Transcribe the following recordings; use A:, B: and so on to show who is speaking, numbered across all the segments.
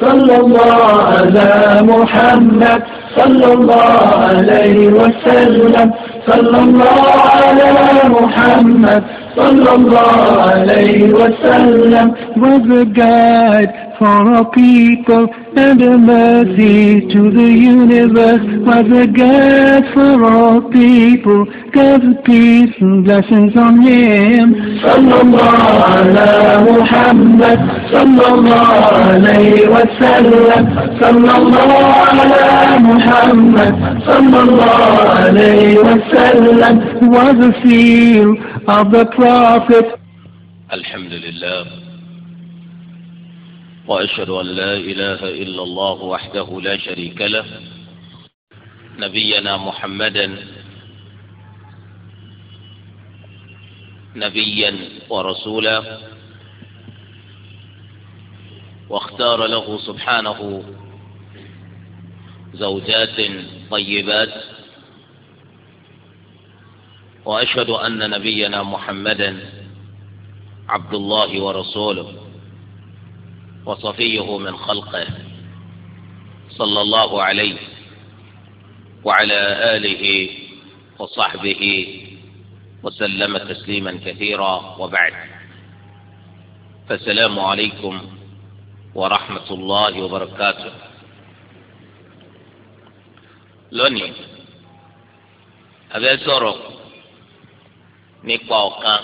A: صلى الله على محمد صلى الله عليه وسلم صلى الله على محمد صلى الله عليه وسلم We've for all people and a mercy to the universe was a God for all people. God's peace and blessings on him. Sallallahu Muhammad, sallallahu alayhi wa sallallahu Muhammad, sallallahu alayhi wa was a seal of the Prophet.
B: Alhamdulillah. وأشهد أن لا إله إلا الله وحده لا شريك له نبينا محمدا نبيا ورسولا واختار له سبحانه زوجات طيبات وأشهد أن نبينا محمدا عبد الله ورسوله وصفيه من خلقه صلى الله عليه وعلى آله وصحبه وسلم تسليما كثيرا وبعد فالسلام عليكم ورحمة الله وبركاته لوني أبي سورو نيكو كان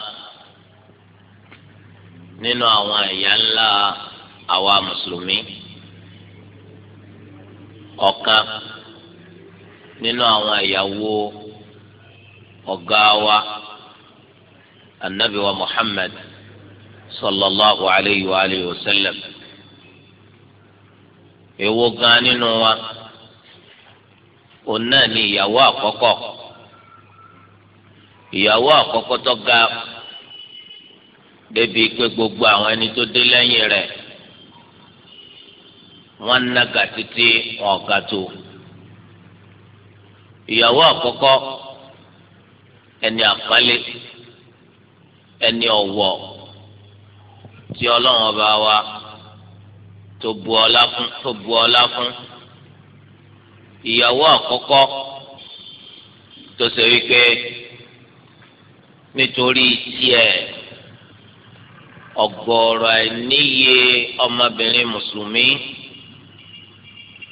B: nínú àwọn ẹ̀yà ńlá àwa mùsùlùmí ọ̀kan nínú àwọn ìyàwó ọ̀gá wa anabi wa muhammad sallallahu alayhi wa alayhi wa sallam èwo gan nínú wa òun náà ni ìyàwó àkọ́kọ́ ìyàwó àkọ́kọ́ tó ga débi pé gbogbo àwọn ẹni tó dé lẹ́yìn rẹ̀ wọ́n nága títí wọn ga tó ìyàwó àkọ́kọ́ ẹni àpọ́nlé ẹni ọ̀wọ̀ tí ọlọ́run ọba wa tó bu ọlá fún tó bu ọlá fún ìyàwó àkọ́kọ́ tó ṣe wípé nítorí tiẹ̀ ọ̀gọ̀ọ̀rọ̀ àìníye ọmọbìnrin mùsùlùmí.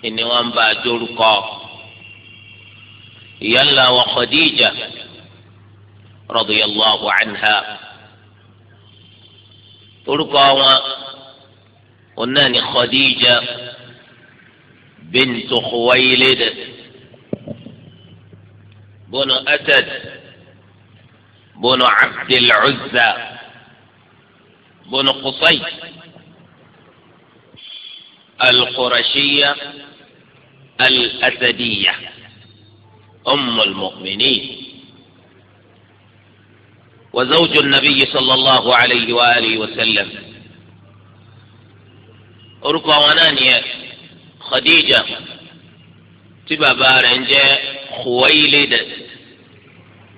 B: ni wọn bá a dórúkọ ìyá ńlá wa Khadija radiyallahu anha orúkọ wọn ọ̀nà ni Khadija bintu Khuwaylid bunu Asad bunu Abdul Uzza bunu Qusay. القرشية الأسدية أم المؤمنين وزوج النبي صلى الله عليه وآله وسلم أرقى ونانية خديجة تبا بارنجة خويلد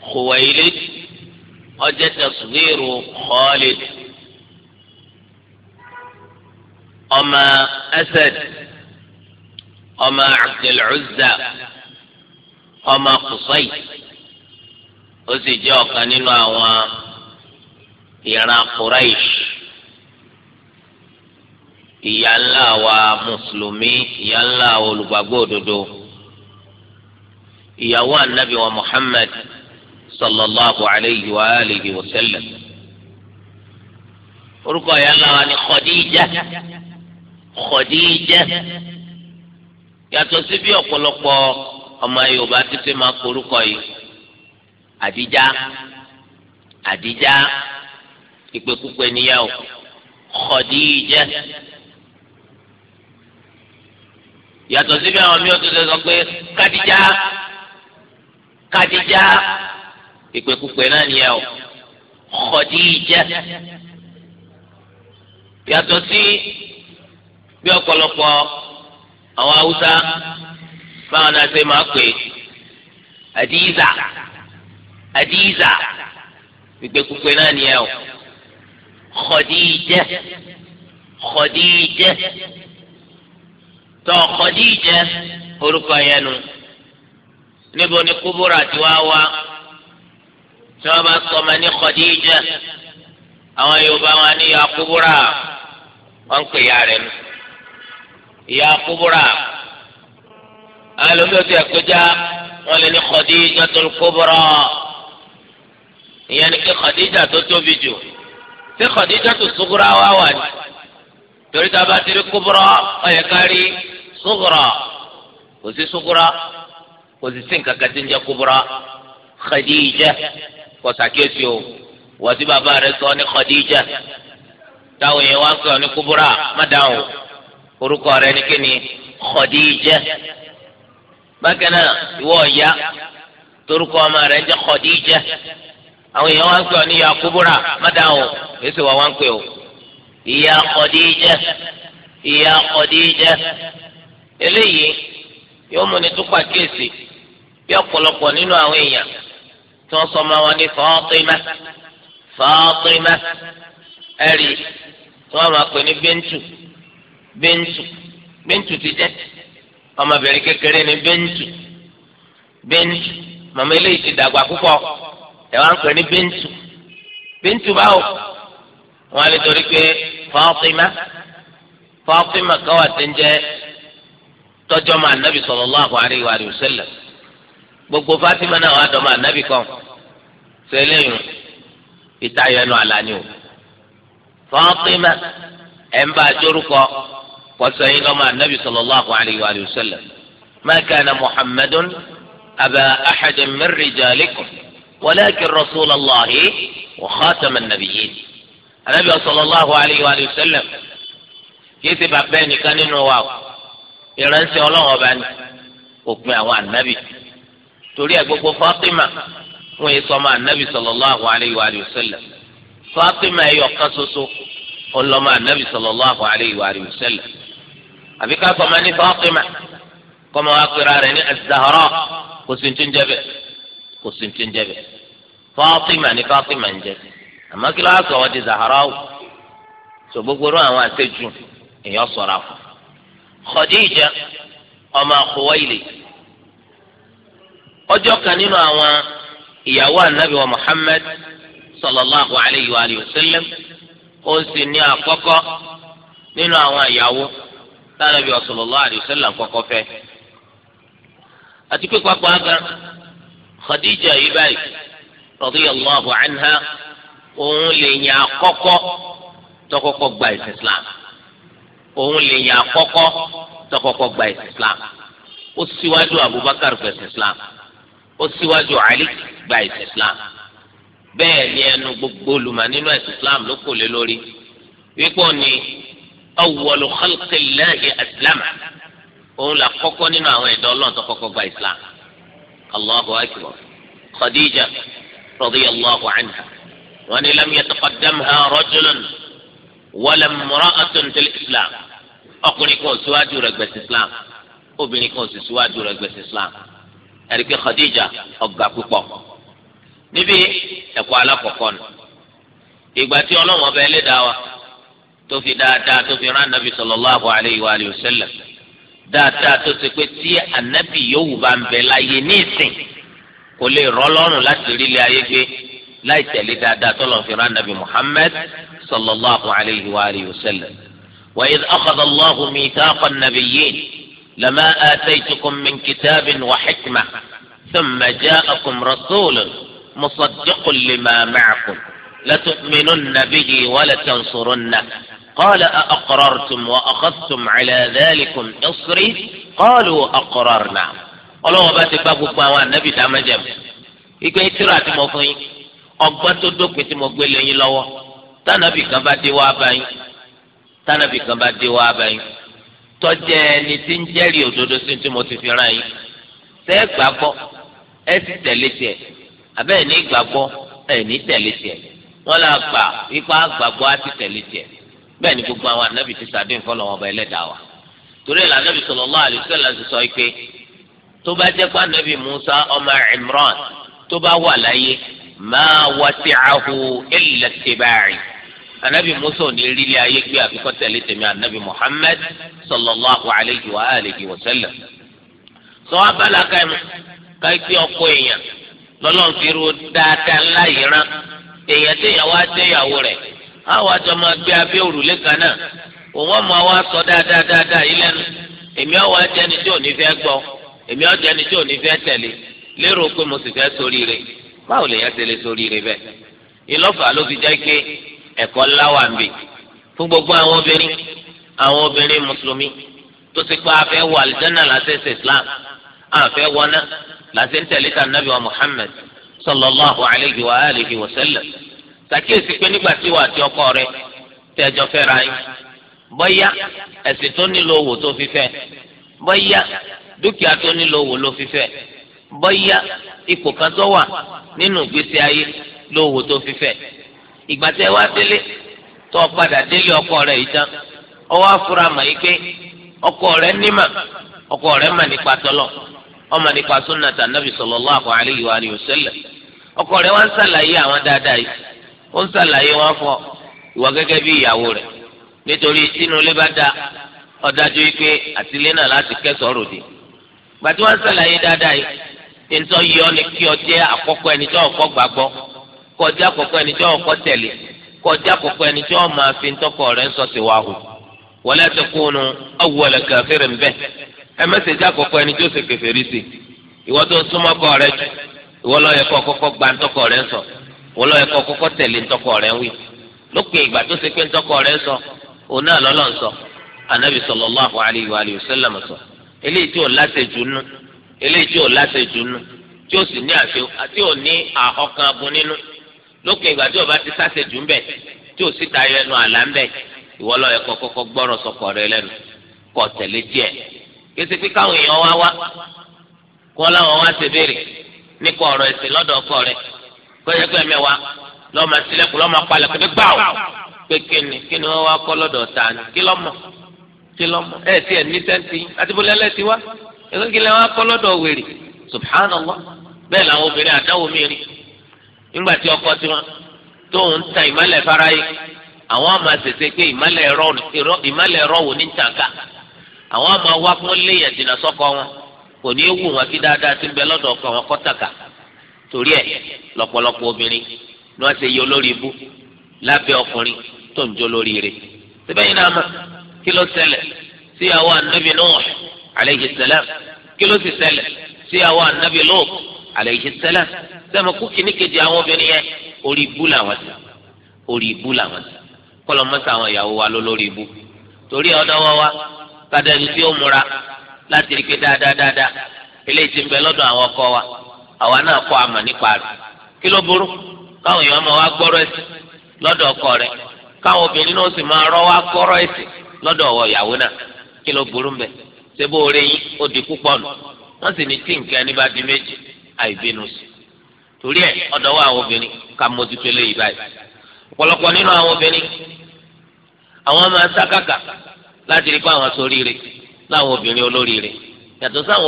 B: خويلد قد تصغير خالد ọmọ Asad ọmọ Abdul Uzza ọmọ Qusay ó sì jẹ́ ọ̀kan nínú àwọn ìran Quraysh ìyá ńlá wa mùsùlùmí ìyá ńlá olùgbàgbọ́ òdodo ìyàwó anabi wa Muhammad sallallahu alayhi wa alihi wa sallam orúkọ ìyá ńlá wa ni Khadija. Khadija yàtọ̀ sí bí ọ̀pọ̀lọpọ̀ ọmọ Yorùbá títí máa korúkọ yìí Àdíjà Àdíjà ìpèkúpè níyàwó Khadija yàtọ̀ sí bí àwọn mi ò tó sọ pé Kàdíjà Kàdíjà ìpèkúpè náà níyàwó Khadija yàtọ̀ sí bí ọ̀pọ̀lọpọ̀ àwọn haúsá báwọn náà ṣe máa pè àdìyíza àdìyíza ìgbẹ́kúgbé náà ni ẹ o Khadija Khadija tọ́ Khadija orúkọ yẹn nu níbo ni kúbúrà tí wá wá tí wọ́n bá sọ ma ní Khadija àwọn Yorùbá wọn ní ya kúbúrà wọ́n ń pè ya rẹ̀ ìyá kúbúrà alómi ò ti ẹ̀kọ́já wọn lè ní Khadija tó kúbúrà ìyẹn ni kí Khadija tó tóbi jù tí Khadija tó sugura wá wà ní torí tá a bá ti rí kúbúrà ọ̀yẹ̀ kárí sugura kò sí sugura kò sí sí nǹkan kan tí ń jẹ́ kúbúrà Khadija kò sàkíyèsí o wọ́n ti bàbá rẹ̀ sọ ní Khadija táwọn èèyàn wá sọ ní kúbúrà má dáhùn orúkọ rẹ̀ ní kíni Khadija bákan náà ìwọ ọ̀yá torúkọ ọmọ rẹ̀ ń jẹ́ Khadija
A: àwọn èèyàn wá ń pè ọ ní ìyá kúbúrà mádàáwò
B: èsì wà wá ń pè ọ
A: ìyá Khadija
B: ìyá Khadija eléyìí yóò múni tó pàkíyèsí bí ọ̀pọ̀lọpọ̀ nínú àwọn èèyàn tí wọ́n sọ ma wọn ní Fatima Fatima ẹ̀rí tí wọ́n máa pè ní bẹ́ńtù. bẹ́ńtù bẹ́ńtù ti jẹ́ ọmọbìnrin kékeré ni bẹ́ńtù bẹ́ńtù màmá eléyìí ti dàgbà púpọ̀ ẹ̀ wá ń pè ní bẹ́ńtù bẹ́ńtù báwo
A: wọn lè torí pé
B: Fátímà Fátímà kan wà tí ń jẹ́ tọ́jọ́ máa nábì gbogbo náà wà dọ́mọ ànábì kan sẹ́lẹ̀yìn ìtayọ̀ ẹnu àlàní o
A: ẹ̀
B: ń bá a jórúkọ. وسين مع النبي صلى الله عليه وآله وسلم ما كان محمد أبا أحد من رجالكم ولكن رسول الله وخاتم النبيين النبي صلى الله عليه وآله وسلم كتب بين كان واو يرنسي الله وبان أكمع عن النبي تريد أبو فاطمة ويسمى النبي صلى الله عليه وآله وسلم فاطمة يقصص قل النبي صلى الله عليه وآله وسلم àbí ká sọ ma ní Fatima kọ́mọ wa pera rẹ̀ ní Az-Zahra kò sí ti ń jẹ́ bẹ́ẹ̀ kò sí ti ń jẹ́ bẹ́ẹ̀ Fatima ní Fatima ń jẹ́ àmọ́ kí ló wá sọ wọ́n di Zahra o sọ gbogbo rú àwọn àṣejù èèyàn sọ̀rọ̀ àfọ̀ Khadija ọmọ Khuwaili ọjọ́ kan nínú àwọn ìyàwó anabi wa Muhammad sallallahu alayhi wa sallam ó sì ní àkọ́kọ́ nínú àwọn ìyàwó sanabi sallallahu alaihi wasallam kọ́kọ́ fẹ́ àti pé pápá aga Khadija yìí báyìí radiyallahu anha òun lè yàn àkọ́kọ́ tọkọ́kọ́ gba ẹ̀sìn islam òun lè yàn àkọ́kọ́ tọkọ́kọ́ gba ẹ̀sìn islam ó síwájú abubakar gba ẹ̀sìn islam ó síwájú ali gba ẹ̀sìn bẹ́ẹ̀ ni ẹnu gbogbo olùmọ̀ nínú ẹ̀sìn ló kò lé lórí wípé òní awwalu khalqillahi aslama òun là kọ́kọ́ nínú àwọn ẹ̀dá ọlọ́run tó kọ́kọ́ gba islam allahu akbar khadija radiyallahu anha wa ni lam yataqaddamha rajulun wala imra'atun fil islam ọkùnrin kan ò síwájú rẹ̀ gbẹ̀sì islam obìnrin kan ò sì síwájú rẹ̀ gbẹ̀sì islam ẹ̀ríkẹ́ khadija ọ̀gá púpọ̀ níbi ẹ̀kọ́ alákọ̀ọ́kọ́ nù ìgbà tí ọlọ́run ọba ẹlẹ́dàá wa. tó fi dáadáa tó fi rán anabi sallallahu alayhi wa alihi wa sallam dáadáa tó ti pé tí anabi yòówù bá ń bẹ láyé ní ìsìn kò lè rọ lọ́rùn láti rí ilé ayé gbé láì tẹ̀lé dáadáa tó lọ́n fi rán anabi muhammad sallallahu alayhi wa alihi wa sallam. وإذ أخذ الله ميثاق النبيين لما آتيتكم من كتاب وحكمة ثم جاءكم رسول مصدق لما معكم لتؤمنن به ولتنصرنه قال أأقررتم وأخذتم على ذلكم إصري قالوا أقررنا ọlọ́wọ́ bá ti bá gbogbo àwọn ànábì tá a máa jẹ mọ́ ìgbẹ́ ìtura tí mo fún yín ọgbọ́n tó dópin tí mo gbé lé yín lọ́wọ́ tànàbì kan bá dé wá báyìí tànàbì kan bá dé wá báyìí tọ́jẹ́ ẹni tí ń jẹ́rìí òdodo sí tí mo ti fi ràn yín tẹ́ ẹ gbàgbọ́ ẹ sì tẹ̀lé tiẹ̀ àbẹ́ẹ̀ ní gbàgbọ́ ẹ ní tẹ̀lé tiẹ̀
A: wọ́n là gbà ipá gbàgbọ́ á ti tẹ̀lé tiẹ̀ bẹ́ẹ̀ ni gbogbo
B: àwọn anábì ti sàdé ìfọlọ́ wọn ọba ẹlẹ́dàá wa torí ẹ̀ lànàbì sallallahu alaihi wasallam sọ pé tó bá jẹ́ pé anábì Musa ọmọ Imran tó bá wà láyé máa wasi'ahu illa ittiba'i anábì Musa ò ní rí ilé ayé gbé àfikọ́ tẹ̀lé tèmi anábì Muhammad sallallahu alaihi wa alihi wa sallam sọ abala kẹ́mi káyipé ọkọ èèyàn lọ́lọ́run fi ru dáadáa ńlá yìí rán èèyàn àwọn àjọ máa gbé abẹ́ òrùlé kan náà òun ọmọ wa sọ dáadáa dáadáa yìí lẹ́nu èmi ọwọ́ ajẹni tí ò ní fẹ́ gbọ́ èmi ọjẹni tí ò ní fẹ́ tẹ̀lé lérò pé mo sì fẹ́ ṣoríire báwo lèèyàn ṣe lè ṣoríire bẹ́ẹ̀ ìlọ́fà ló fi jẹ́ pé ẹ̀kọ́ ńlá wà ń bì fún gbogbo àwọn obìnrin àwọn obìnrin mùsùlùmí tó ti pa afẹ́ wọ àlìjáná lásẹ̀sẹ̀ islam àfẹ́ wọná làṣẹ ń tẹ̀lé tà nàbì wa muhammad sallallahu alayhi wa alihi wa sàkíyèsí pé nígbà tí ti ọkọ rẹ tẹjọ fẹ́ra yín bóyá ẹ̀sìn tó nílò owó tó fi fẹ bóyá dúkìá tó nílò owó ló fi fẹ bóyá ipò kan tó wà nínú ìgbésí ayé lówó tó fi fẹ ìgbà tẹ wá délé tó o padà délé ọkọ rẹ yìí tán yìí pé ọkọ rẹ nímà ọkọ rẹ mà nípa tọlọ ọmọ nípa ó ń ṣàlàyé wọn fọ ìwọ gẹ́gẹ́ bí ìyàwó nitori nítorí tínú ilé bá da ọ̀dájú wípé àtìlé náà láti kẹ́sọ̀ọ́ ròde gbàtí wọ́n ń ṣàlàyé dáadáa yìí ntọ́ yọ ni kí ọ jẹ́ àkọ́kọ́ ẹni tí ọkọ gbàgbọ́ kó jẹ́ àkọ́kọ́ ẹni tí ọkọ tẹ̀lé kó jẹ́ àkọ́kọ́ ẹni tí máa fi ntọ́kọ rẹ̀ sọ sí wa hù wala takunu awwala kafirin bih ẹ mẹ́sẹ̀jì àkọ́kọ́ ẹni tí ó sí gba ntọ́kọ rẹ̀ sọ wọlọ ẹkọ kọ́kọ́ tẹ̀lé ntọkọ rẹ̀ wí lópin ìgbà tó ṣe pé ntọkọ rẹ̀ sọ òun náà lọlọ sọ anabi sallallahu alayhi wa alihi wa sallam sọ eléyìí tí ò láṣẹ dùnú eléyìí tí ò láṣẹ dùnú tí ó sì ní àṣẹ àti ò ní àhọkàn abun nínú lópin ìgbà tí ọba ti sáṣẹ dùn bẹ tí ò sì tayọ ẹnu àlá ń bẹ ìwọlọ ẹkọ kọ́kọ́ gbọ́rọ̀ sọkọ rẹ̀ lẹ́nu kọ tẹ̀lé tiẹ̀ kése pé káwọn èèyàn wá wá kó láwọn wá ṣe béèrè nípa ọ̀rọ̀ ẹ̀sìn kọjá pé wa, lọ́mọ sílẹ̀kùn lọ́mọ palẹ̀ kò ní gbà ó pé kíni kíni wọ́n wá kọ́ lọ́dọ̀ ta ni kí lọ́mọ kí ní ti wá èkó kí lẹ́ wá kọ́ lọ́dọ̀ wèrè subhanallah bẹ́ẹ̀ làwọn obìnrin àdáwò mìíràn nígbà tí ọkọ tiwọn tóun ń tan ìmọ̀lẹ̀ fáráyé àwọn àmà pé wò ní tàǹkà àwọn àmà wá wọn kò ní í wù torí ẹ̀ lọ́pọ̀lọpọ̀ obìnrin ni wọ́n ṣe yọ lórí ibú lábẹ́ ọkùnrin tó ń jó lórí rẹ̀ síbẹ̀yìn náà mọ̀ kí ló ṣẹlẹ̀ síyàwó anabi Nuh alayhi salam kí ló sì ṣẹlẹ̀ síyàwó anabi Lut alayhi salam sẹ́mi kú kìíní kejì àwọn obìnrin yẹn orí ibú làwọn sí orí ibú làwọn sí kọ́lọ́ mọ́sá àwọn ìyàwó wa ló lórí ibú torí ọ̀dọ́ wa wá kádẹ́ni tí ó múra láti rí pé dáadáa dáadáa eléyìí ti ń bẹ lọ́dọ̀ àwọn ọkọ wa àwa náà kọ́ àmọ̀ nípa rẹ̀ kí ló burú káwọn èèyàn máa wá gbọ́rọ̀ ẹ̀sìn lọ́dọ̀ ọkọ rẹ̀ káwọn obìnrin náà sì máa rọ́ wá gbọ́rọ̀ ẹ̀sìn lọ́dọ̀ ọwọ́ ìyàwó náà kí ló burú mbẹ̀ ṣé bó rẹ yín ó di púpọ̀ nù wọ́n sì ní tí nǹkan ẹni bá di méjì àìbínú sí torí ẹ̀ ọ̀dọ̀ wa àwọn obìnrin ká báyìí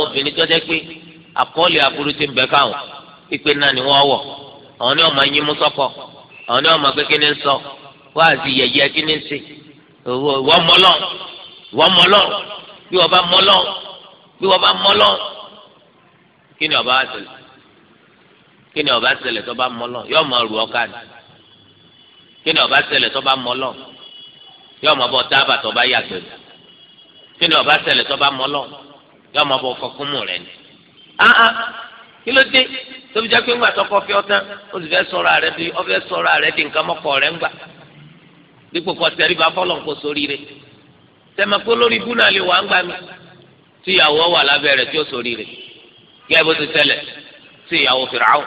B: ọ̀pọ̀lọpọ̀ àkọọ́lẹ̀ aburú ti ń bẹ fáwọn ìpè náà ni wọ́n wọ̀ àwọn ni wọ́n máa yín mú sọ́kọ̀ àwọn ni wọ́n máa pé kí ni ń sọ wọ́n àti yẹ̀yẹ́ kí ni ń ṣe wọ́n mọ́lọ́ wọ́n mọ́lọ́ bí wọ́n bá mọ́lọ́ bí wọ́n bá mọ́lọ́ kí ni ọba á kí ni ọba ṣẹlẹ̀ tó bá mọ́lọ́ yọ ọmọ rù ọ́ káàdì kí ni ọba ṣẹlẹ̀ tó bá mọ́lọ́ yọ ọmọ bọ tábà tó bá yàgbẹ́ kí ni ọba ṣẹlẹ̀ tó bá mọ́lọ́ yọ ọmọ bọ fọkúnmù rẹ̀ ni áhà ah, ah. kí ló dé tóbi jẹ́ pé ńgbà tọkọ fi ọtán ó sì fẹ́ sọ̀rọ̀ rẹ di ọfẹ́ sọ̀rọ̀ rẹ di nǹkan mọ́kọ rẹ ńgbà dípò kọ tẹ̀rí bá fọlọ̀ nǹkó sórí rẹ tẹ̀mọ̀ pé lórí ibú náà lè wà ńgbà mi
A: tí ìyàwó wà lábẹ́ rẹ tí ó
B: sórí rẹ kí ẹ bó ti tẹ̀lẹ̀ sí ìyàwó fìràwọ̀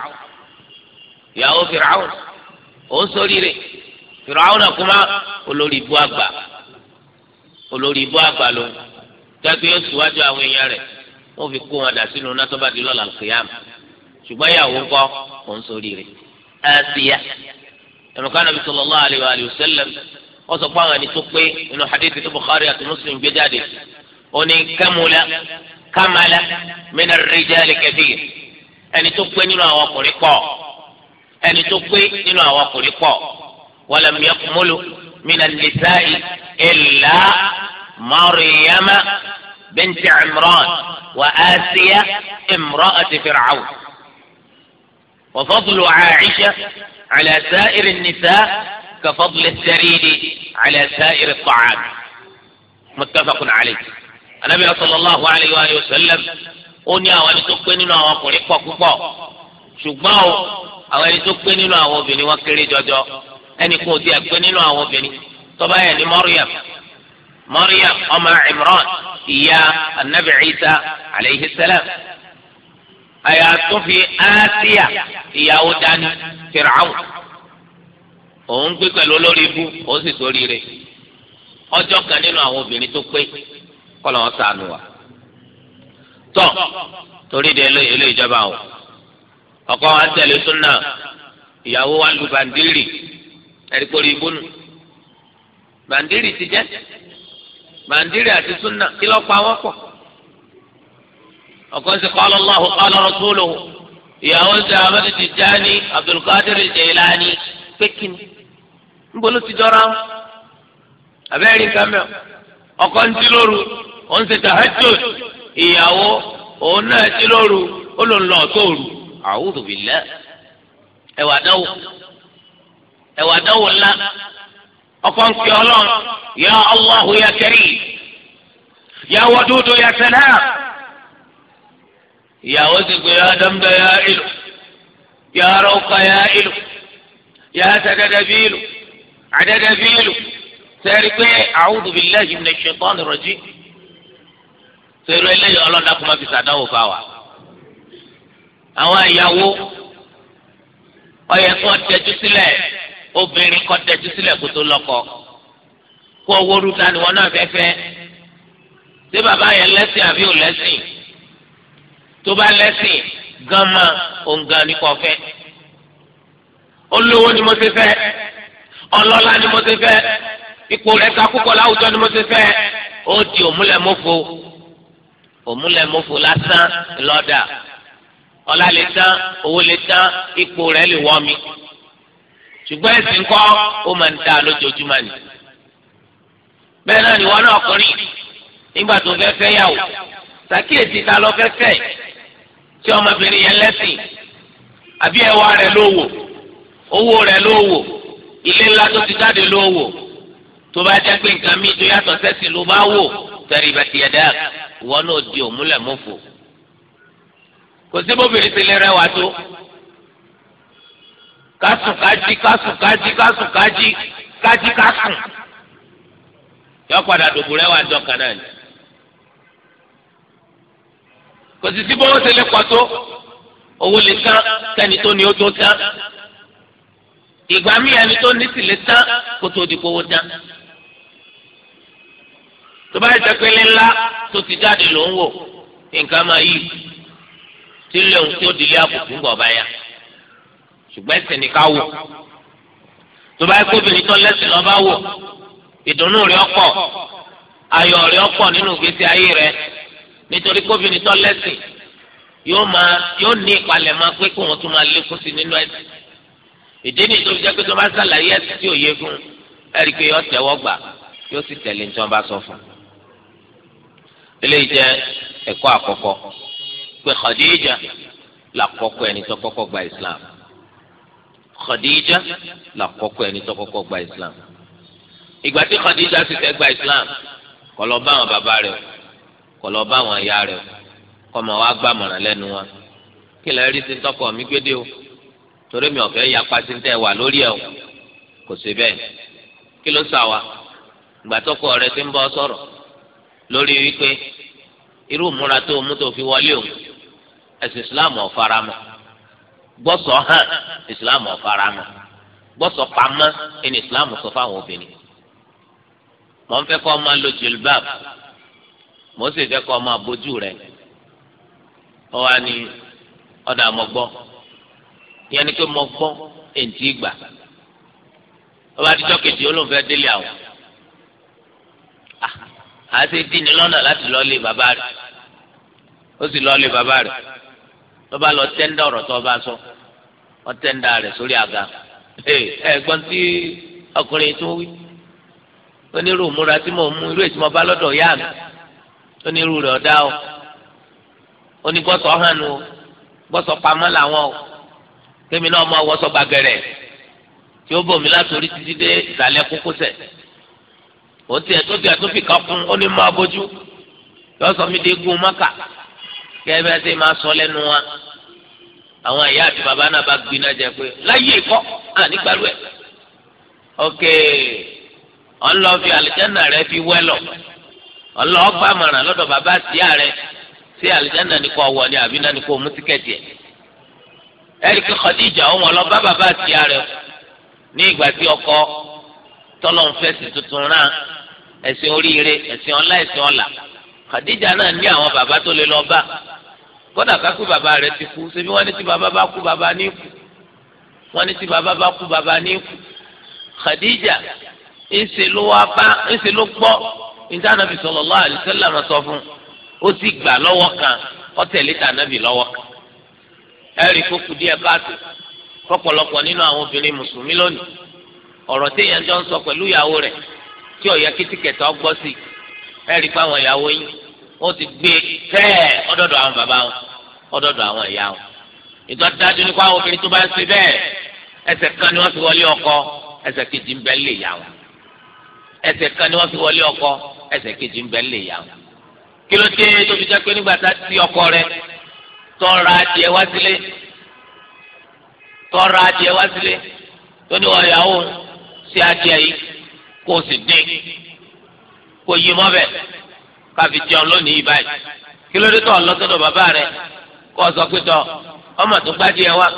B: ìyàwó fìràwọ̀ ó sórí rẹ fìràwọ̀ náà kúmá olórí ibú àgbà olórí ibú àgbà ló tẹ́ wọ́n fi kó wọn dà sínú náà tó bá di lọ́la kìyàm ṣùgbọ́n ìyàwó kọ́ kò ń sórí rẹ̀ Asiya ẹ̀mọ̀ká nàbí sallallahu alayhi wa sallam wọ́n sọ pé àwọn ẹni tó pé inú hadithi tó Bukhari àti Muslim gbé jáde ó ní kámúlá kámálá min ar-rijal ẹni tó pé nínú àwọn ọkùnrin pọ̀ ẹni tó pé nínú àwọn ọkùnrin pọ̀ walam yakmulu min an-nisa'i illa بنت عمران وآسيا امرأة فرعون وفضل عائشة
A: على سائر النساء
B: كفضل الثريد على سائر الطعام متفق عليه
A: النبي صلى الله عليه وآله وسلم
B: أن يا ولتقننا وقرق وقفا شباو ولتقننا وبني وكري جوجو أني قوتي أقننا وبني طبعا مريم مريم أما عمران ìyá anabi isa aleyhi salam àyàtúnfi asiya ìyàwó dání fìràwù òun gbé pẹ̀lú olórí ibú òun sì sórí rẹ̀ ọjọ́ kan nínú àwọn obìnrin tó pé wọn sànù tọ́ torí de ilé ìjọba o ọkọ wa tẹ̀lé súnà ìyàwó wa lu bàndírì ẹ̀rí kórìí ibú nù bàndírì ti bàǹdírì àti súnà kí pa ọkọ sí Allahu qala rasuluhu
A: ìyàwó ń sẹ Ahmad Tijani Abdulkadir Jailani
B: pékin níbo ló ti jọra wọn abẹ́rẹ́ nǹkan mẹ́ ọkọ ń ti lóru ìyàwó òun náà ọkọ ń fi ọlọ́run ya Allahu ya Karim ya Wadudu ya Salam ìyàwó sì pé ya Damda ya Ilu ya Rauqa ya Ilu ya Sadadabilu Adadabilu sẹ́rí pé a'udhu billahi minash shaitani rajim sẹ́rí eléyìí ọlọ́dà kó má fi sàdánwò fáwa àwọn ìyàwó ọ̀yẹ̀kọ́ tẹ́jú sílẹ̀ obìnrin kọ́ tẹ́jú sílẹ̀ kó tó lọ́kọ kó owó rúta ni wọn náà fẹ́ fẹ́ ṣé bàbá yẹn lẹ́sìn àbí ò lẹ́sìn tó bá lẹ́sìn gánmà òǹgàn ni kò fẹ́ olówó ni mo ti fẹ́ ọlọ́lá ni mo ti fẹ́ ipò rẹ̀ ká kúkọ láwùjọ ni mo ti fẹ́ ó di òmúlẹ̀mófo òmúlẹ̀mófo lásán lọ́dà ọlá lè tán owó lè tán ipò rẹ̀ lè wọ́ mi ṣùgbọ́n ẹ̀sìn kọ́ ó máa ń dá lójoojúmọ́ ni. bẹ́ẹ̀ náà nìwọ náà kọrin nígbà tó fẹ́ fẹ́ yàwó ṣàkíyèsí ta lọ fẹ́ fẹ́ tí ọmọbìnrin yẹn lẹ́sìn àbí ẹwà rẹ̀ ló wò owó rẹ̀ ló wò ilé ńlá tó ti jáde ló wò tó bá jẹ́ pé nǹkan míì tó yàtọ̀ sẹ́sìn ló bá wò tẹ̀rí bàtì ẹ̀dá ìwọ náà di òmùlẹ̀ mọ́fò kò sí ti lè rẹwà tó kásùn kájí kásùn kájí kásùn kájí kájí kásùn yọ padà dògbò rẹ wà jọ kànáà ni kò sì sí bó wọn ṣe lè pọ̀ tó owó lè tán kẹ́ni tó ní ó tó tán ìgbà míì ẹni tó ní sì lè tán kó tó di kówó tán tó bá jẹ́ pé ńlá tó ti jáde ló ń wò nǹkan máa yí tí lóun tó dilé àbùkù ń bọ̀ báyà ṣùgbọ́n ẹsẹ̀ ní ká wò tó bá yẹ kó obìnrin tó lẹ́sìn lọ́ba wò ìdùnnú rẹ̀ ọ̀pọ̀ ayọ̀ rẹ̀ ọ̀pọ̀ nínú ìgbésí ayé rẹ̀ nítorí kó obìnrin tó lẹ́sìn yóò máa yóò ní ìpalẹ̀ máa pé kó wọn tún máa lékún sí nínú ẹ̀sìn ìdí nìyí tó fi jẹ́ pé tó bá sàlàyé ẹ̀sìn tí ò fún ẹ̀rí pé yóò tẹ́wọ́ gbà yóò sì tẹ̀lé ní tí wọ́n bá sọ fún un eléyìí jẹ ẹ̀kọ́ àkọ́kọ́ la kọ́kọ́ ẹni tó kọ́kọ́ gba Islam Khadija làkọ́kọ́ ẹni tó kọ́kọ́ gba islam ìgbà tí Khadija sì fẹ́ gba islam kó lọ bá àwọn bàbá rẹ̀ kó bá àwọn ìyá rẹ̀ kó máa wá gbàmọ̀ràn lẹ́nu wa kí lè rí sí tọkọ mi gbédè o torí mi ò fẹ́ yapa sí tẹ wà lórí ẹ o kò sí bẹ́ẹ̀ kí ló sà wá ìgbà tọkọ rẹ̀ ti ń bọ̀ sọ̀rọ̀ lórí wípé irú ìmúra tó mú tó fi wọlé o ẹ̀sìn islam ò fara mọ́ gbọ́sọ̀ hàn islam ọ̀farama gbọ́sọ̀ pamọ́ ẹni islam sọ fáwọn obìnrin mọ̀ ń fẹ́ kọ́ ọmọ lo jilbab mọ̀ ń sì fẹ́ kọ́ ọmọ abojú rẹ̀ ọ wá ní ọ̀dà mọ̀ gbọ́ ìyẹn ni pé mọ̀ gbọ́ èntì ìgbà ọba àtijọ́ kejì olóńfẹ́ délé àwọn àti ah, dínì lọ́nà láti lọ́ọ́ lé bàbá rẹ̀ ó sì lọ́ọ́ lé bàbá rẹ̀ lọ́ba lọ tẹ́ńdà ọ̀rọ̀ tó ọba sọ. So ọtẹ́ńdà rẹ̀ sórí àga ẹ̀gbọ́n tí ọkùnrin tó wí onírú múra tí mo mú irú ètí mo bá lọ́dọ̀ yá mi onírú rẹ̀ ọ̀dá o onígbọ́sọ̀ hàn o gbọ́sọ̀ pamọ́ làwọn o kémi náà máa wọ́sọ̀ bàgẹ̀rẹ̀ tí ó bòmí látòrí títí dé ìsàlẹ̀ kókósẹ̀ òun tiẹ̀ tó tiẹ̀ tó fi kàn fún ó ní máa bójú yọ sọ mi dé gún mọ́kà kẹ́ẹ́ bẹ́ẹ̀ sẹ́ máa sọ lẹ́nu wa àwọn ìyá àti bàbá náà bá gbiná jẹ pé láyé ìkọ́ ànígbàlú ẹ̀. ok ọlọ́ọ̀fi àlìjáná rẹ fi wẹ́lọ̀ ọlọ́ọ̀gbà mọ̀ràn lọ́dọ̀ bàbá tíyà rẹ sí àlìjáná ni kò wọ̀ ni àbí náà ni kò mú tíkẹ́ẹ̀tì ẹ̀. ẹ̀ríkì Khadija ọmọ lọ bá bàbá tíyà rẹ ní ìgbà tí ọkọ tọ́lọ́n fẹ́sì tuntun náà ẹ̀sìn oríire ẹ̀sìn ọlá ẹ̀sìn ọlà Khadija náà ní àwọn bàbá tó lè lọ bá kódà kákú baba rẹ̀ ti kú ṣebí wọ́n ní tí bàbá bá kú bàbá ní kú wọ́n ní tí bàbá bá kú bàbá ní kú Khadija ńṣe ló wá bá ńṣe ló gbọ́ níta nàbì sallallahu alaihi wasallam sọ fún ó sì gbà lọ́wọ́ kan ó tẹ̀lé tà nàbì lọ́wọ́ kan ẹ̀rí kó kú díẹ̀ káàtó fọ́pọ̀lọpọ̀ nínú àwọn obìnrin mùsùlùmí lónìí ọ̀rọ̀ téèyàn jọ ń sọ pẹ̀lú ìyàwó rẹ̀ tí ọ̀yẹ́ kìtìkẹ̀tà ọgbọ́ sí ẹ̀rí pé ìyàwó yín wọ́n ti gbé tẹ́ẹ̀ ọ̀dọ̀dọ̀ àwọn bàbá wọn ọdọdọ àwọn ìyá wọn ìtọ́jú nípa àwọn obìnrin tó bá ń ṣe bẹ́ẹ̀ ẹsẹ̀ kan ni wọ́n fi wọlé ọkọ ẹsẹ̀ kejì ń bẹ lè yà wọn ẹsẹ̀ kan ni wọ́n fi wọlé ọkọ ẹsẹ̀ kejì ń bẹ lè yà wọn. kí ló dé tó fi jẹ́ pé nígbà tá a ti ọkọ rẹ tọ́ra adìẹ wá sílé tọ́ra adìẹ wá sílé tó ní wọ́n yà wọn sí adìẹ yìí kó o sì dín kó yí mọ́bẹ̀ káfi jẹun lónìí báyìí kí ló dé tó ọ kó o sọ pé tọ ọmọ tó gbájú ẹ wá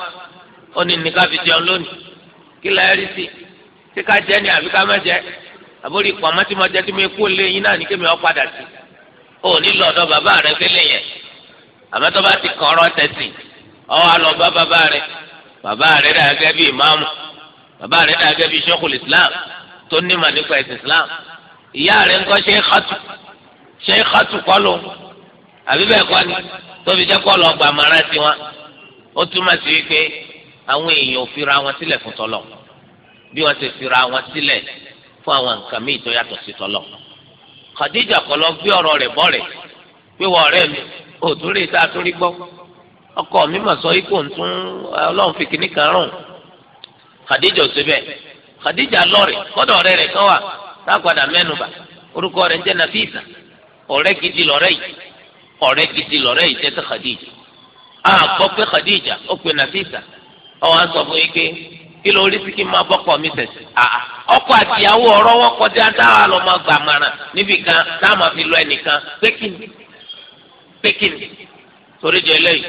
B: ó ní ní ká fi jẹun lónìí kí la rí sí tí ká jẹ ni àbí ká má jẹ àbórí ipò àmọ́ tí mo jẹ tí mo kú lé yín náà ní kémi ọ padà sí ó ní lọ ọ̀dọ̀ bàbá rẹ fẹlẹ yẹn àmọ́ tó bá ti kàn ọ̀rọ̀ tẹsí ọ wà lọ bá bàbá rẹ bàbá rẹ dà gẹ́gẹ́ bí ìmáàmù bàbá rẹ dà gẹ́gẹ́ bí sọkùlù islam tó ní mà nípa ẹsìn islam ìyá rẹ ńkọ́ ṣe é xatu kọ́ lóun. àbí bẹ́ẹ̀ kọ́ ni tóbi jẹ́ kọ́ lọ gba àmàrà tiwọn ó túmọ̀ sí wípé àwọn èèyàn ò fira wọn sílẹ̀ fún tọ́lọ̀ bí wọ́n ti fira wọn sílẹ̀ fún àwọn nǹkan míì tó yàtọ̀ sí tọ́lọ̀ Khadija kọ́ lọ gbé ọ̀rọ̀ rẹ̀ bọ́ rẹ̀ pé wọ́n ọ̀rẹ́ mi ò tún lè ọkọ mi mà sọ ọlọ́run fi kíní Khadija ò sí bẹ́ẹ̀ lọ́ọ̀rẹ̀ kọ́dọ̀ ọ̀rẹ́ rẹ̀ kan wà tá a padà orúkọ rẹ̀ ń jẹ́ Nafisa ọ̀rẹ́ gidi lọ́rẹ́ yìí ọ̀rẹ́ gidi lọ̀rẹ́ yìí jẹ́ sí Khadija a gbọ́ pé Khadija ó pe Nafisa ọwọ́ á sọ fún yín pé kí ló rí sí kí n máa bọ́kọ mi tẹ̀sí. ọkọ àtìyàwó ọ̀rọ̀ wọn kọjá dáhà lọ máa gbà mara níbi kan táà máa fi lọ ẹnìkan pékìnì pékìnì torí jẹ eléyìí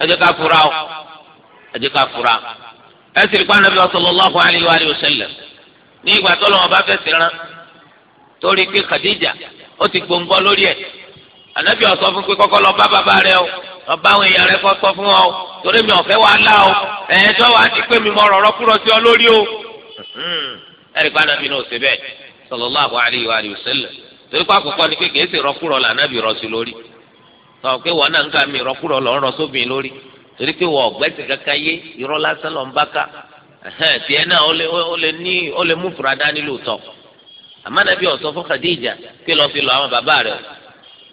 B: ẹ jẹ́ ká fura o ẹ jẹ́ ká fura ẹ sì rí pa Ànábì sallallahu alaihi wa sallam ní ìgbà tó lọ́wọ́ bá fẹ́ rán torí pé Khadija ó ti gbòǹgbọ́ lórí ẹ̀ ànábì ó sọ fún pé kọ́kọ́ lọ bá bàbá rẹ o lọ bá àwọn èèyàn rẹ kọ́ sọ fún ọ torí mi ò fẹ́ wàhálà o ẹ̀yẹn tó wàá di pé mi mọ rọ̀rọ̀ kúrọ̀ sí ọ lórí o. Hmm. ẹ̀rí pa ànábì náà ṣe bẹ́ẹ̀ sallallahu alaihi wa alihi wasallam torí pé àkọ́kọ́ ni pé kìí ṣe rọ́kúrọ̀ là ànábì rọ sí lórí sọ pé wọn náà ń ka mi rọ́kúrọ̀ lọ rọ sóbìn lórí torí pé wọn ọ̀gbẹ́sì kankan yé irọ́ lásán lọ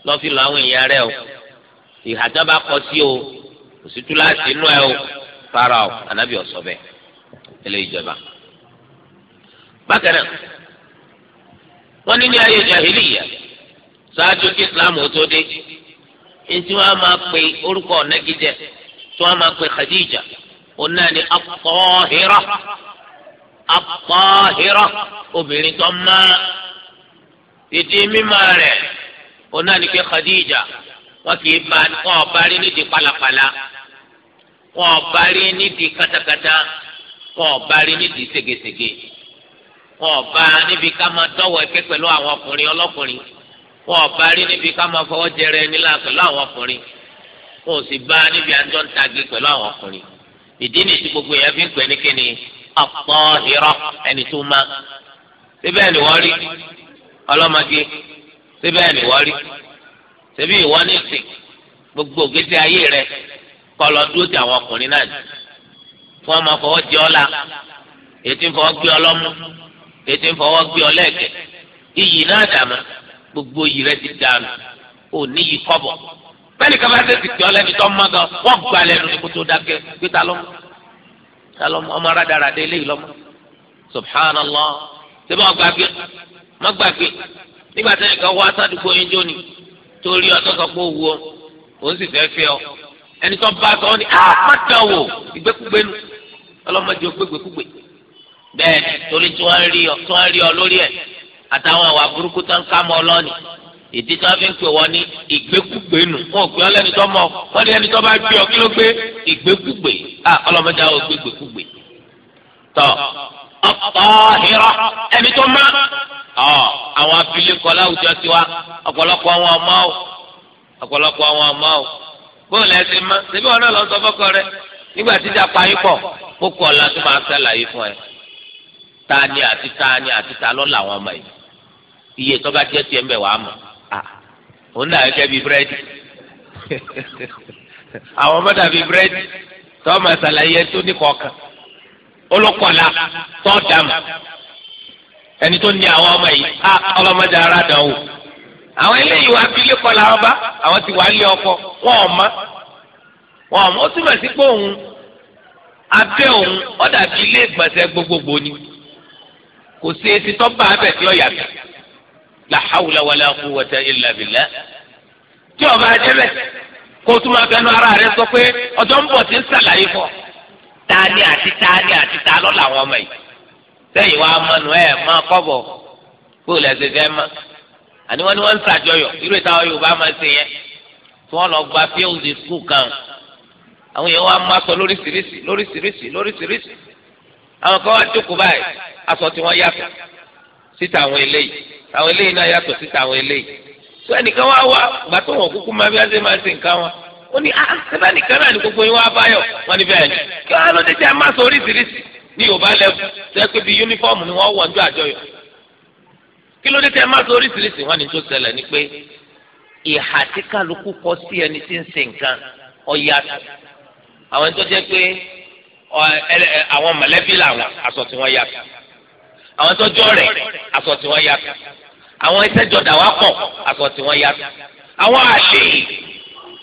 B: lọ́ọ́ fi lọ àwọn èèyàn rẹ o ìhàjọ́ bá kọ sí o kò sí túláàsì inú ẹ o fara o ànábì ọ̀sọ́ bẹ́ẹ̀ ilé ìjọba. bákan náà wọ́n ní ní ayé jahiliya ṣáájú kí islam ó tó dé ntí wọ́n máa pe orúkọ ọ̀nẹ́gídẹ́ tí wọ́n máa pe khadija òun náà ni at-tahira obìnrin tó máa ìdí mímọ́ rẹ̀ ọ̀nà ni pé Khadija wọn kì í ba wọn ọba rí nídìí pálapàla wọn ọba rí nídìí katakata wọn ọba rí nídìí ségesège wọn ọba níbi ká máa dọ́wọ́ ẹ̀kẹ́ pẹ̀lú àwọn ọkùnrin ọlọ́kùnrin wọn ọba rí níbi ká máa jẹrẹ nílá pẹ̀lú àwọn ọkùnrin wọn ò sì bá níbi àjọ ń tagi pẹ̀lú àwọn ọkùnrin ìdí ni tí gbogbo yẹn fi ń pè ní kíni ọ̀pọ̀ ìrọ̀ ẹni tó máa síbẹ̀ ni wọ́n rí ọlọ́mọge
A: síbẹ̀ ni wọ́n rí
B: síbí ìwọ ní sìn gbogbo ògbésí ayé rẹ kọ́ lọ dúró ti àwọn ọkùnrin náà jù fún ọmọ fọwọ́ jẹ ọ́ la ètí ń fọwọ́ gbé ọ lọ́mú ètí ń fọwọ́ gbé ọ lẹ́ẹ̀kẹ́ iyì náà dàmà gbogbo iyì rẹ ti dànù ò ní yí kọ́bọ̀
A: bẹ́ẹ̀ni kaba ṣe ti tọ́ lẹ́bi tọ́ mọ́ gan wọ́n gba lẹ́nu ní
B: kótó dákẹ́ gbé ta lọ́mú ta lọ́mú ọmọ rádaràdé eléyìí lọ́mú subhanallah ṣé bá ọgbà gbé má nígbà tí ẹnìkan wá sádùúgbò yín jóni torí ọtọ́ sọ pé òwú ọ òun sì fẹ́ fẹ́ ọ ẹni tó bá sọ ọ ni àpàtà wò ìgbékúgbé nu ọlọ́mọdé ó gbégbékúgbé bẹ́ẹ̀ torí tí wọ́n rí ọ tí wọ́n rí ọ lórí ẹ̀ àtàwọn àwà burúkú tó ń ká mọ́ ọ lọ́nìí ìdí tó fi ń pè wọ́n ní ìgbékúgbé nu wọn ò pè ọ lẹ́ni tó mọ wọ́n ní ẹni tó bá gbé ọ kí ló gbé ìgbékúgbé à ah, ọlọ́mọdé àwọn gbégbékúgbé tọ ọ̀pọ̀ ìrọ ẹni tó má ọ àwọn abilékọ láwùjọ tiwa ọ̀pọ̀lọpọ̀ àwọn ọmọ o ọ̀pọ̀lọpọ̀ àwọn ọmọ o bóòlù ẹsẹ ma ṣebí wọn náà lọ sọ fọkọ rẹ nígbà tíjà payí pọ kó kọ ọlá tó máa ṣàlàyé fún ẹ tani àti tani àti ta lọ làwọn ọmọ yìí iye tọ́ba jẹ́ tiẹ̀ ń bẹ̀ wàá mọ̀ òun dàbí kẹ́bi búrẹ́dì àwọn ọmọ dàbí búrẹ́dì tọ́ ma ṣàlàyé tó ní kọ̀ọ̀kan olókọ̀ọ́lá tọ́ dàmú ẹni tó ní àwọn ọmọ yìí á ọlọ́mọdé ara dàn wò àwọn eléyìí wá bí lẹ́kọ̀ọ́ làwọn bá àwọn ti wà á lé ọkọ wọn ò mọ̀ wọn ò mọ̀ ó túmọ̀ sí pé òun abẹ́ òun ó dàbí ilé ìgbọ̀nsẹ̀ gbogbogbò ni kò sí etí tó bá abẹ́ tí ó yàtọ̀ la hawla wala quwwata illa billah tí ó bá bẹ́ẹ̀ kó o tún ara rẹ sọ pé ọjọ́ ń bọ̀ tí ń sàlàyé fọ́ ta àti ta àti ta lọ́la àwọn ọmọ yìí sẹ́yìn wa mọnu ẹ má kọ́bọ̀ kó o lè ṣe fẹ́ má àní wọ́n ní wọ́n ń ṣàjọyọ̀ irú ìtawọ́ yorùbá máa ṣe yẹn tí wọ́n lọ gba fíldì skul kan àwọn èèyàn wa máa sọ lóríṣiríṣi lóríṣiríṣi lóríṣiríṣi àwọn kan wá jókòó báyìí aṣọ tí wọ́n yàtọ̀ síta àwọn eléyìí àwọn eléyìí náà yàtọ̀ síta àwọn eléyìí tó ẹnìkan wá wá gbà tó wọn kúkú máa bí wọ́n ṣe máa ṣe nǹkan wọn ó ní ah, ní yorùbá lẹ́fù sẹ́kẹ́ bíi yúnífọ́ọ̀mù ni wọ́n wọ̀ ń dún àjọyọ̀ kí ló dé tẹ́ má sórí ìsirísi wọn ni tó ṣẹlẹ̀ ni pé ìhà tí kálukú kọ sí ẹni tí ń ṣe nǹkan ọ̀yàtọ̀ àwọn tó jẹ́ pé àwọn mọ̀lẹ́bí làwọn aṣọ tí wọ́n yàtọ̀ àwọn tó jọ rẹ̀ aṣọ tí wọ́n yàtọ̀ àwọn ìṣẹ́jọ dàwápọ̀ aṣọ tí wọ́n yàtọ̀ àwọn àṣẹ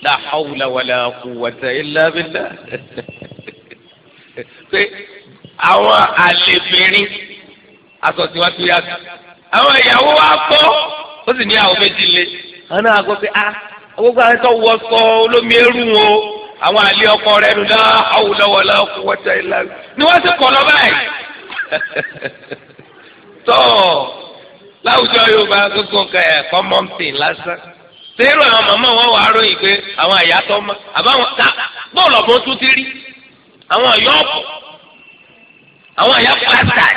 B: la hawla wala quwwata illa billah pé àwọn àlèbìnrin aṣọ tiwa tó yàtọ̀ àwọn ìyàwó wa gbọ́ ó sì ní àwọn méjì lé àwọn náà gbọ́ pé ah gbogbo àwọn wọ sọ olómi ẹrú o àwọn àlè ọkọ rẹ nù náà àwùlọwọ náà kó ni wọ́n ti kọ̀ lọ báyìí
A: tọ́ láwùjọ yorùbá gbogbo nǹkan
B: lásán àwọn màmá wọn wà á ròyìn pé àwọn àyà tọ́ àbáwọn àwọn àyà pàṣà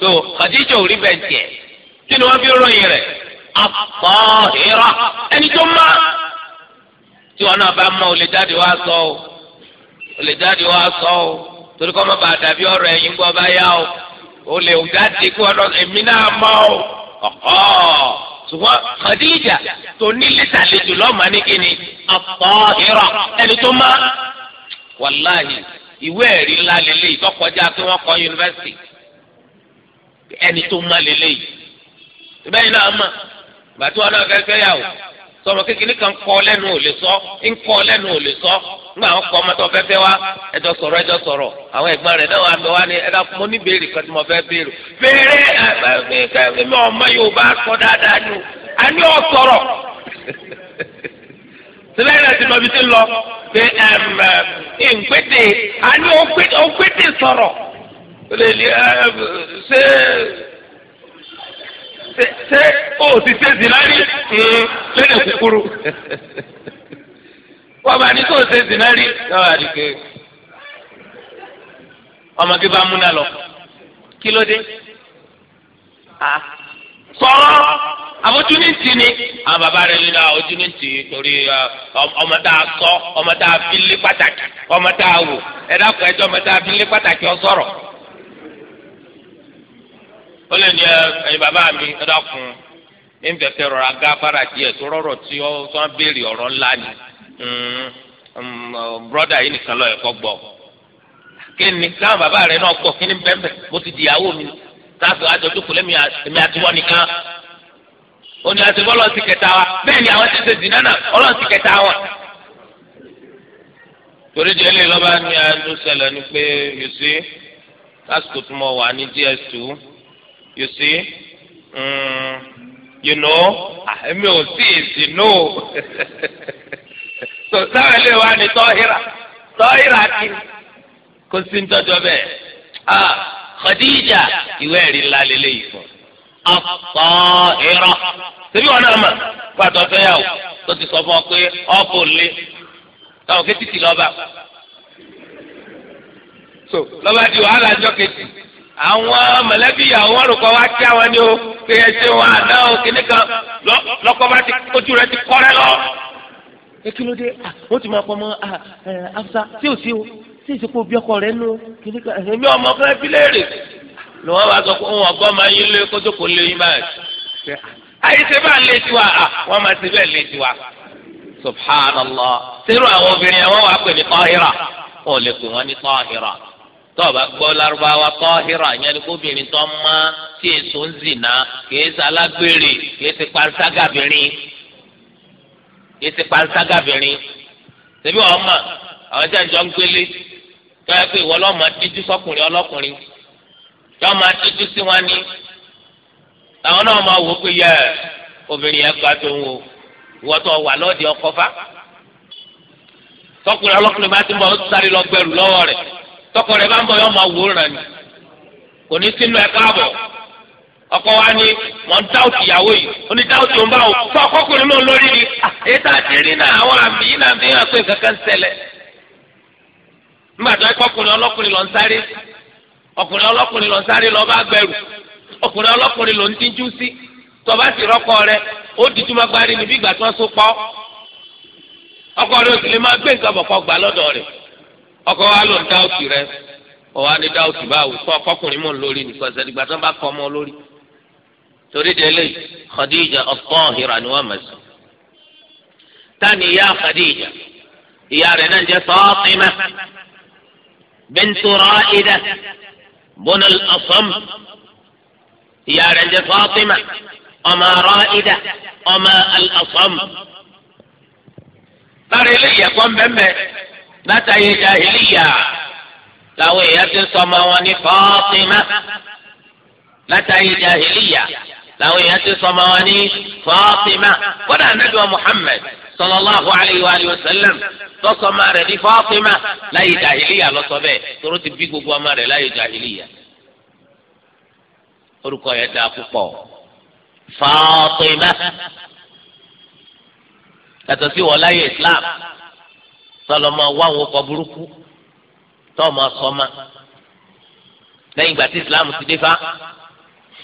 B: so Khadija ò rí bẹ́ẹ̀ tiẹ̀ kí ni wọ́n fi ròyìn rẹ̀ àpọ̀hìrọ̀ ẹni tó má tí wọn náà bá mọ olè jáde wá sọ o olè jáde wá sọ o torí kọ́ mọ́ bàa dàbí ọ̀rọ̀ ẹ̀yìn gbọ́ bá yá o olè jáde kí wọn lọ èmi náà mọ́ o ọ̀họ́ ṣùgbọ́n Khadija tó ní lítà lè jù lọ́mọ ní kíni àpọ̀hìrọ̀ ẹni tó má wàláhì. ìwé ẹ̀rí ńlá lélẹ́yìí tó kọjá pé wọ́n kọ́ yunifásitì ẹni tó má lélẹ́yìí bẹ́ẹ̀ náà mà bàtí wọn náà fẹ́ yà wò sọmọ kékeré kan kọ́ lẹ́nu ò lè sọ ń kọ́ lẹ́nu ò lè sọ ńgbà àwọn kọ́ ọmọ tó fẹ́ fẹ́ wá ẹjọ́ sọ̀rọ̀ ẹjọ́ sọ̀rọ̀ àwọn ẹ̀gbọ́n rẹ̀ náà wà wá ní ẹ̀dá mo ní béèrè kan tí mo fẹ́ béèrè béèrè a sílẹ̀ náà ti lọ bí ti lọ pé nkété a ní òkété sọ̀rọ̀ ṣé ṣé o ti ṣe zinari lẹ́nu kúkúrú wọ́n bá ní kó o ṣe zinari náà àdìgbé ọmọge bá múná lọ kí ló dé sọ̀rọ̀
A: àbójú ní ti ni àwọn bàbá rẹ
B: nínú àbójú ní ti torí uh, ọmọ tá a sọ ọmọ tá a fi lé pàtàkì ọmọ tá a wò ẹ dákun ẹjọ ọmọ tá a fi lé pàtàkì ọ sọ̀rọ̀ ó lè ní ẹ̀yin bàbá mi ẹ dákun ń fẹfẹ rọra gáfárà díẹ̀ tó rọrọ tí ó tó béèrè ọ̀rọ̀ ńlá ni hmm, um, broda yìí nìkan lọ ẹkọ gbọ́ kí ni káwọn bàbá rẹ náà gbọ́ kí ni bẹ́ẹ̀ mo ti di ìyàwó mi láti àjọ tó kù lẹ́mi àtiwọ́ nìkan ó ní àti bọ́lọ̀ sí wa bẹ́ẹ̀ ni àwọn ti ṣe zina náà ọlọ́ọ̀ sí kẹta
A: torí di ẹlẹ́yìn lọ́ba ní
B: àánú ṣẹlẹ̀ ni pé you see lásìkò tí mo wà ní ds2 you see um, you know èmi ò sí èsì no so sáwọn ilé wa ni tọ́hìrà tọ́hìrà kí kò sí ń tọ́jọ́ bẹ́ẹ̀ ah Khadija ìwé ẹ̀rí ńlá lélẹ́yìí fún akọ̀ọ̀hìrọ̀ ṣebí wọn náà mà gbàtọ̀ fẹ́yàwó tó ti sọ fún ọ pé ọ̀bù lé táwọn kẹ́tì tì lọ́ba so lọ́ba di wàhálà ọjọ́ kejì àwọn mọ̀lẹ́bí ìyàwó wọn rúkọ wá kí àwọn ni ó pé ẹ ṣe wọn àná o kìíní kan lọ́kọ́ bá ti ojú rẹ ti kọ́rẹ́ lọ. ẹ kí ló dé wọ́n ti máa pọ̀ mọ́ afsa tí ò sí o tí ìsìnkú bí ọkọ rẹ nù kìíní kan ẹ̀mí ọmọ fẹ́ bí léèrè ni wọ́n bá sọ pé òun ọ̀gbọ́n máa yín lé kótó kò lé yín báyìí. àyè ṣe bá lé tiwa wọ́n máa ṣe bẹ́ẹ̀ lé tiwa. subhanallah
A: sírò àwọn obìnrin àwọn wàá pè ní tọ́hírà
B: wọn ò lè pè wọ́n ní tọ́hírà tọ́ọ̀bá gbọ́ lárúbáwá tọ́hírà yẹn ni kóbìnrin tó má tí èso ń zìnà kìí ṣe alágbèrè kìí ṣe panṣágàbìnrin kìí ṣe panṣágàbìnrin ṣèbí wọn mọ àwọn tí a ń gbélé tọ́yà pé ìwọ yọọ máa tójú si wọn ni àwọn náà máa wò pé yẹ obìnrin yẹn gba tó ń wo wà fa tọkùnrin ọlọ́kùnrin bá ti bọ̀ sáré lọ gbẹrù lọ́wọ́ rẹ̀ tọkọ rẹ̀ bá ń bọ̀ yọọ máa wò ó ni kò ní sínú ẹ ọkọ wa ni mọ ń dáwùtì ìyàwó yìí ó ní bá ọkọkùnrin náà lórí ni ah, èyí tá a ti rí náà àwọn ọkùnrin ọlọ́kùnrin ló ń sáré lọ bá gbẹrù ọkùnrin ọlọ́kùnrin ló ń tíjú sí tọba sì rọkọ rẹ ó dìjú má gbárí níbi ìgbà tí wọ́n so pọ ọkọ rẹ òsì lè má gbé nǹkan bọ̀ kọ gbà lọ́dọ̀ rẹ̀ ọkọ wa ló ń dá òtù rẹ ọwọ́ adé dá òtù báwò sọ ọkọkùnrin mọ̀ lórí nìkan ṣẹlẹ̀ ìgbà bá kọ ọmọ lórí torí délé Khadija al-Tahira ni wọ́n mọ̀ sí tani ya Khadija ìyá rẹ̀ náà jẹ́ Fatima bintu Raida. بنى الأصم يا عند فاطمة وما رائدة وما الأصم قري لي قم بما متى جاهلية لو يتصم فاطمة متى جاهلية لو يتصم فاطمة ولا ندوى محمد sallallahu alayhi wa sallam tọsọ ma rẹ ní Fátímà láyé jàhìlíyà lọsọ bẹ́ẹ̀ tóró ti bí gbogbo ọmọ rẹ láyé jàhìlíyà orúkọ yẹn dáa púpọ̀ Fátímà yàtọ̀ sí wọn láyé Islam sọlọmọ wá àwọn ọkọ burúkú tọmọ sọma lẹ́yìn ìgbà tí Islam ti dé fa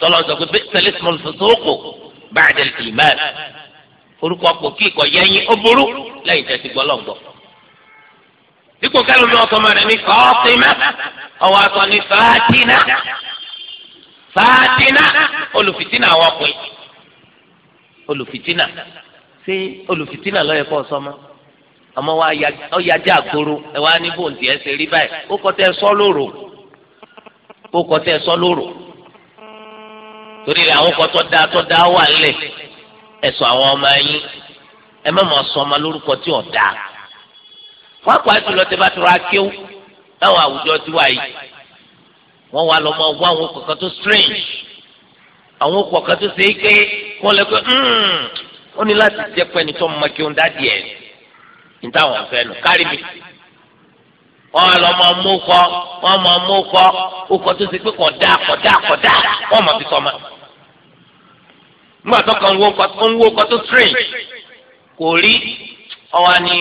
B: sọlọ sọ pé tẹlifíṣàn fòsókò ba'da al-iman. orúkọ pò kí ìkọ̀ yẹ́yìn ó burú lẹ́yìn tẹ̀sí gbọ́ lọ́ngbọ́. dípò kẹ́lò ní ọkọ mẹ́rin ní Fátímà ọwọ́ àtọ̀ ní Fátímà
A: Fátímà
B: olùfìtínà àwọn ọkùnrin olùfìtínà ṣé lọ́yẹ̀ kọ́ sọ́mọ́ àmọ́ wa ọ̀yájà àgbòrò ẹ̀ wá ní ẹ̀ ṣe rí báyìí ó kọ́ tẹ́ sọ́ lóru ó kọ́ tẹ́ sọ́ lóru torí àwọn kọ́ tọ́ ẹsọ àwọn ọmọ yín ẹ má sọ ọmọ lórúkọ tí ò dáa wọn pa jùlọ tẹ bá tura láwọn àwùjọ tiwa yìí wọn wà lọmọ wọ àwọn òkò kan tó strange àwọn òkò kan tó ṣeé ké lè hmm. ó ní láti jẹ pé ẹni tó lọ mú kọ wọn mú kọ tó ṣe pé kọ dáa kọ dáa kọ nígbà tó kàn ń wo nǹkan tó strange kò rí ni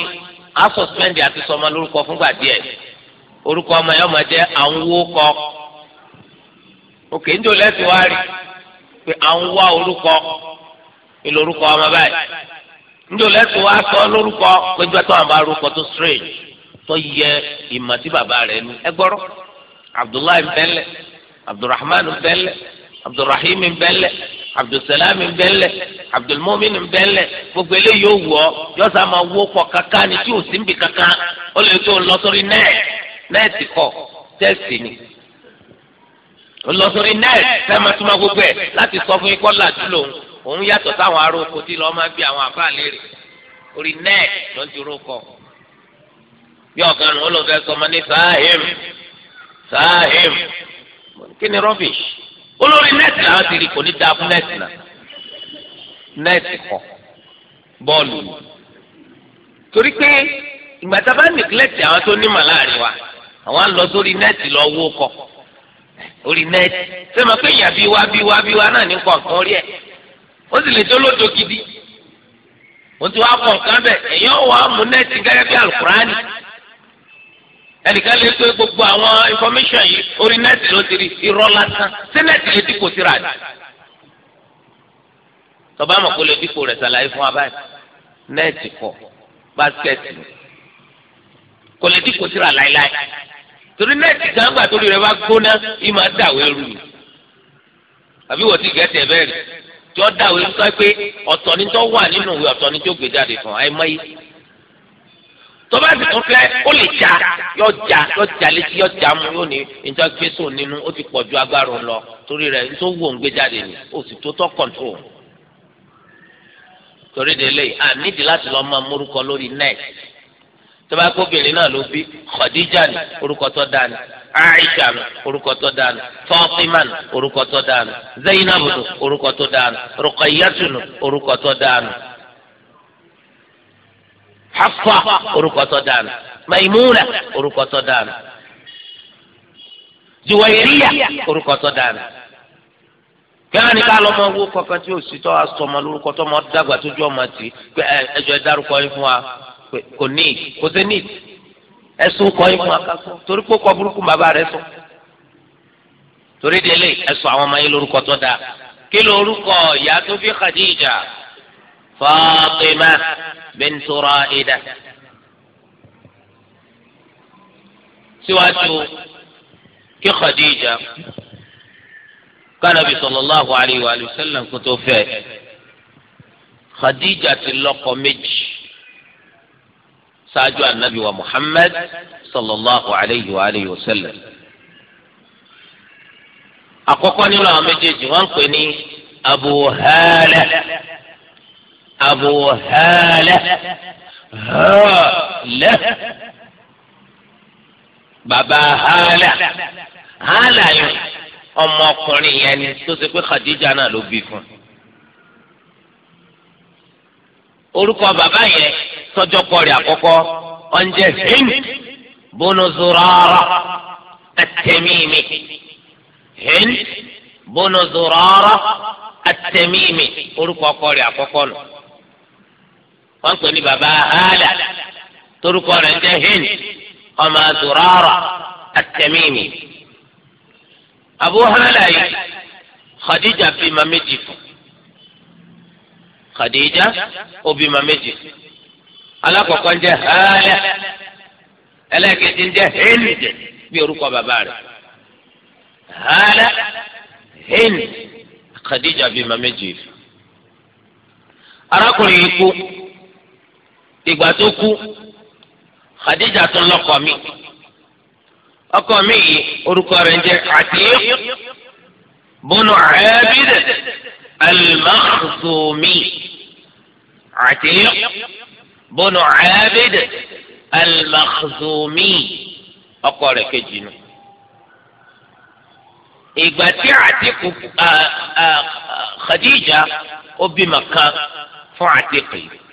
B: a suspend àti sọmọ lórúkọ fúngbà díẹ̀ orúkọ ọmọ yẹn ọmọ àwọn kọ òkè ń jò wá rí pé àwọn wá orúkọ orúkọ ọmọ báyìí
A: njó lẹ́sìn wá sọ lórúkọ péjọ tó àwọn bá rúkọ
B: tó strange tó yẹ ìmọ̀ tí bàbá nu abdullahi abdulrahman abdulrahim abdulsalam ń bẹ ńlẹ̀ abdulmumin ń bẹ ńlẹ̀ gbogbo eléyìí ó wọ yọsà máa wó pọ̀ kankan ni tí ò sí níbi kankan ó lè tó lọ sórí nẹẹtì nẹẹtì kọ tẹsí ni ó lọ sórí nẹẹtì sẹmọ tó máa gbogbo ẹ láti sọ fún ikọ́ làjú lòun òun yàtọ̀ sáwọn aróko tí lọ́ọ́ máa bí àwọn àbáàlè rè orí nẹẹtì ló ń ti rókọ bí ọ̀gá ó lọ fẹ́ sọmọ ní sáhìm olórí nẹ́ẹ̀sì náà ti rí kò ní dáa fún nẹ́ẹ̀sì náà nẹ́ẹ̀sì kọ bọ́ọ̀lù ni torí pé ìgbà tá a bá nìgílẹ̀tì àwọn tó ní màláàrin wa àwọn á lọ sórí nẹ́ẹ̀sì lọ wó kọ orí nẹ́ẹ̀sì sẹ́mi pé èèyàn bíi wá bíi wá bíi wá náà ní kọ̀ọ̀kan rí ẹ̀ ó sì lè tó lódò gidi mo ti wá kọ̀ọ̀kan bẹ̀ èèyàn wà á mú nẹ́ẹ̀sì gẹ́gẹ́ bí alukurani ẹnìkan lè pé gbogbo àwọn information yìí orí nẹ́ẹ̀tì ló ti rí irọ́ lásán sí nẹ́ẹ̀tì lè dípò síra rẹ̀ tọba àmọ̀ kó lè dípò rẹ̀ ṣàlàyé fún wa báyìí nẹ́ẹ̀tì kọ báskẹ́tì kò lè dípò síra láéláé torí nẹ́ẹ̀tì gbàǹgbà torí rẹ̀ bá gbóná yìí máa dàwé rú mi àbí wọ́n ti gẹ̀ẹ́tì ẹ̀ bẹ́ẹ̀ rí tí wọ́n dàwé rú sọ pé ọ̀tọ̀ ni tó wà nínú ìwé ọ̀tọ̀ ni tó gbé jáde fún àìmọye tọ́ba sì tún fẹ́ ó lè já yọ já yọ já létí yọ já mu yóò ní níta gbèsò nínú ó ti pọ̀ ju agbára òun lọ torí rẹ̀ nítorí wò ń gbé jáde ni ó sì tó tọ́ kọ̀ǹtró torí délé à nídìí láti lọ́ọ́ máa mórúkọ lórí nẹ́ẹ̀tì tọ́ba kóbìnrin náà ló bí Khadija ni orúkọ tó dáa ni Aisha ni orúkọ tó dáa ni Fatima ni orúkọ tó dáa ni Zainabu ni orúkọ tó dáa ni Ruqayyatu ni orúkọ tó dáa ni. Hafsa orúkọ tó dànù Maimuna orúkọ tó dànù Juwayriya orúkọ tó dànù kíláàni ká lọ́mọ owó kankan tí òsì tó asọmọ lórúkọ tó mọ dàgbà tó jọ ọmọ tì pé ẹjọ ẹ dárúkọ yín fún wa kò ní kò sí ní ẹsùn kọ yín fún wa torí pé kọ burúkú bàbá rẹ sọ torí délé ẹsùn àwọn ọmọ yín lórúkọ tó dáa kí lórúkọ ìyá tó bí Khadija. Fatima bintu Raida. síwájú kí Khadija kánàbí sallallahu alayhi wa sallam kó tó fẹ́ Khadija ti lọ́kọ méjì ṣáájú anabi wa Muhammad sallallahu alayhi wa alihi wa sallam. àkọ́kọ́ nínú àwọn méjèèjì wọ́n ń pè ní Abu Hala. أبو هالة هالة بابا هالة هالة yìí ọmọkùnrin yẹn ni tó ṣe pé Khadija náà ló bí fún orúkọ bàbá yẹn tọjọ kọrì àkọ́kọ́ ọ̀njẹ́ Hind bónú Zurara At-Tamimi Hind bónú Zurara at orúkọ kọrì àkọ́kọ́ nù wọ́n pè ní baba hàlà torúkọ rẹ̀ ń jẹ́ hind ọmọ zurara atẹ́mìmì abu hàlà yìí khadija fi ma méjì fún khadija ó bí ma méjì fún alákọ̀ọ́kọ́ ń jẹ́ hàlà ẹlẹ́kẹ̀ẹ́jì ń jẹ́ hind bí orúkọ bàbá rẹ̀ hàlà hind khadija bí ma méjì fún arákùnrin yìí kú ìgbà tó kú Khadija tún lọ́kọ mi ọkọ mi yìí orúkọ rẹ̀ ń jẹ́ Atiq bunu Abid al-Makhzumi Atiq bunu Abid ọkọ rẹ̀ kejì nù ìgbà tí Atiq Khadija ó bímọ kan fún Atiq yìí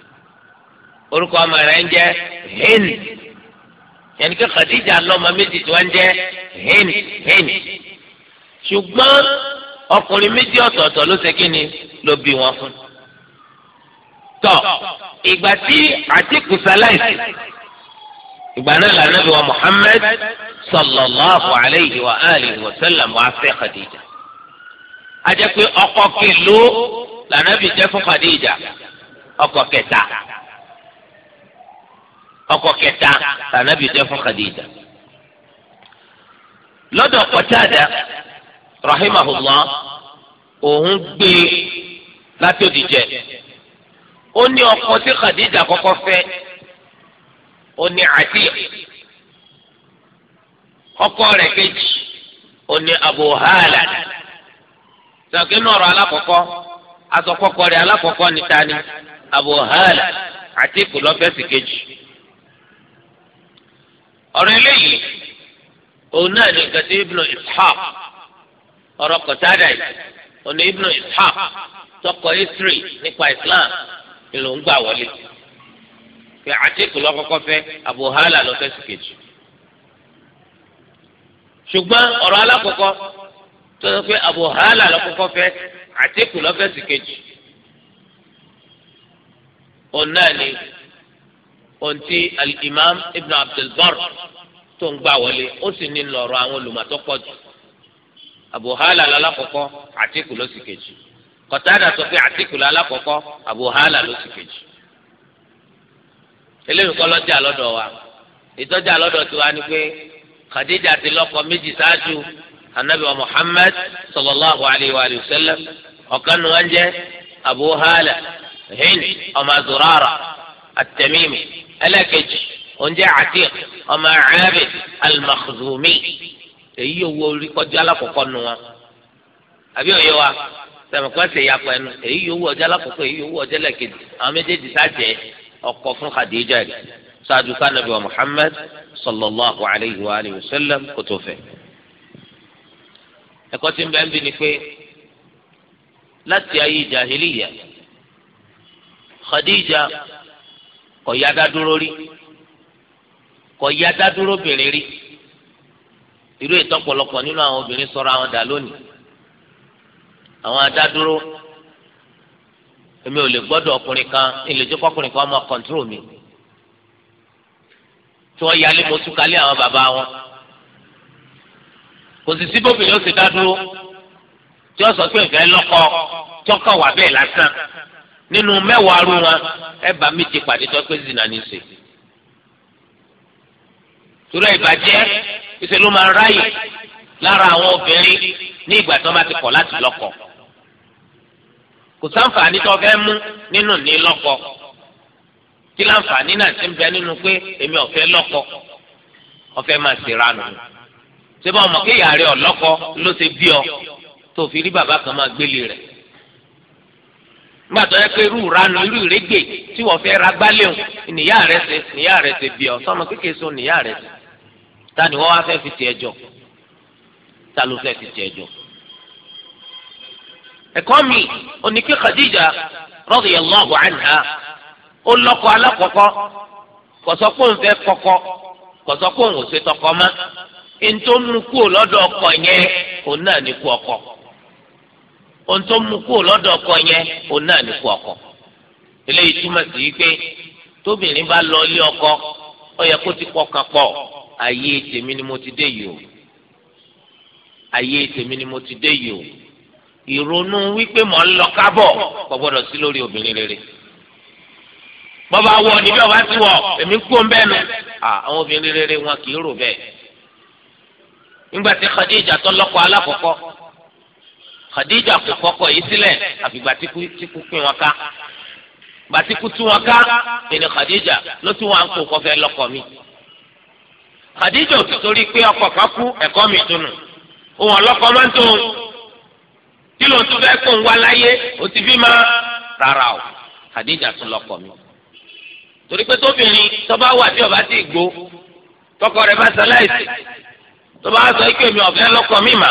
B: orúkọ ọmọ rẹ̀ ń jẹ́ hin yẹnni kí Khadija lọ́mọ méjì tí wọ́n ń jẹ́ hin hin ṣùgbọ́n ọkùnrin méjì ọ̀tọ̀ọ̀tọ̀ ló ṣe kí ni ló bí wọn fún. tọ ìgbà tí àtìkù sáláìsì ìgbà náà lànà bí wọn Muhammad sallallahu alayhi wa alihi wa sallam wàá fẹ́ Khadija. a jẹ́ pé ọkọ kìlú lànà bí jẹ́ fún Khadija ọkọ kẹta ọkọ kẹta tànàbí jẹ fún Khadija lọ́dọ̀ Qatada rahimahullah òun gbé e láti òdìjẹ ó ní ọkọ tí Khadija kọ́kọ́ fẹ́ ó ní Atiq ọkọ rẹ̀ kejì ó ní Abu Hala sọkínú ọ̀rọ̀ alákọ̀ọ́kọ́ asọkọkọ rẹ̀ alákọ̀ọ́kọ́ níta ni Abu Hala Atiq lọfẹsì kejì. ọ̀rọ̀ eléyìí òun náà ní ibnu ishaq ọ̀rọ̀ kọ̀tádà yìí
A: òun ishaq
B: tọkọ history nípa islam ìlú ń gbà wọlé fi àtìkù lọ́kọ́kọ́ fẹ́ Abu ló fẹ́ sìkejì ṣùgbọ́n ọ̀rọ̀ alákọ̀ọ́kọ́ tó sọ pé Abu lọ́kọ́kọ́ fẹ́ àtìkù sìkejì òun náà ohun tí al-imam ibn abdulbar tó ń gbà wọlé ó sì ní lọ́rọ̀ àwọn olùmọ̀tò pọ̀ jù abu hala lalakọkọ atiku ló sì kejì kọtada sọ pé atiku lalakọkọ abu hala ló sì kejì
A: eléyìí kọ́ lọ́jà lọ́dọ̀
B: wa ìtọ́jà lọ́dọ̀ tiwa ni pé khadija ti lọ́kọ méjì ṣáájú anabi wa muhammad sallallahu alayhi wa sallam ọ̀kan nu wọn jẹ́ abu hala ọmọ zurara atẹmímì ẹlẹ́kejì oúnjẹ àtiq ọmọ Abid al-Makhzumi èyí owó orí kọjá alákọ̀ọ́kọ́ nu wọn àbí òye wa sẹ̀mọ̀kọ́ ṣe ya pẹ̀lú èyí owó ọjọ́ alákọ̀ọ́kọ́ èyí owó ọjọ́ lẹ́kejì àwọn méjèèjì sájẹ́ ọkọ̀ fún Khadija rẹ̀ ṣáájú kánàbí wa Muhammad sallallahu alayhi wa alihi wa sallam kò tó fẹ́. ẹ̀kọ́ tí ń bẹ́ẹ̀ ń bí ni pé láti ayé jahiliya Khadija kò ya dádúró rí kò ya dádúró bìnrin rí irú ètò ọ̀pọ̀lọpọ̀ nínú àwọn obìnrin sọ̀rọ̀ àwọn dà lónìí àwọn adádúró èmi ò lè gbọ́dọ̀ ọkùnrin kan ilé tó kọkùnrin kan máa kọ̀ǹtúrò mi tí wọ́n yálé mo túkalé àwọn bàbá wọn kò sì sí bóbìnrin ó ti dádúró tí wọ́n sọ pé ìfẹ́ lọ́kọ tí wọ́n kàn wà bẹ́ẹ̀ lásán nínú mẹ́wàá rú wọn ẹ bá méje pàdé tó pé zina ní sè torí ìbàjẹ́ ìṣe ló máa ráyè lára àwọn obìnrin ní ìgbà tí wọ́n bá ti kọ̀ láti lọ́kọ kò sáǹfààní tó fẹ́ mú nínú ní lọ́kọ tí láǹfààní náà ti ń bẹ nínú pé èmi ọ̀fẹ́ lọ́kọ ọ̀fẹ́ máa ṣe ranù ṣé bá ọmọ kéèyàn rẹ ọ̀lọ́kọ ló ṣe bí ọ tó fi rí bàbá kan máa gbélé rẹ̀ nígbà tó yẹ pé irú ranu irú ìrégbè tí wọ́n fẹ́ ra gbálẹ́hùn nìyá rẹ̀ ṣe nìyá rẹ̀ ṣe bí ọ sọmọ kékeré sọ ṣe ta ni wọ́n wá fẹ́ fi tiẹ̀ jọ ta ló fẹ́ fi tiẹ̀ jọ. ẹ̀kọ́ mi oníkẹ́ ó lọ́kọ alákọ̀ọ́kọ́ fẹ́ kọ́kọ́ ṣe tọkọ mọ́ tó mú lọ́dọ̀ yẹn ọkọ. ohun tó mú kúrò lọ́dọ̀ ọkọ yẹn òun náà ní kú ọkọ eléyìí túmọ̀ sí pé tóbìnrin bá lọ ilé ọkọ ó yẹ kó ti pọkàn pọ̀ ayé tèmi ni mo ti dé yìí o ayé tèmi ni mo ti dé yìí o ìrònú wípé mò ń lọ kábọ̀ kò gbọ́dọ̀ sí lórí obìnrin rere bọ́ba wọ níbí ọba ti wọ èmi kú ń bẹ́ẹ̀ nu àwọn obìnrin rere wọn kì í rò bẹ́ẹ̀ nígbà tí Khadija tó lọ́kọ alákọ̀ọ́kọ́ Khadija kò kọ́kọ́ yìí sílẹ̀ àfi gbàtíkú tíkú pín wọn ká gbàtíkú tún wọn ká ẹni Khadija ló tún wọn kó kọfẹ lọkọ mi Khadija ò ti torí pé ọkọ kan kú ẹ̀kọ́ mi tunu òun ọlọkọ máa ń tó òun kí ló ń tún fẹ́ kó wá láyé ó ti fi máa rárá o Khadija tún lọkọ mi torí pé tóbìnrin tọba wà tí ọba ti gbó tọkọ rẹ̀ bá ṣaláìsí tọba sọ ike mi ọfẹ lọkọ mi mà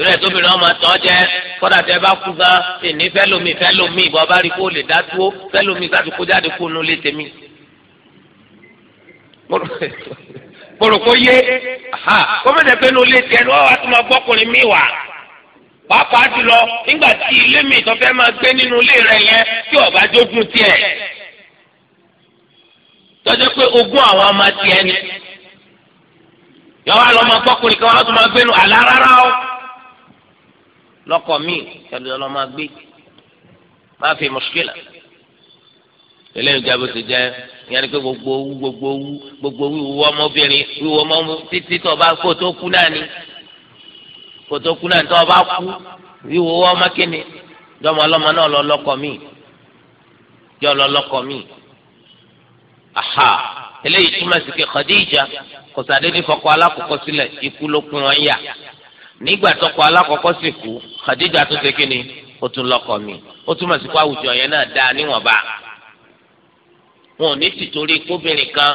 B: ìrẹ̀ tóbìnrin ọmọ tọ́ jẹ́ kọ́dà tẹ bá kú gan ìní fẹ́lómi fẹ́lómi ìbọn bá rí kó lè dá dúró fẹ́lómi sáà tó kó jáde kó nu lé tèmi. kpọ̀rọ̀kọ yé kọ́mọ̀nà pé nu lé tẹ̀ lọ́wọ́ àti ma gbọ́kùnrin mi wà. pàápàá jùlọ nígbà tí ilé mi tó fẹ́ máa gbé nínú ilé rẹ̀ yẹn tí ọ̀bá jógun tiẹ̀. tọ́jú pé ogún àwọn ọmọ tiẹ̀ ni. yọ wá lọ́ ma gbọ́kùnrin kan wọ́n tún ma gbé nu àlá rárá o lọ́kọ̀ míì tẹ̀lé ọlọ́ máa gbé máa fi mùsùlùmí eléyìí jẹ́ bó ti jẹ́ ìyẹn ni pé gbogbo owú gbogbo owú gbogbo wíwú ọmọbìnrin wíwú ọmọ títí tó bá kó tó kú náà ni kó tó kú náà ni tó bá kú wíwú ọmọ kíni jọmọ ọlọmọ náà lọ lọ́kọ míì jọ lọ lọ́kọ míì aha eléyìí túmọ̀ sí pé Khadija kò sàdédé fọkọ alákòókò sílẹ̀ ikú ló kún wọn yà nígbà tọ́kọ alákọ̀ọ́kọ́ sì kú Khadija tó ṣe kíni ó tún lọ́kọ mi ó túmọ̀ sí pé àwùjọ yẹn náà dáa níwọ̀nba wọn ò ní ti torí kóbìnrin kan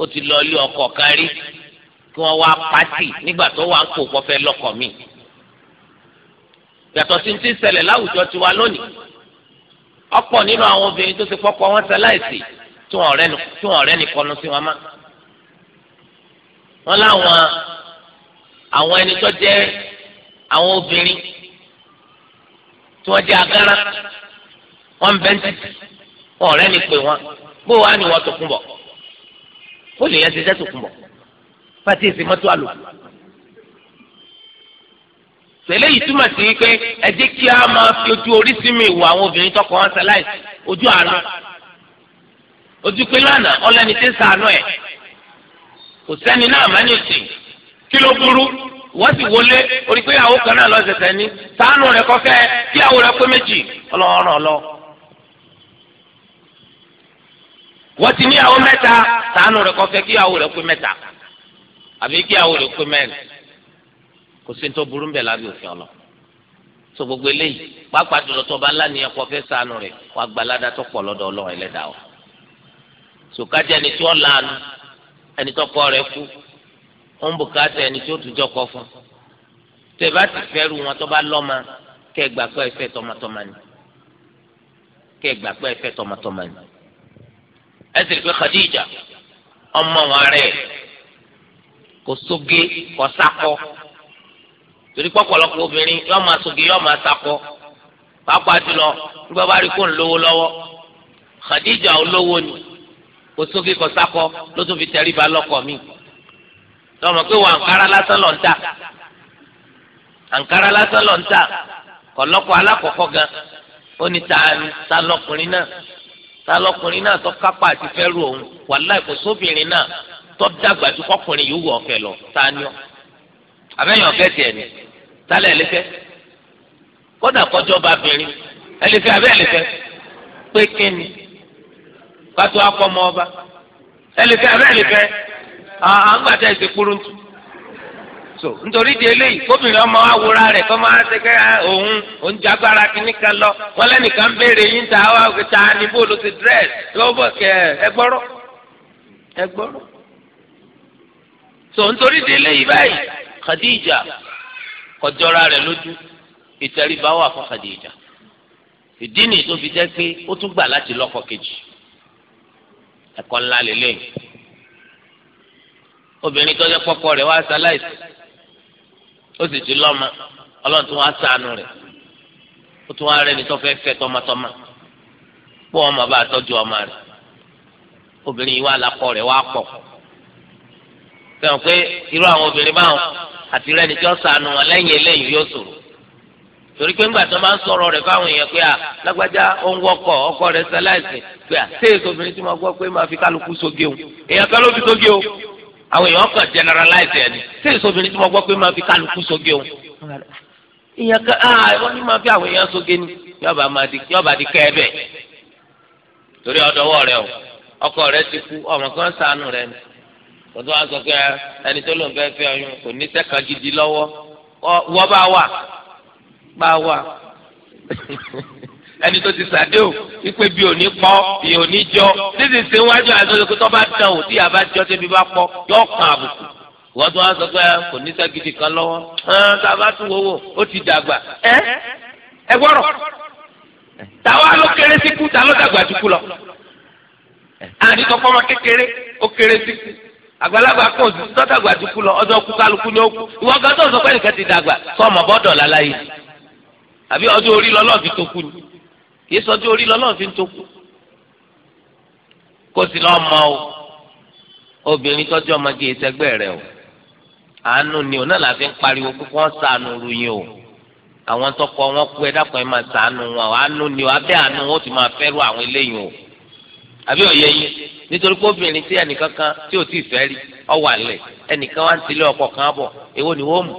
B: ó ti lọ ilé ọkọ kan rí kí wọ́n wá pátì nígbà tó wà ń kó kọfẹ́ lọ́kọ mi yàtọ̀ sí ti ń ṣẹlẹ̀ láwùjọ wa. lónìí ọ̀pọ̀ nínú àwọn obìnrin tó ti kọ́kọ́ wọn ṣe láìsí tí wọ́n ọ̀rẹ́ nìkọ́nu sí wọn má wọn láwọn àwọn ẹni tó jẹ́ àwọn obìnrin tí wọ́n jẹ́ agárá wọ́n bẹ́ ń títì wọn ọ̀rẹ́ ni pé wọn bó wàá ní wọn tòkun bọ̀ ó lè yẹn ti jẹ́ tòkun bọ̀ fati èsì mọ́tò àlòkù. tẹ̀lé yìí túmọ̀ sí pé ẹ jẹ́ kí a máa fi ojú oríṣi mi wo àwọn obìnrin tọkọ wọn ṣaláìsì ojú àánú ojú pé lánàá ọlẹ́ni tí ń ẹ̀ kò sẹ́ni náà má ní òsè kí ló burú wọ́n sì wọlé orí pé ìyàwó kan náà lọ́sẹ̀sẹ̀ ní sànù rẹ̀ kọ́kẹ́ kí àwọn rẹ̀ pé méjì ọlọ́run lọ. wọ́n ti ní ìyàwó mẹ́ta sànù rẹ̀ kọ́kẹ́ kí àwọn rẹ̀ pé mẹ́ta àbí kí àwọn rẹ̀ pé mẹ́rin kò sí tó burú bẹ́ẹ̀ lábẹ́ òfin ọlọ. sọ gbogbo eléyìí pàápàá jùlọ tó bá láàní ẹ̀kọ́ fẹ́ sànù rẹ̀ wọ́n agbálada tó pọ̀ lọ́dọ̀ ọlọ́run ẹlẹ́dàá ọ̀ sọ kájẹ́ni tí wọ́n láàánú ń bùkátà ẹni tí ó tún jọkọ fún tẹ́ bá ti fẹ́rù wọn tó bá lọ́mọ kẹ́ ẹ gbà pé ẹ fẹ́ tọmọtọmọ ni kẹ́ ẹ gbà pé ẹ fẹ́ tọmọtọmọ ni ẹ sì rí pé Khadija ọmọ wọn rẹ̀ kò sóge kò sakọ torí pọ̀pọ̀lọpọ̀ obìnrin yóò máa sóge yóò máa sakọ pàápàá jùlọ nígbà bá rí kó ń lówó lọ́wọ́ Khadija olówó ni kò sóge kò sakọ ló tún fi tẹríba lọ́kọ mi. lọ́mọ pé wọ́n àǹkárá lásán lọ́n ta àǹkárá lásán lọ́n ta kọ̀lọ́kọ̀ alákọ̀ọ́kọ́ gan ó ní ta ta náà ta naa náà tó kápá àti fẹ́rù òun wàláì kò sóbìnrin náà tó dàgbà ju kọkùnrin yìí wọ̀ lọ ta ni ọ́ àbẹ́yẹn ọ̀fẹ́ tiẹ̀ ni kódà Ah, ah, a ń gbàtà ìṣe kúrúntù so nítorí di eléyìí kóbìnrin ọmọ wa wúra kọ́ máa ṣe kẹ́ ah, òun kìíní kan lọ wọn lẹ́nìkan béèrè yín ta wá ta ni ti lọ́wọ́ kẹ so nítorí di eléyìí báyìí Khadija kọjọra rẹ lójú ìtẹríba wà fún Khadija ìdí nìyí tó fi jẹ́ pé ó tún gbà láti obìnrin tó jẹ́ pọ́pọ́ rẹ̀ wá sáláìsì ó sì ti lọ́mọ ọlọ́run tó wá sànù rẹ ó tún wá rẹ́ni tó ọba fẹ́ tọmọtọmọ ọmọ bá tọ́jú ọmọ obìnrin yìí wá lakọ rẹ̀ wá pọ̀ fẹ́ràn pé irú àwọn obìnrin báwọn àti rẹ́ni tó sànù wọn lẹ́yìn eléyìí yóò torí pé ńgbà tó máa ń sọ̀rọ̀ fáwọn èèyàn pé à ọkọ pé à obìnrin tí mo gbọ́ àwọn èèyàn kan generalize ẹni tí èso obìnrin tí mo gbọ́ pé máa fi kálukú soge o ìyẹn ká ah wọ́n ní máa fi àwọn èèyàn soge ni yọba máa di yọba di kẹ́ ẹ bẹ̀
A: torí ọdọwọ́ rẹ o
B: ọkọ rẹ ti kú ọmọ kan sànù rẹ ni kòtò wa sọ pé ah, ẹni tó ló ń fẹ́ ọyún kò ní sẹ́ka gidi lọ́wọ́ wọ́n bá wà bá wà ẹni tó ti sàdéhùn wípé bí òní pọ bí òní jọ títí sí wájú àtúntò tó bá dán òtí àbájọ tẹbi bá pọ yóò kàn àbùkù wọ́n tún wá sọ pé ah, kò ní sẹ́gidi kan lọ́wọ́ ẹ̀ẹ́n ah, tá a bá tún wọ́wọ́ ó ti dàgbà ẹ́ ẹ gbọ́rọ̀ tàwa ló kéré sí kú ta ló dàgbà jù kú lọ àti tọkọ ma kékeré ó kéré sí kú àgbàlagbà kan ò sì tọ́ lọ ọjọ́ kú kálukú ni ó kú ìwọ gàdọ́ sọ pé nìkan ti dàgbà sọ ọmọ bọ́dọ̀ láláyé àbí ọjọ́ orí lọ́lọ́ọ̀dì tó kú ni kìí sọjọ́ orí lọ́lọ́run fi ń tó kù kó sì lọ́ọ́ mọ o obìnrin tọ́jú ọmọge ìṣẹ́gbẹ́ rẹ o àánú ni òun náà la fi ń pariwo kó wọ́n sànù ruyin o àwọn tọkọ wọn kú ẹ dákun ẹ máa sànù wọn o àánú ni o abẹ́ àánú wọn ó ti máa fẹ́rù àwọn eléyìí o àbí òye yín nítorí pé obìnrin tí ẹnìkan kan tí ò tí ì fẹ́ rí ọ wà lẹ̀ ẹnìkan wá ń tilé ọkọ̀ kan bọ̀ èwo ni wọ́n mú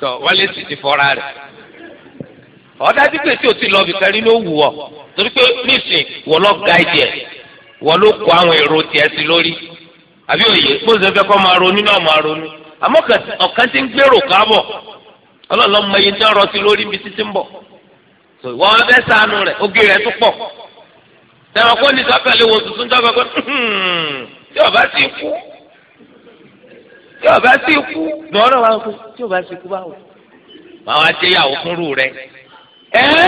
B: tọ wálé sì ti fọ́ra rẹ̀
A: ọ̀dájú pé tí o ti lọ bìkan ló wù ọ́
B: torí pé nísìn wọ́n lọ ga ẹ̀jẹ̀ wọ́n ló kó àwọn èrò sí lórí àbí òye gbọ́dọ̀ máa ronú náà máa ronú àmọ́ ti ń gbèrò káàbọ̀ tí lórí títí ń sànù rẹ̀ tó kó hmm, tí o bá sí kú lọ́wọ́ náà wà kú tí o bá sí kú báwo màá wá ṣe ìyàwó rẹ ẹ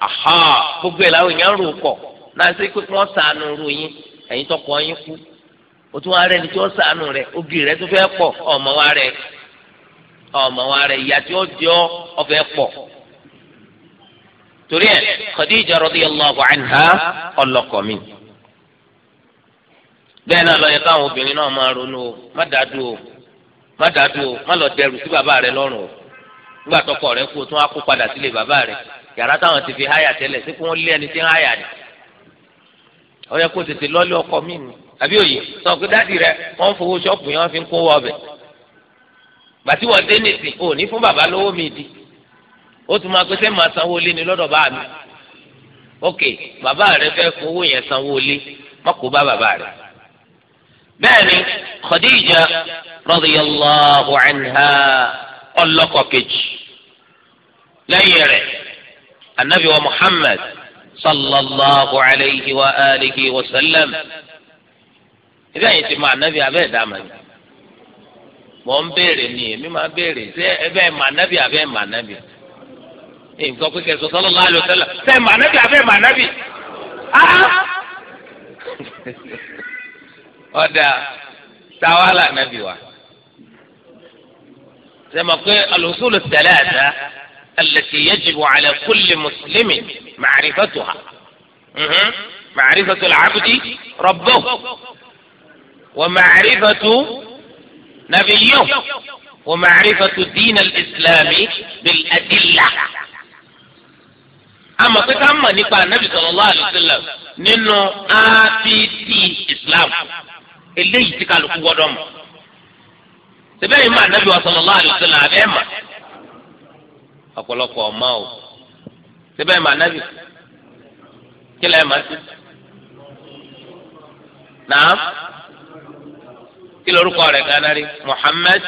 B: aha gbogbo ẹ̀ làwọn èèyàn ń rò kọ̀ náà ṣe pé wọ́n sànù ru yín ẹ̀yin tọkọ yín kú o tún wá rẹ ni tí wọ́n sànù rẹ obì rẹ tó fẹ́ pọ̀ ọmọ wa rẹ ọmọ wa rẹ ìyá tí ó ọ ọfẹ pọ̀ torí ẹ anha ọlọ́kọ bẹ́ẹ̀ náà lọ yẹ káwọn obìnrin náà máa ronú o má dàdú o má dàdú o má lọ dẹrù sí bàbá rẹ lọ́rùn o nígbà tọkọ rẹ kú o tún á kó padà sílé bàbá rẹ yàrá táwọn ti fi háyà tẹ́lẹ̀ sí kó wọ́n lé ẹni tí ń háyà ni ó yẹ kó tètè lọ́lé ọkọ mi ni àbí òye sọ pé dáàdi rẹ wọ́n fowó ṣọ́ọ̀pù yẹn wọ́n fi ń kó wọ ọbẹ̀ gbàtí wọ́n dé nìsín ò ní fún bàbá lówó mi di ó tún máa pé sẹ́ máa sanwó lé ni lọ́dọ̀ bá mi ok bàbá rẹ fẹ́ fowó yẹn sanwó lé má kó bá bàbá rẹ bẹ́ẹ̀ni Khadija radiyallahu anha ọlọ́kọ kejì lẹ́yìn rẹ̀ anabi wa Muhammad sallallahu alayhi wa alihi wa sallam ibi àyè ti mọ anabi abẹ́ ìdáàmà ni mọ̀ ń béèrè ni èmi máa béèrè ṣé ẹ bẹ́ẹ̀ mọ anabi abẹ́ mọ anabi nǹkan pé kẹsàn sallallahu alayhi wa sallam ṣé mọ anabi abẹ́ mọ anabi. ọ̀dà tawala nàbì wa. sẹmọ pe pé al-usul al-thalatha allati yajibu ala kulli muslimin ma'rifatuha ma'rifatu al-'abdi rabbahu nàbí yó nabiyyihi wa ma'rifatu din ìsìlámì islami bil-adilla àmọ́ ama pe ká ma nípa anabi sallallahu alaihi wasallam nínú a ápìtì islam. islam. eléyìí tí kálukú gbọ́dọ̀ mọ̀ sẹbẹ yìí máa nàbí wa sallallahu alaihi wasallam abẹ ẹ mà ọ̀pọ̀lọpọ̀ ọmọ o sẹbẹ yìí máa nàbí kílẹ̀ ẹ mà sí nàá kí lorúkọ rẹ̀ gánà rí Muhammad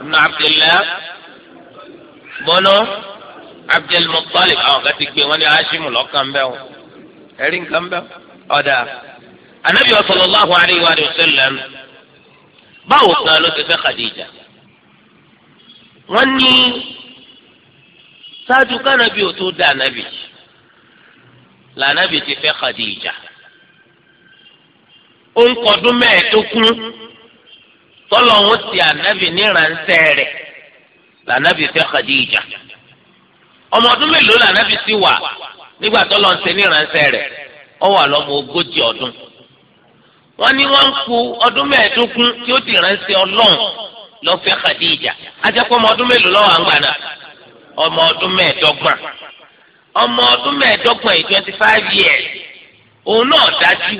B: ibn Abdullah bọ́nà Abdul Muttalib àwọn kan ti gbé wọn ní aṣímù lọ́kàn bẹ́ẹ̀ o ẹ̀rí nǹkan bẹ́ẹ̀ ọ̀dà anabi sallallahu alayhi wa sallam báwo gan ló ti fẹ́ Khadija wọ́n ní ṣáájú kánabi ò tó dá anabi lànàbi ti fẹ́ Khadija ó ń kọdún mẹ́ẹ̀ẹ́dógún tọ́lọ̀ ń ti anabi níranṣẹ́ rẹ̀ lànàbi fẹ́ Khadija ọmọ ọdún mélòó lànàbi ti wà nígbà tọ́lọ̀ ń ṣe níranṣẹ́ rẹ̀ ó wà lọ́mọ ogójì ọdún wọ́n ní wọ́n ń ku ọdún mẹ́ẹ̀ẹ́dógún tí ó ti ránṣẹ́ ọlọ́run lọ fẹ́ Khadija ajẹ́pọ̀ ọmọ ọdún mélòó lọ́wọ́ àgbà náà ọmọ ọdún mẹ́ẹ̀ẹ́dọ́gbọ̀n ọmọ ọdún mẹ́ẹ̀ẹ́dọ́gbọ̀n yìí twenty five years òun náà dájú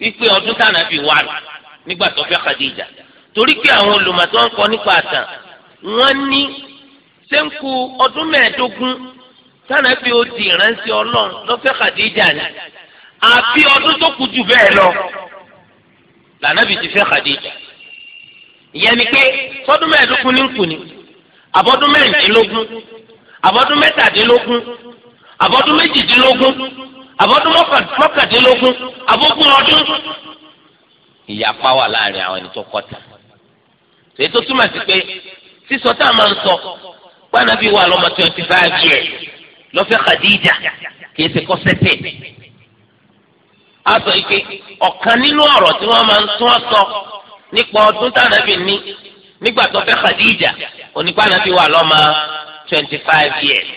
B: wípé ọdún tànà fi wà nígbà tó fẹ́ Khadija torí pé àwọn olùmọ̀ tó ń kọ nípa àtàn wọ́n ní sẹ́ńkù ọdún mẹ́ẹ̀ẹ́dógún tànà fi ó ti ránṣẹ́ ọlọ́run lọ fẹ́ Khadija ni àbí ọdún tó kù jù bẹ́ẹ̀ lọ lànàbì ti fẹ́ Khadija ìyẹn ni pé sọdún mẹ́ẹ̀ẹ́dógún ní nkùnì àbọ̀dún mẹ́ẹ̀ẹ́dínlógún àbọ̀dún mẹ́tàdínlógún àbọ̀dún méjìdínlógún àbọ̀dún mọ́kàdínlógún àbógún ọdún ìyapa wà láàrin àwọn ẹni tó kọta èyí tó túmọ̀ sí pé sísọ tá a máa ń sọ
A: pàànàbí wà lọ́mọ twenty five years
B: lọ́fẹ́ Khadija kì í ṣe kọ́sẹ́tẹ̀ a sọ ike ọ̀kan nínú ọ̀rọ̀ tí wọ́n máa ń tún ọ sọ nípa ọdún tànàbì ní nígbà tó fẹ́ Khadija onípànàbì wà lọ́mọ twenty five years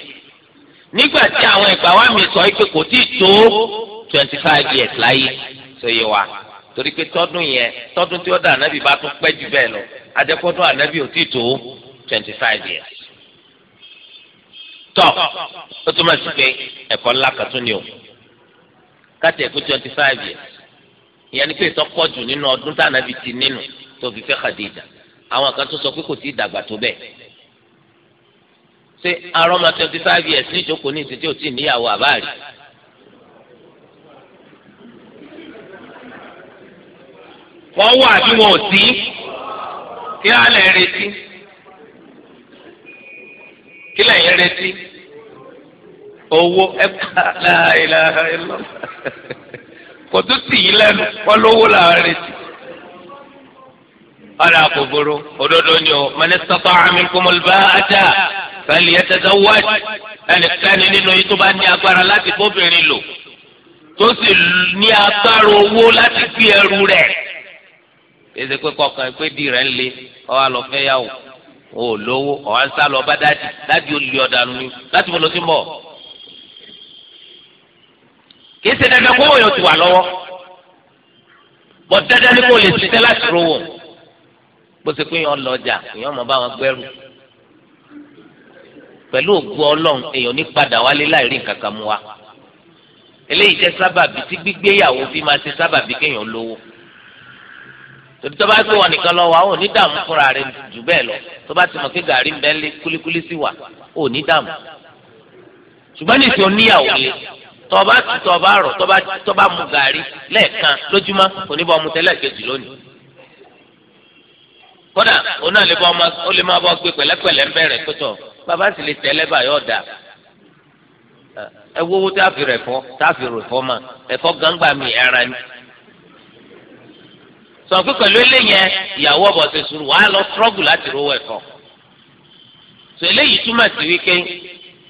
B: nígbà tí àwọn ìgbà wa mi sọ ike kò tí ì tó twenty five years láyé tó yẹ wa torí pé tọdún yẹn tọdún tí ó dà ànábì bá tún pẹ́ jù bẹ́ẹ̀ lọ adẹ́kọ́dún ànábì ò tí tó twenty five years. tọ́ ó túmọ̀ sí pé ẹ̀kọ́ ńlá kan tún ni o káti ẹ̀kú twenty five years ìyẹn ni pé ìtọ́pọ̀ jù nínú ọdún tá ànábì ti nínú tó fi fẹ́ Khadija àwọn kan tó sọ pé kò tí ì dàgbà tó bẹ́ẹ̀ ṣé arọ́mọ twenty five years ní ìjókòó ní ìsìn tí ò tí ì níyàwó àbáàrí.
A: wọ́n wà bí wọn ò sí kí á lè retí kí lẹ́yìn
B: retí owó ẹ̀ka láìla ẹ̀lọ́ kò tó tì í lẹ́nu wọ́n lówó làwọn retí. ọ̀rẹ́ àkókòrò òdodo ni o mẹ́lẹ́sítọ́tọ́ àmì kọ́mọlùbá ajá fẹ́lẹ́ yẹn tẹ́tẹ́ wájú ẹnìkanì nínú yìí tó bá ní agbára láti bóbìnrin lò tó sì ní agbára owó láti fi ẹrù rẹ̀ èsì pé kọkàn pé di rẹ̀ ń le ọ̀hà lọ́fẹ́ yà wò ó lówó ọ̀hà lọ bá dájú dájú olè ọ̀dàlú láti bọ̀ lọ sí mọ́ kì í ṣe dandan kó wòye o ti wà lọ́wọ́ bọ̀ dandan ni kò lè ṣiṣẹ́ láti rówó bó ṣe pé yàn lọ ọjà èèyàn mọ̀ bá wọn gbẹ́rù pẹ̀lú ògùn ọlọ́run èèyàn ní padà wálé láì rí nǹkan kan mú wa eléyìí jẹ́ sábàbí tí gbígbéyàwó fi máa ṣe sábàbí kéèyàn lówó tòbí tó bá gbé wọn nìkan lọ wa ò ní dààmú fúnra rẹ̀ jù bẹ́ẹ̀ lọ tó bá ti mọ̀ kí gàrí ń bẹ́ẹ̀ kúlíkúlí sí wa ò ní dààmú ṣùgbọ́n nìṣẹ́ oníyàwó lé tọba tu tọba rọ tọba tọba mu gàrí lẹ́ẹ̀kan lójúmọ́ kò ní bọ ọmọ tẹlẹ kejì lónìí kódà òun náà lè bọ ọmọ ó lè má bọ gbé pẹ̀lẹ́pẹ̀lẹ́ ń bẹ̀rẹ̀ pẹtọ bàbá sì lè tẹlẹ báyọ dà ẹ wọwọ tá a fi rẹ fọ tá a fi rẹ fọ mà ẹfọ gangba mi ara ni sọ pé pẹ̀lú eléyẹn ìyàwó ọ̀bọ̀ ṣe sùúrù wàá lọ strọ́gù láti rówó ẹ̀fọ́. sọ eléyìí túmọ̀ sí wípé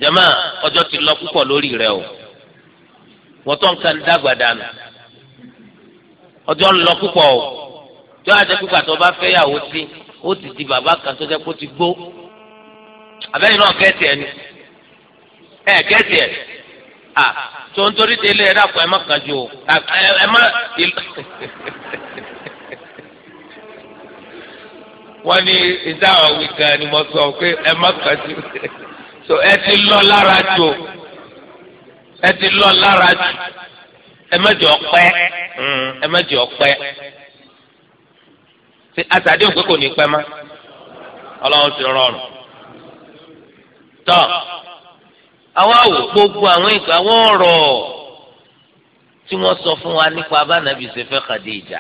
B: jama ọjọ́ ti lọ púpọ̀ lórí rẹ o wọ́n tó nǹkan dàgbà dànù ọjọ́ ń lọ púpọ̀ o tí wọ́n á jẹ́ pípa tó bá fẹ́ yàwó sí ó ti di bàbá kan tó jẹ́ kó ti gbó àbẹ́yìn náà kẹ́ẹ̀tì ẹ̀ ni ẹ̀ kẹ́ẹ̀tì ẹ̀ à tó ń torí délé ẹ̀ dàpọ̀ ẹ̀ má kàn ju o ẹ̀ má wọ́n ní ìdáhùn wíkan ni mo sọ pé ẹ̀ má kàn ju so ti lọ lára ju o. ẹ ti lọ lára jù ẹ mẹjọ pẹ́ ẹ jọ pẹ́ ṣe àtàdé òkú kò ní pẹ má Ọlọ́run ti rọrùn tọ àwọn àwò gbogbo àwọn ìgbà wọn rọ tí wọn sọ fún wa nípa abánabi ṣe Khadija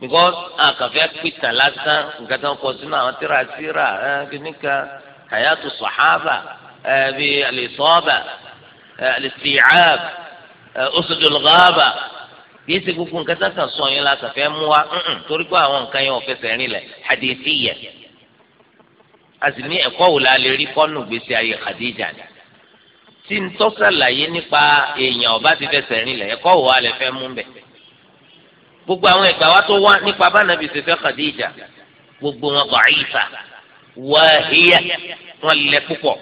B: because àkànfẹ́ pìtàn lásán nǹkan tó ń kọ sínú àwọn tíra síra kìnnìkan hayatu sahaba bíi الاستيعاب، أسد الغابة، ghaba kìí ṣe gbogbo nǹkan tá a kàn sọ yẹn la kàn fẹ́ mú wa torí pé àwọn nǹkan yẹn ò fẹsẹ̀ rìn lẹ̀ hadithiyya a sì ní ẹ̀kọ́ wò la lè rí kọ́nù gbèsè nípa èèyàn ọba ti fẹsẹ̀ rìn lẹ̀ ẹ̀kọ́ wò wa lè fẹ́ mú bẹ̀ gbogbo àwọn ìgbà wa tó wá nípa bánàbì ṣe fẹ́ Khadija gbogbo wọn da'ifa wahiya wọn lẹ púpọ̀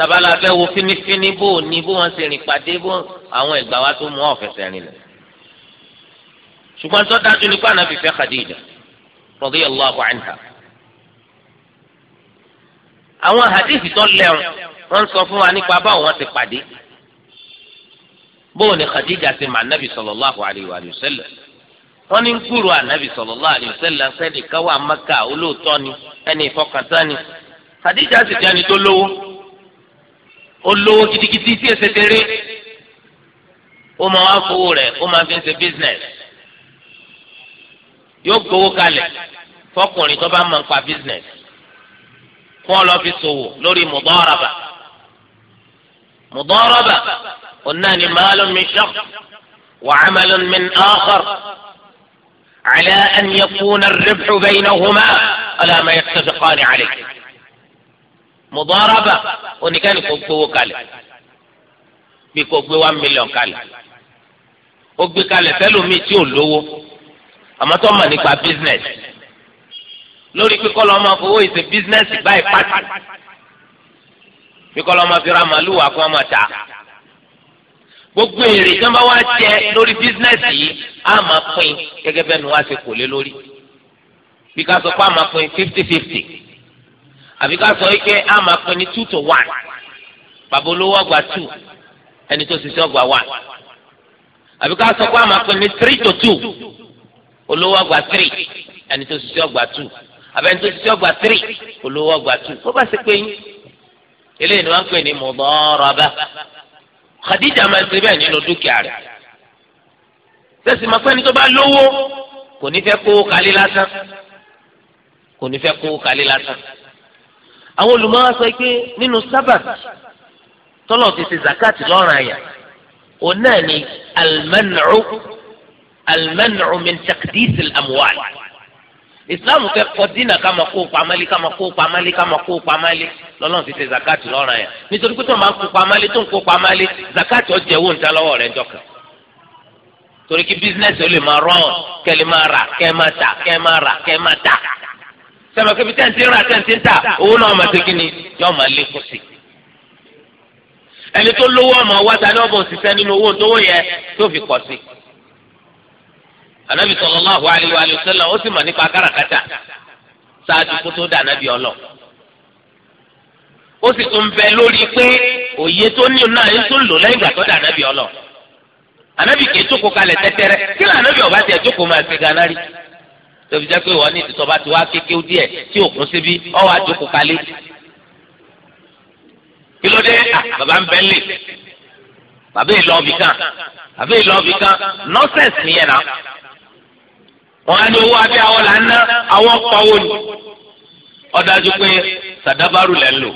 B: tabala fẹ́ wo finifini bó o ní bó wọn ṣe rìn pàdé bó àwọn ìgbà wa tó mú ọ̀fẹ́sẹ̀ rìn lẹ̀. ṣùgbọ́n tó dájú ní pàànà fìfẹ́ Khadija radiyallahu anha. àwọn hadith tó lẹ́wọ̀n wọ́n sọ fún wa nípa báwo wọ́n ti pàdé bó o ní Khadija ṣe máa nábì sallallahu alayhi wa sallam wọ́n ní kúrò ànábì sallallahu alayhi wa sallam káwá Mẹ́kà olóòótọ́ ni ẹni ìfọkàntán ni Khadija sì jẹ́ tó lówó. olówó kitikiti tí èsè tẹ̀lé ó máa wá fowó rẹ̀ ó máa fi ń ṣe business yóò gbowó kalẹ̀ fọkùnrin tó bá máa ń pa business kó ọ lọ fi ṣòwò lórí mudaraba mudaraba ọ̀nà ni maalun min shakhs wa amalun min akhar. huma أن يكون الربح بينهما على ما يتفقان عليه mùdọ́rọ́bà oníkẹ́ni kò gbowó kalẹ̀ bí kò gbé one million kalẹ̀ ó gbé kalẹ̀ fẹ́lòmíì tí ò lówó àmọ́ tó mọ̀ nípa business
A: lórí píkọ́ lọ́ máa
B: fowó ìṣe business báyìí pàtì píkọ́ lọ́ máa fi ra màálù wá fún ọmọ ta gbogbo èrè tí wọ́n bá wá jẹ lórí business yìí á máa pín gẹ́gẹ́ bẹ́ẹ̀ ni wọ́n á ṣe kò lé lórí bí ká sọ pé á máa pín fifty fifty àbí ká sọ wípé a máa pín ní two to one bàbá olówó ọgbà two ẹni tó ṣiṣẹ́ ọgbà one àbí ká sọ pé a máa pín ní three to two olówó ọgbà three ẹni tó ṣiṣẹ́ ọgbà two àbí ẹni tó ṣiṣẹ́ ọgbà three olówó ọgbà two kó bá ṣe pé yín eléyìí ni wọ́n ń pè ní mọ̀dọ́rọ̀bá Khadija máa ń ṣe bẹ́ẹ̀ nínú dúkìá rẹ̀ sẹ́sì máa pẹ́ni tó bá lówó kò ní fẹ́ kó kálí lásán kò ní fẹ́ kó kálí lásán àwọn olùmọ̀ọ́ sọ pé nínú sábàtì tọ́lọ̀ ti ṣe zakati lọ́rùn àyà òun náà ni almanu almanu min takdis amuwal islam fẹ́ kọ́ dínà kama kó pamali kama kó pamali kama kó pamali lọ́lọ́run ti ṣe zakati lọ́rùn àyà nítorí pé tó máa kó pamali tó ń kó pamali zakati ọjọ́ ẹ̀wọ̀n ń lọ́wọ́ rẹ̀ jọkàn torí kí bísínẹ́sì ó lè máa rán kẹ́ máa rà kẹ́ máa tà kẹ́ máa rà kẹ́ máa tà sẹ́mi kébi tẹ́ǹtì ń ra tẹ́ǹtì ń tà owó náà máa segin ni yóò máa lé kùsì. ẹni tó lówó ọmọ wáta ní ọbọ̀ òṣìṣẹ́ nínú owó tó wó yẹ tó fi kọ̀ sí. ànábì sallallahu alaihi wa sallam ó sì mọ̀ nípa káràkátà ṣáájú kó tó dà nábì ọlọ́ ó sì tún bẹ lórí pé òye tó ní náà ń tún lò lẹ́yìn ìgbà tó dà nábì ọlọ́ ànábì kì í jókòó kalẹ̀ tẹ́tẹ́rẹ́ kí tóbi jẹ́ pé wọ́n ní ìtìsọ́ba ti wá kékeré díẹ̀ tí òkun síbi ọ̀ wá jókòó kalẹ̀
A: kí ló dé bàbá ń bẹ́lẹ̀
B: bàbá ìlọ́ọ̀bì kan bàbá ìlọ́ọ̀bì kan nọ́sẹ̀sì nìyẹn náà wọn á ní owó abẹ́ àwọn là ń ná àwọn pawó ni ó dájú pé sàdábàrú lẹ́ ń lò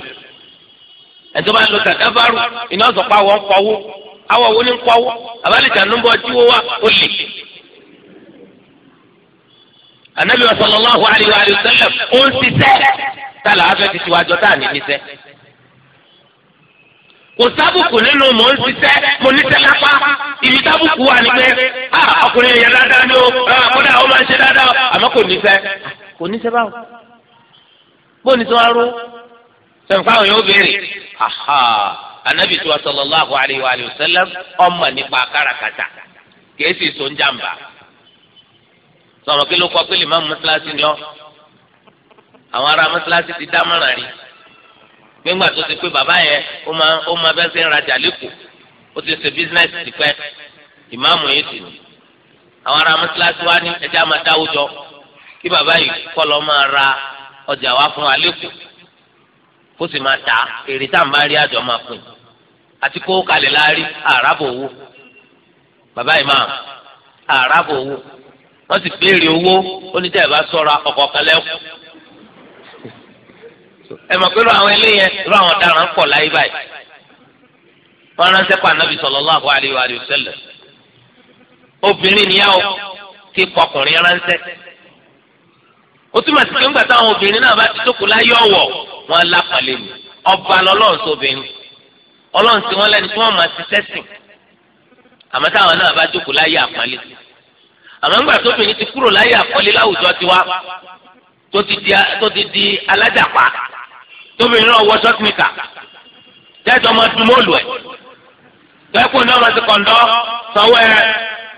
B: ẹ̀tọ́ bá ń lo sàdábàrú iná sọ̀pá àwọn pawó àwọn wo ni ń pawó àbálẹ̀ ìjà ń bọ̀ tí wọ́n anabi sallallahu alayhi wa sallam ó ń ṣiṣẹ́ tálà afẹ́ ti tiwájọ tá à ní ṣiṣẹ́. kò sábùkù nínú mò ń ṣiṣẹ́ mo ní sẹ́ lápá ibi sábùkù wà ní pé a ọkùnrin yẹn dáadáa ni ó kódà ó máa ń ṣe dáadáa àmọ́ kò ní sẹ́ kò ní sẹ́ báwo bóni tó wá ró sẹ̀ǹfà àwọn yóò béèrè anabi sallallahu alayhi wa sallam ọmọ nípa kárakáta kèésì sọ sọ̀rọ̀ kí ló kọ pé lè má mọ́sálásí ni ọ́ àwọn ará mọ́sálásí ti dámọ̀ràn rí gbẹ́ngbà tó ti pé bàbá yẹn ó máa ó máa fẹ́ sẹ́ ń rajà lẹ́kọ̀ọ́ ó ti ṣe bísínẹ́sì tipẹ́ ìmáàmù yìí sì ni àwọn ará mọ́sálásí wa ní ẹja máa dáwó jọ kí bàbá yìí kọ́ lọ́ máa ra ọjà wa fún wa lẹ́kọ̀ọ́ kó sì máa ta èrè tá à ń bá rí àjọ máa pín àti kó kalẹ̀ láàrí àràbò owó bàbá ìmáàmù wọ́n sì béèrè owó oníjà ìbá sọ́ra ọ̀kọ̀ọ̀kan lẹ́kùn. ẹ mọ̀ pé irú àwọn eléyẹn irú àwọn ọ̀daràn ń pọ̀ láyé báyìí. wọ́n ránṣẹ́ pa ànábì sallallahu alaihi wa sallam. obìnrin níyàwó ti pọkùnrin ránṣẹ́. ó túmọ̀ sí pé ńgbà táwọn obìnrin náà bá ti tókù láyé ọ̀wọ̀ wọn lápàlẹ́ mi ọba lọ́lọ́run sóbìnrin ọlọ́run tí wọ́n lẹ́ni tí wọ́n máa ti sẹ́sìn àmọ́ táwọn àmọ́ ńgbà tóbìnrin ti kúrò láyé àkọlé láwùjọ tiwa tó ti di tó ti di alájàpá tóbìnrin náà wọ sọ́tìmìkà jẹ́jọ́ máa dùn mọ́ọ̀lù ẹ̀ tẹ́kùn náà máa ti kọ̀ńdọ́ sanwó ẹ̀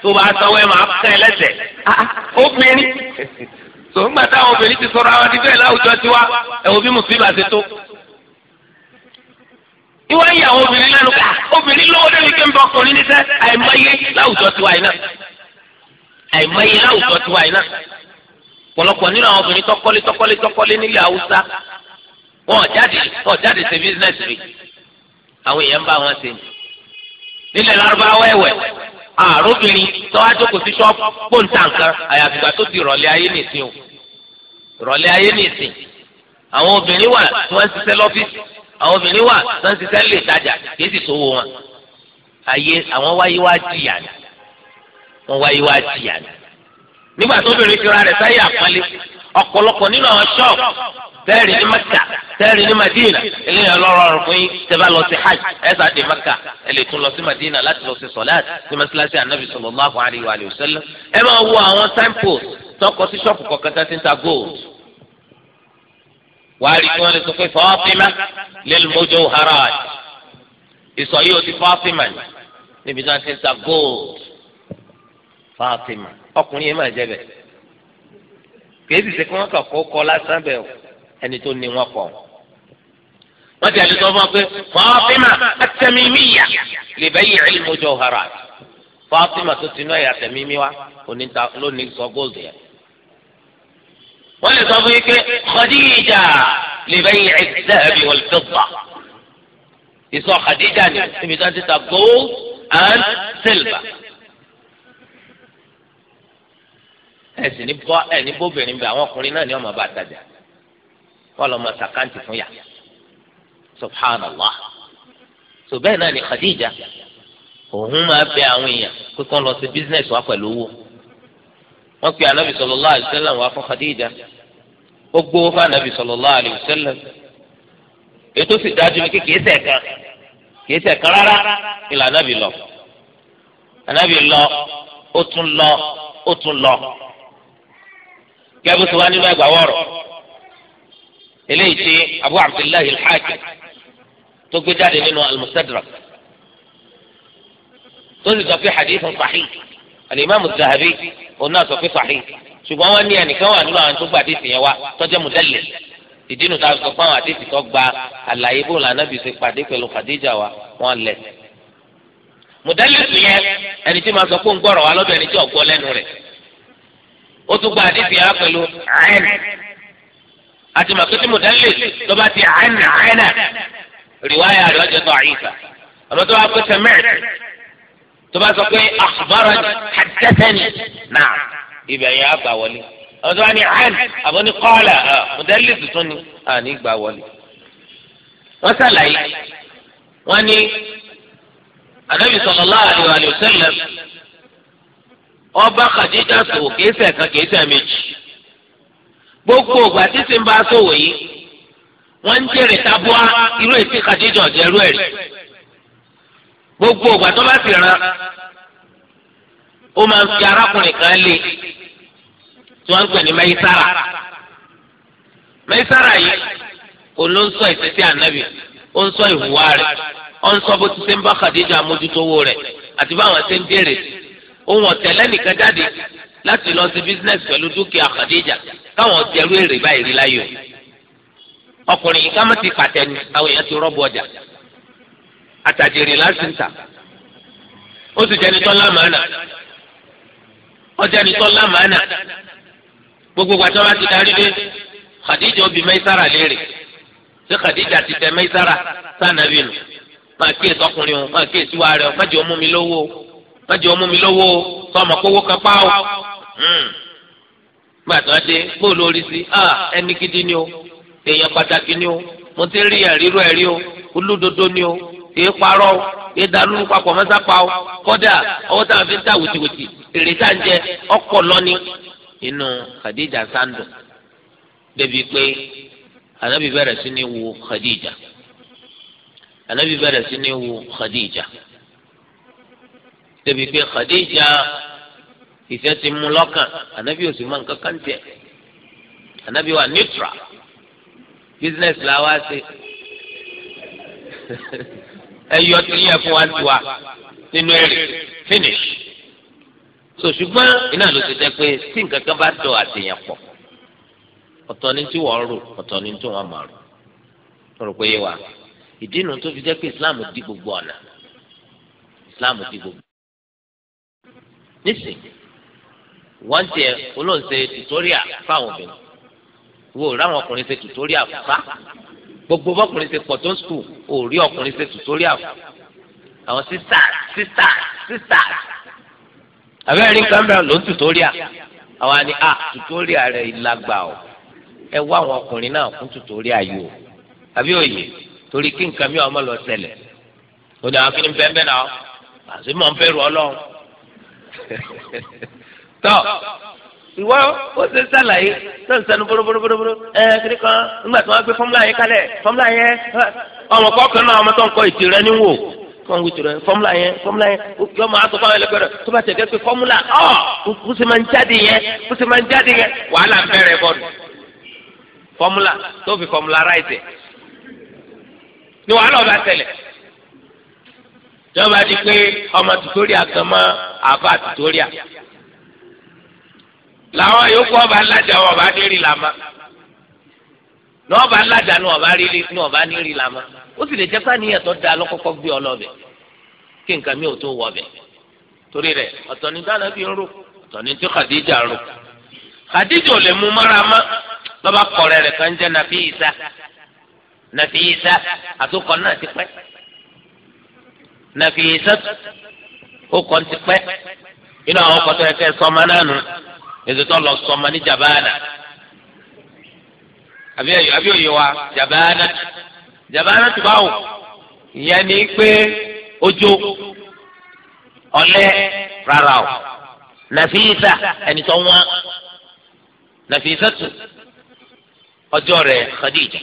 B: tó bá sanwó ẹ̀ máa kẹ́ ẹ lẹ́sẹ̀ ah, ah, obìnrin tó ńgbà táwọn obìnrin ti sọ̀rọ̀ àwọn adigun ẹ̀ láwùjọ tiwa ẹ̀wọ̀n bí mùsùlùmí àti tó ìwọ yìí àwọn obìnrin lẹ́nu ká ah, obìnrin lọ́wọ́ àìmọye láwùjọ tiwa yìí náà pọ̀lọpọ̀ nínú àwọn obìnrin tọkọlé tọkọlé tọkọlé nílẹ̀ haúsá wọn jáde wọn jáde ṣe bísínẹsì rẹ̀ àwọn èèyàn ń bá wọn ṣe nílẹ̀ lárúbáwá ẹ̀wẹ̀ àròbìnrin tọ́wájú kò sí ṣọ́ọ̀bù pòǹtà nǹkan àyàfi ìgbà tó di ìrọ̀lẹ́ ayé nìsín o ìrọ̀lẹ́ ayé nìsín àwọn obìnrin wà tí wọ́n ń ṣiṣẹ́ lọ́fíìsì àwọn obìnrin wà tí wọ́n ń ṣiṣẹ́ lè tajà kì í sì sówó wọn ayé àwọn wáyé wá jìyà ni wọn wáyé wá jìyà ni nígbà tó bèrè ìṣura rẹ̀ sáyé àpọ́nlé ọ̀pọ̀lọpọ̀ nínú àwọn ṣọ́ọ̀bù
A: tẹ́ẹ̀rì ní mẹ́kà tẹ́ẹ̀rì ní madina eléyìí ọlọ́rọ̀ ọ̀rùn
B: fún yín tẹ́bá lọ sí hajj ẹ̀sà dé mẹ́kà ẹ lè tún lọ sí madina láti lọ sí sọ̀láàtì ní mẹ́sàlásì anabi sallallahu alaihi wa alihi wasallam ẹ máa wo àwọn signpost tọkọ sí ṣọ́ọ̀bù kọ̀ọ̀kan tá ti ń ta gold wàá kí wọ́n lè sọ pé Fatima lil mujawharat ìsọ̀yí o ti Fatima níbi tí wọ́n ti ń ta gold Fatima ọkùnrin yẹn máa jẹ bẹ kèésì sẹ kí wọn kà kó kọ lásán bẹ o ẹni tó ní wọn kọ wọn ti àdúgbò fún wa pé Fatima atẹmímíyà lè bẹ yẹ ilmu jawharat Fatima tó ti náà yà tẹmímí wa lónìí sọ góòlù yẹn
A: wọn lè sọ fún yín pé Khadija lè bẹ yẹ ẹsẹbi wal fidda
B: ìsọ Khadija ni ibi tó ti ta gold and silver. ẹ̀sìn ní bọ́ ẹ̀ ní bóbìnrin bẹ àwọn ọkùnrin náà ni ọmọ bá tajà wọ́n lọ́ọ́ mọ sàkáǹtì fún yà subhanallah so bẹ́ẹ̀ náà ni Khadija òun máa bẹ àwọn èèyàn pé kán lọ sí bísíǹnẹ̀sì wa pẹ̀lú owó wọ́n pe anabi sallallahu alaihi wasallam wá fún Khadija ó gbowó fún anabi sallallahu alaihi wasallam ètò sì dájú ní kékeré sẹ̀kan kìí sẹ̀kan rárá ìlànà bí lọ anabi lọ ó tún lọ ó tún lọ gẹ́gẹ́ bó ti wá nínú ẹgbàá wọ̀rọ̀ eléyìí ti abu abdullahi alhaji tó gbé jáde nínú almustadrak tó sì sọ pé hadithun sahih alimami zahabi òun náà sọ pé sahih ṣùgbọ́n wọ́n ní ẹnìkan wà nínú àwọn tó gba àdéhùn yẹn wá tọ́jú mudallis ìdínú tá a sọ fún àwọn àdéhùn tó gba àlàyé bó lànà bí ṣe pàdé pẹ̀lú Khadija wa wọ́n lẹ̀ mudallis yẹn ẹni tí ma sọ pé gbọ́rọ̀ wa lọ́dọ̀ ẹni tí ọ̀gbọ́ lẹ́nu rẹ̀ ó tún gba àdéhùn yàrá pẹ̀lú àìn àti màkìtì mùdálè ló bá ti àìn àìn rìwáyà rẹ̀ ọjọ́ tó àyíká àmọ́ tó bá pẹ́ sẹ́mẹ́ẹ̀tì tó bá sọ pé àkùbárà
A: hàdẹ́sẹ́ni
B: náà ibẹ̀ yẹn á wọlé àwọn tó bá ní àìn àbọ̀ ní kọ́ọ̀là mùdálè tuntun ni àní gbà wọlé wọ́n sàlàyé wọ́n ní Ànábì ọba Khadija sòwò kìí ṣe kan kìí gbogbo ògbà títí ń bá sòwò yìí wọ́n ń jèrè tabua irú ẹ̀rí gbogbo ògbà tó bá sì ran ó máa ń fi arákùnrin kan lé tí wọ́n ń pè ní Maisara Maisara yìí kò ló ń sọ ìṣesí ànábì ó ń sọ ìhùwà rẹ̀ ó ń sọ bó ti ṣe ń bá mójútówó rẹ̀ àti báwọn òun ọ̀tẹ̀lẹ́ nìkan jáde láti lọ sí business pẹ̀lú dúkìá Khadija káwọn ọ̀tẹ̀rú èrè báyìí rí láyò ọkùnrin yìí ká má ti pàtẹ ni àwọn èèyàn ti rọ́bù ọjà àtàjèrè láti ń tà ó sì jẹ́ni tọ́ lámàánà ọjà ni tọ́ lámàánà gbogbo gbàtọ́ bá ti darí dé Khadija obì mẹ́sára léèrè ṣé Khadija ti tẹ mẹ́sára sànàbí nù máa kí èso ọkùnrin o máa kí èso májọ mú mi lọ́wọ́ sọmọ kówó kan pa o hmm. gbàtọ́ dé bóòlù orí sí ah, ẹni gidi ni o èèyàn pàtàkì ni o mo ti rí ẹ̀rírú ẹ̀rí o olódodo ni o èé parọ́ o èé da lóru papọ̀ mọ́sápá o kódà ọwọ́ tá fi ń ta wìtìwìtì èrè tá ń jẹ ọkọ̀ lọ́ni inú Khadija sandu débi pé anabi bẹ̀rẹ̀ sí ni wo Khadija anabi bẹ̀rẹ̀ sí ni wo Khadija débi pé Khadija ìfẹ́ ti mú lọ́kàn ànábì ò sì mọ nǹkan kan tiẹ̀ ànábì wà neutral business la wá sí ẹyọ tí yẹ fún wa ti wà
A: nínú èrè finish
B: so ṣùgbọ́n iná ló ti jẹ́ pé tí nǹkan kan bá dọ̀ àtìyàn pọ̀ ọ̀tọ̀ ni tí wọ́n rò ọ̀tọ̀ ni tí wọ́n máa rò wọ́n rò pé yé wa ìdí nu tó fi jẹ́ pé Islam di gbogbo ọ̀nà Islam di gbogbo nísìnyí wọ́n tiẹ̀ olóńṣe tutorial fáwọn obìnrin wo ráwọn ọkùnrin ṣe tutorial fa gbogbo bọ́kùnrin ṣe pọ̀ tó ń sùkúù ò rí ọkùnrin ṣe tutorial fún àwọn sísà
A: sísà sísà
B: àbẹ́rẹ́ nǹkan bẹ́ẹ̀ ló ń tutorial àwọn ni a ah, tutorial rẹ̀ ìlagbà o ẹ wá àwọn ọkùnrin náà fún tutorial yìí o àbí òye torí kí nǹkan mi ò má lọ ṣẹlẹ̀ ó dàgbà kí ni bẹ́ẹ̀ bẹ́ẹ̀ náà àti mọ̀ ń bẹ̀rù ọlọ́run tọ́ ìwọ ó ṣe sàlàyé tó ń sẹnu bórobórobóró ẹ kiri kan nígbà tí wọ́n gbé fọ́múlà yẹn kalẹ̀ fọ́múlà yẹn ọmọ kọ́kẹ́ náà ọmọ tó ń kọ ìtì rẹ níwò wọn wí tura fọmúlà yẹn fọmúlà yẹn yọọ máa sọ fún àwọn ẹlẹgbẹrẹ tó bá tẹgẹ pé fọmúlà ọ kó sì máa ń jáde yẹn kó máa ń jáde yẹn wàhálà bẹ̀rẹ̀ bọọdù fọmúlà tó fi fọmúlà ráìtì ni wàhálà ọba tẹ́lẹ̀ lọ́ba di pé ọmọ tutoria kan mọ́ àfa tutoria
A: làwọn yòókù ọba ńlájà wọn ọba nírì làmà
B: n'ọba ńlájà ni ọba rírì ni ọba nírì làmà ó sì lè jẹ́ pé àníyàn tó da lọ́kọ́kọ́ gbé ọ lọ́bẹ̀ kí nǹkan mi ò tó wọ ọbẹ̀ torí rẹ̀ ọ̀tọ̀ ní dáná bí ń rò ọ̀tọ̀ ní tí Khadija ń rò Khadija ò lè mú mọ́ra mọ́ lọ́ba kọ̀ọ̀rẹ́ rẹ̀ kan jẹ́ Nafisa Nafisa àtúkọ̀ náà ti pẹ́. Nafisat ó kọ́ ti pẹ́ inú àwọn ọkọ̀ tó yẹ kẹ́ sọmọ náà nù ètò lọ sọmọ ní Jabana àbí òye wa Jabana Jabana tó bá wò ìyẹn ni pé ojo ọlẹ́ rárá o Nafisa ẹni tó wọ́n Nafisa tó ọjọ́ rẹ̀ Khadija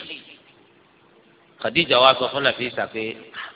B: Khadija wa sọ fún Nafisa pé.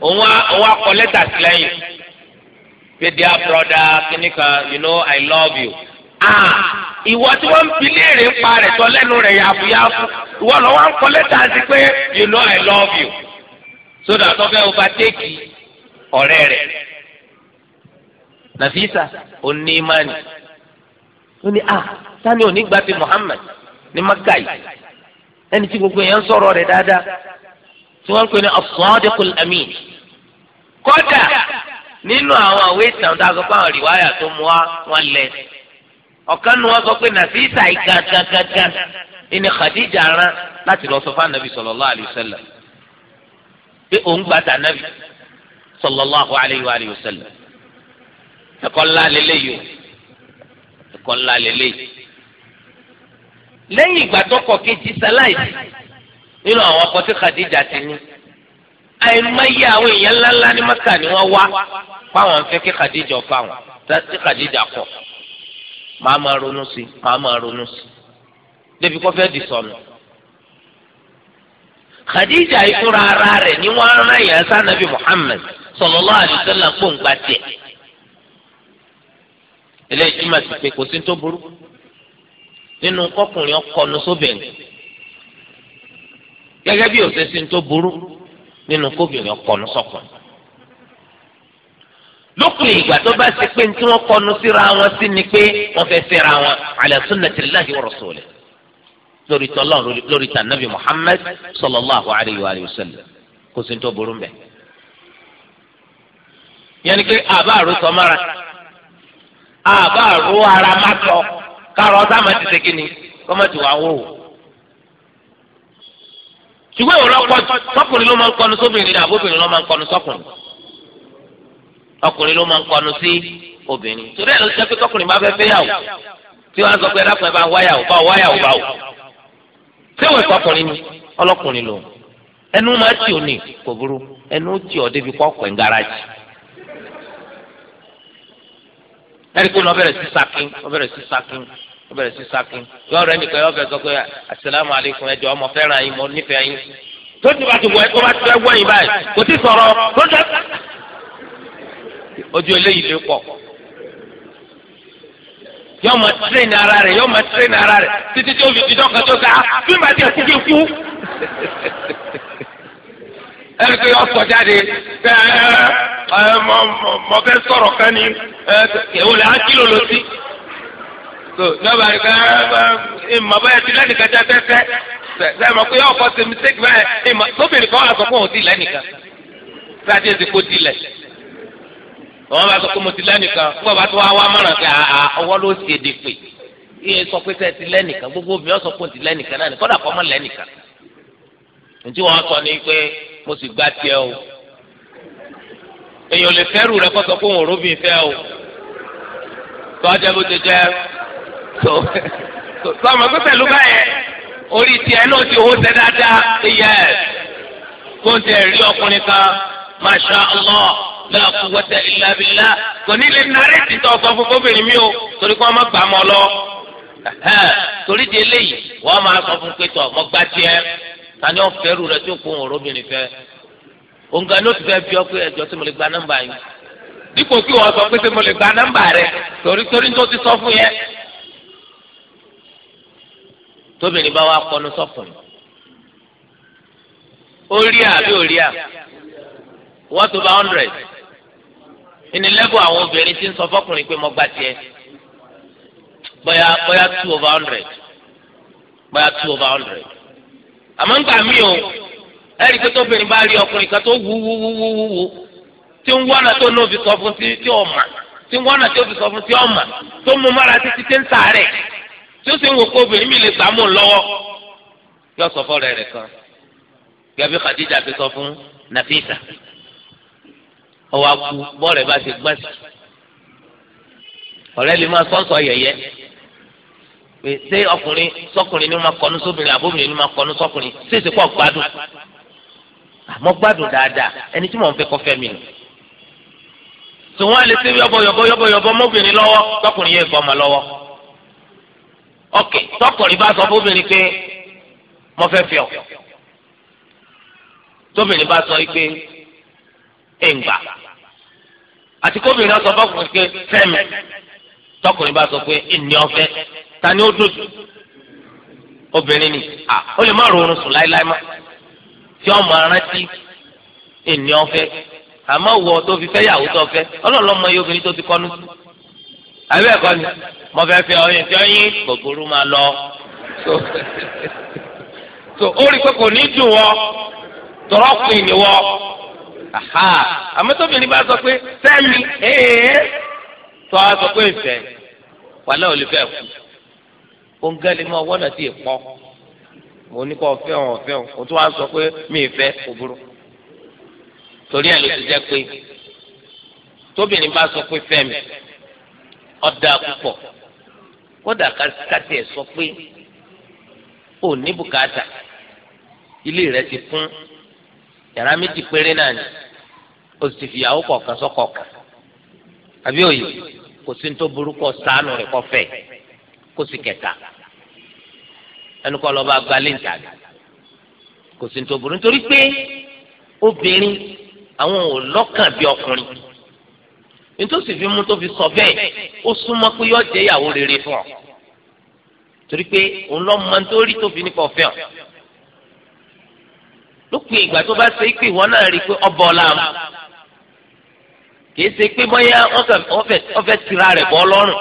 B: òun wa kọ lẹ́tà sí lẹ́yìn pé dear brother you know i love you ah ìwọ tí wọ́n ń fi léèrè ń pa rẹ̀ tọ́ lẹ́nu rẹ̀ yàfùyàfù ìwọ ń kọ you know i love you
A: so that ọ̀fẹ́ overtake
B: ọ̀rẹ́ rẹ̀ nàfíìsà òní imáni ó ní ah sani òní gbàgbé ní maka ẹni tí gbogbo yẹn ń sọ̀rọ̀ rẹ̀ tí wọ́n ń pè ní as-Sadiqul Amin kódà nínú àwọn àwọn ìtàn tá a sọ pé àwọn rìwáyà tó mú wa wọn lẹ ọ̀kan nu wọn sọ pé nàfíìsà gangan ìní Khadija rán láti lọ sọ fún anabi sallallahu alayhi wa sallam pé òun gba tà anabi sallallahu alayhi wa sallam ẹ̀kọ́ ńlá lélẹ́yìí o ẹ̀kọ́ ńlá lélẹ́yìí lẹ́yìn ìgbà tó kọ̀ kejì sáláìsì nínú àwọn ọkọ tí Khadija ti ní àìmọye àwọn èèyàn ńláńlá ní Maka ni wọ́n wá fáwọn fẹ́ kí Khadija fáwọn tí Khadija kọ̀ màá máa ronú sí màá máa ronú sí débi kọ́ fẹ́ di sọnù. Khadija ìfúnra ara rẹ̀ ni wọ́n rán yẹn sànàbí Muhammad sallallahu alaihi wasallam gbòǹgbà tiẹ̀ eléyìí túmọ̀ sí pé kò sí tó burú nínú kọkùnrin ọkọ̀nu sóbìnrin gẹ́gẹ́ bí òṣè sí tó burú nínú kóbìnrin ọkọ̀nù sọ̀kan. lópin ìgbà tó bá ṣe pé tí wọ́n kọnu síra wọn sí ni pé wọ́n fẹ́ fẹ́ra wọn ala sunnatillahi wa rasulih lórí tọ́lọ́ lórí tànàbí Muhammad sallallahu alayhi wa sallam kò sí tó burú mbẹ. yẹn ni pé àbá àròsọ mára àbá àrò ara má tọ kárọ̀ sáà má ti ṣe kí ni kọ́mọ̀tì wà wò ó ṣùgbọ́n ìwọ lọ́kọ́ sọkùnrin ló máa ń kọnu sóbìnrin ní àbóbìnrin ló máa ń kọnu sọkùnrin ọkùnrin ló máa ń kọnu sí obìnrin torí ẹ̀ ló jẹ́ pé sọkùnrin bá fẹ́ fẹ́ yàwó tí wọ́n á sọ pé ẹ̀dákùnrin bá wáyàwó bá wáyàwó bá wò séwèé sọkùnrin ni ọlọ́kùnrin lòun ẹnu máa tì ò ní kò burú ẹnu tì ọ́ débi kọ́ pẹ̀ ń garaajì ẹ̀rí pé sí sakin wọ́n sí sakin ó bẹ̀rẹ̀ sí sakin yọ ọ̀rẹ́ nìkan yọ ọ̀fẹ́ sọ pé asalaamu alaykum ẹjọ ọmọ fẹ́ràn yín mo nífẹ̀ẹ́ yín
A: tó ti bá ti wọ ẹ̀kọ́ bá ti fẹ́ wọ yín báyìí kò tí sọ̀rọ̀ tó ń tẹ
B: ojú eléyìí lè pọ̀ yọ ọmọ tírẹ̀nì ara rẹ̀ yọ ọmọ tírẹ̀nì ara rẹ̀ títí tí ó fi dídọ́ kan tó ga bí màá tiẹ̀ kú kí kú ẹni pé ọsọ jáde ẹ ẹ mọ mọ fẹ́ sọ̀rọ̀ kan ni ẹ kẹwò lẹ á kìlò so lọ́ba yìí kan ah, ah, ìmọ̀ báyìí ti lẹ́nìkan já fẹ́fẹ́ sẹ́yìn mọ̀ pé ọkọ̀ ṣe mistake báyìí ìmọ̀ tóbìnrin kan wà sọ fún òun ti lẹ́nìkan sáájú èsì kó dilẹ̀ wọ́n bá sọ pé mo ti lẹ́nìkan fún ọba tó wá wá mọ̀ràn a, ah, ọwọ́ ló ṣe èdè pè iye sọ pé sẹ́ẹ̀ ti lẹ́nìkan gbogbo obìnrin sọ pé ó ti lẹ́nìkan náà ní kọ́dà kọ́ mọ́ lẹ́nìkan ntí wọ́n sọ ni pé mo sì gbá tiẹ̀ o èèyàn lè fẹ́rù rẹ kọ́ sọ pé òun ò róbìn fẹ́ o tọ́jà bó ti jẹ́ tó tó ọmọ pé pẹ̀lú báyẹn orí tiẹ̀ náà ti hó ṣe dáadáa ẹ̀yẹ kó ń tẹ̀ rí ọkùnrin kan masha allah la quwwata illa billah kò ní lè ti sọ fún kóbìnrin mi o torí kó ọmọ gbà lọ torí di eléyìí wọ́n máa sọ fún pé gbà tani wọn rú rẹ tí ó ní gba dípò kí sọ gba rẹ torí torí tó ti tóbìnrin bá wà kọnu sọkùnrin ó rí à bí ó rí à wọ́n tó bá hundred
A: ìnílẹ́bù àwọn obìnrin ti ń
B: sọ fọkùnrin pé mo gba tiẹ̀ bóyá bóyá two over hundred bóyá two over hundred àmọ́ ń gbà mí o
A: ẹ̀rí pé tóbìnrin bá rí ọkùnrin
B: kan tó wú wú wú wú wú wú tí ń wọ́nà tó ní òfin sọ fún tí ó tí ń wọ́nà tí ó sọ fún tí ó tó mú mára títí tí ń sàárẹ̀ tí ó sì ń wò kó obìnrin mi lè sàmú lọ́wọ́ yóò sọ fọ́ọ̀rẹ́ rẹ̀ kan gẹ́gẹ́ Khadija ti sọ fún Nafisa
A: ọwọ́ akú bọ́ọ̀rẹ́ bá ṣe gbọ́n
B: sí ọ̀rẹ́ lè máa sọ́ọ̀sọ̀ yẹ̀yẹ́ pé ṣé ọkùnrin sọkùnrin ni wọ́n máa kọnu sóbìnrin àbóbìnrin ni wọ́n máa kọnu sọkùnrin ṣé èsì pọ̀ gbádùn àmọ́ gbádùn dáadáa ẹni tí mò ń fẹ́ kọ́ fẹ́ mi nù tí wọ́n lè ṣe yọ̀bọ̀yọ̀bọ̀yọ̀bọ̀ mọ́bìnrin lọ́wọ́ sọkùnrin yẹn fọmọ lọ́wọ́ ok tọkùnrin bá sọ fóbìnrin pé mo fẹ́ fẹ́ ọ tóbìnrin bá sọ pé ẹ ń gbà àti kóbìnrin náà sọ fọkùnrin pé fẹ́mi tọkùnrin bá sọ pé ẹni ọ̀fẹ́ ta ni ó dòdò obìnrin ni à ó lè má rọrùn sùn láéláé má tí ọmọ arántí ẹni ọ̀fẹ́ àmọ́ wọ tó fi fẹ́ yàwó tó fẹ́ ọlọ́ọ̀lọ́mọ yóò obìnrin tó ti kọ́nu sí àbí ẹ̀kọ́ ni mo fẹ́ fi ọyìn tí ọyìn gbogbooro máa lọ so ó rí i pé kò ní dùn wọ tọrọ pin ni wọ àmọ́tòbìnrin bá sọ pé sẹ́mi tọ́ a sọ pé ìfẹ́ wàhálà olùfẹ́ kù ó ń gẹ́lẹ́ mọ́ wọ́nà tí ì pọ́ mo ní kọ́ ọ̀fẹ́ ọ̀hún ọ̀fẹ́ ọ̀hún o tún wá sọ pé mi ì fẹ́ kò burú torí ẹ̀ ló ti jẹ́ pé tóbìnrin bá sọ pé fẹ́ mi ọ̀dà púpọ̀ kódà kásì ẹ̀ sọ pé ò ní bùkátà ilé rẹ̀ ti kún yàrá méjì péré náà ni o sì fìyàwó kọ̀ọ̀kan sọ́kọ̀ọ̀kan àbí òye kò sí ní tó burúkọ sànù rẹ̀ kọ́ fẹ́ kó sì kẹta ẹnu kọ́ lọ́ba gbalẹ̀ ń tàgé kò sí ní tó burú nítorí pé obìnrin àwọn ò lọ́kàn bí ọkùnrin nítòsí fi mú tó fi sọ bẹ́ẹ̀ ó súnmọ́ pé yọ jẹ́ ìyàwó rere fún ọ torí pé òun lọ mọ tó rí tó fi nípa ọ̀fẹ́ ọ lópin ìgbà tó bá ṣe é pé ìwọ náà rí i pé ọbọ ọlá mu kìí ṣe pé bóyá wọ́n fẹ́ rẹ̀ bọ́ lọ́rùn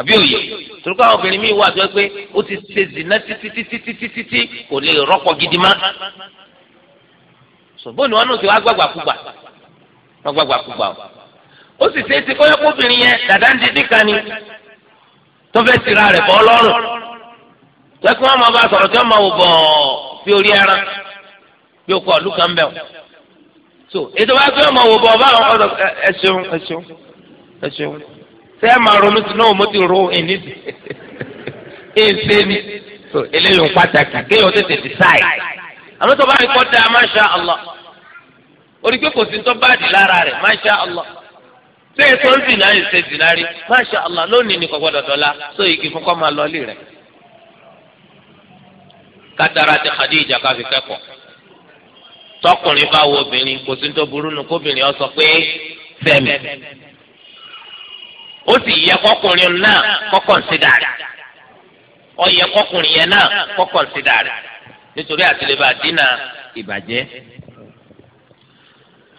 B: àbí òye torúkọ àwọn obìnrin míì wà tó pé ó ti ṣe zìnà títí kò lè rọ́pò gidi má ṣùgbọ́n ni wọ́n náà ti wá gbàgbà kúgbà gbàgbà kúgbà o ó sì ṣe é ti kọ́yọ́ kóbìnrin yẹn dàda ń dídí kan ni tó fẹ́ tira rẹ̀ bọ́ lọ́rùn tẹ́kí wọ́n máa bá sọ̀rọ̀ tí wọ́n máa wò bọ̀ fi orí ẹran bí o kọ́ ọ̀lú kan bẹ̀ wọ́n. so ètò wa fi ọmọ wò bọ̀ ọba àwọn ọ̀dọ̀ ẹ ṣeun ẹ ṣeun ẹ ṣeun ṣé ẹ máa ronú sí náà mo ti ro ẹni dì ẹ ṣe ni so eléyìí ń pàtàkì kéèyàn tètè decide àmọ́ tó bá rí kọ́ da masha allah orí pé kò sí tó bá dì lára rẹ̀ masha allah. bẹ́ẹ̀ tó ń zìnà yìí ṣe zìnà rí masha allah lónìí ní kọ́kọ́ dọ̀dọ̀la sọ igi fún kọ́ máa lọlé rẹ̀. kátàrà ti fi kẹ́kọ̀ọ́ tọkùnrin bá wo obìnrin kò sí tó burú nu kóbìnrin ọ sọ pé fẹ́mi ó sì yẹ kọkùnrin náà kọ́kọ́ ń sídà rẹ̀ ó yẹ kọkùnrin yẹn náà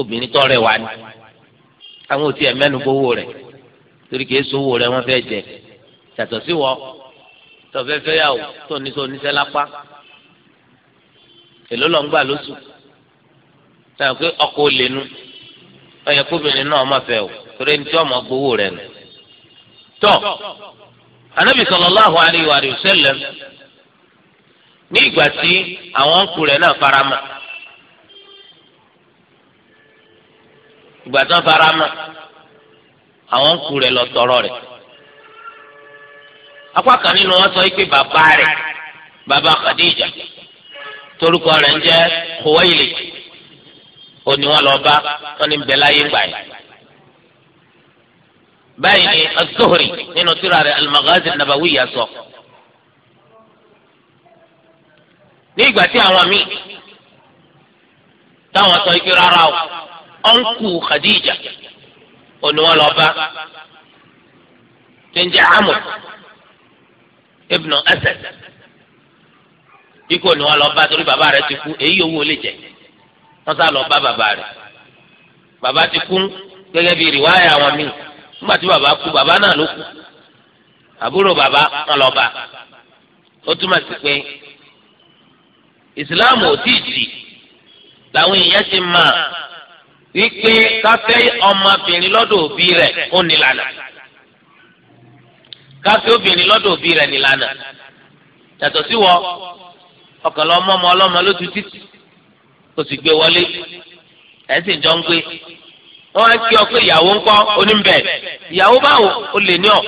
B: obìnrin tó rẹwà ni àwọn ò tiẹ̀ mẹ́nu gbowó rẹ̀ torí kìí sówó rẹ̀ wọ́n fẹ́ jẹ yàtọ̀ sí wọ tọ́fẹ́ fẹ́yàwó tó níṣẹ́ oníṣẹ́ lápá èló ló ń gbà lóṣù táwọn pé ọkọ ò lè nu ọyẹ kóbìnrin náà má fẹ́ o torí ẹni tí ọmọ gbowó rẹ̀ nù. tọ́ anábì sallallahu alaihi wa sallam ní ìgbà tí àwọn ń kú rẹ̀ náà farama ìgbà tí wọ́n fara mọ́ àwọn ń kú rẹ̀ lọ tọrọ rẹ̀ apá kan nínú wọn sọ pé bàbá rẹ̀ bàbá Khadija torúkọ rẹ̀ ń jẹ́ kòwéìlì òní wọn lọ bá wọn ní bẹ́ẹ̀ láyé gbà yìí báyìí ni az nínú tírà rẹ̀ al-Maghazi an sọ ní ìgbà tí àwọn míì
A: táwọn sọ ike rárá o ọ̀nkù Khadija
B: oníwọ̀n lọ́ba tẹ̀njẹ́ Amr ibn Asad ikú oníwọ̀n lọ́ba torí bàbá rẹ̀ ti kú èyí owó lè jẹ́ wọ́n sá lọ bá bàbá rẹ̀ bàbá ti kú gẹ́gẹ́ bí rìwáyà àwọn míì nígbà tí bàbá kú bàbá náà ló kú àbúrò bàbá wọn lọ bá ó túmọ̀ sí pé ìsìláàmù ò tí ì dì làwọn èèyàn ti máa wípé káfẹ́ ọmọbìnrin lọ́dọ̀ òbí rẹ̀ ó nílànà
A: káfẹ́ obìnrin lọ́dọ̀ òbí rẹ̀ nílànà
B: yàtọ̀ sí wọ ọkàn lọ mọ́ ọmọ ọlọ́mọ lójú títì kò sì gbé wọlé ẹ̀sìn jọ ń gbé wọ́n á kí ọ pé ìyàwó ńkọ́ onímbẹ̀ ìyàwó báwo o lè ní ọ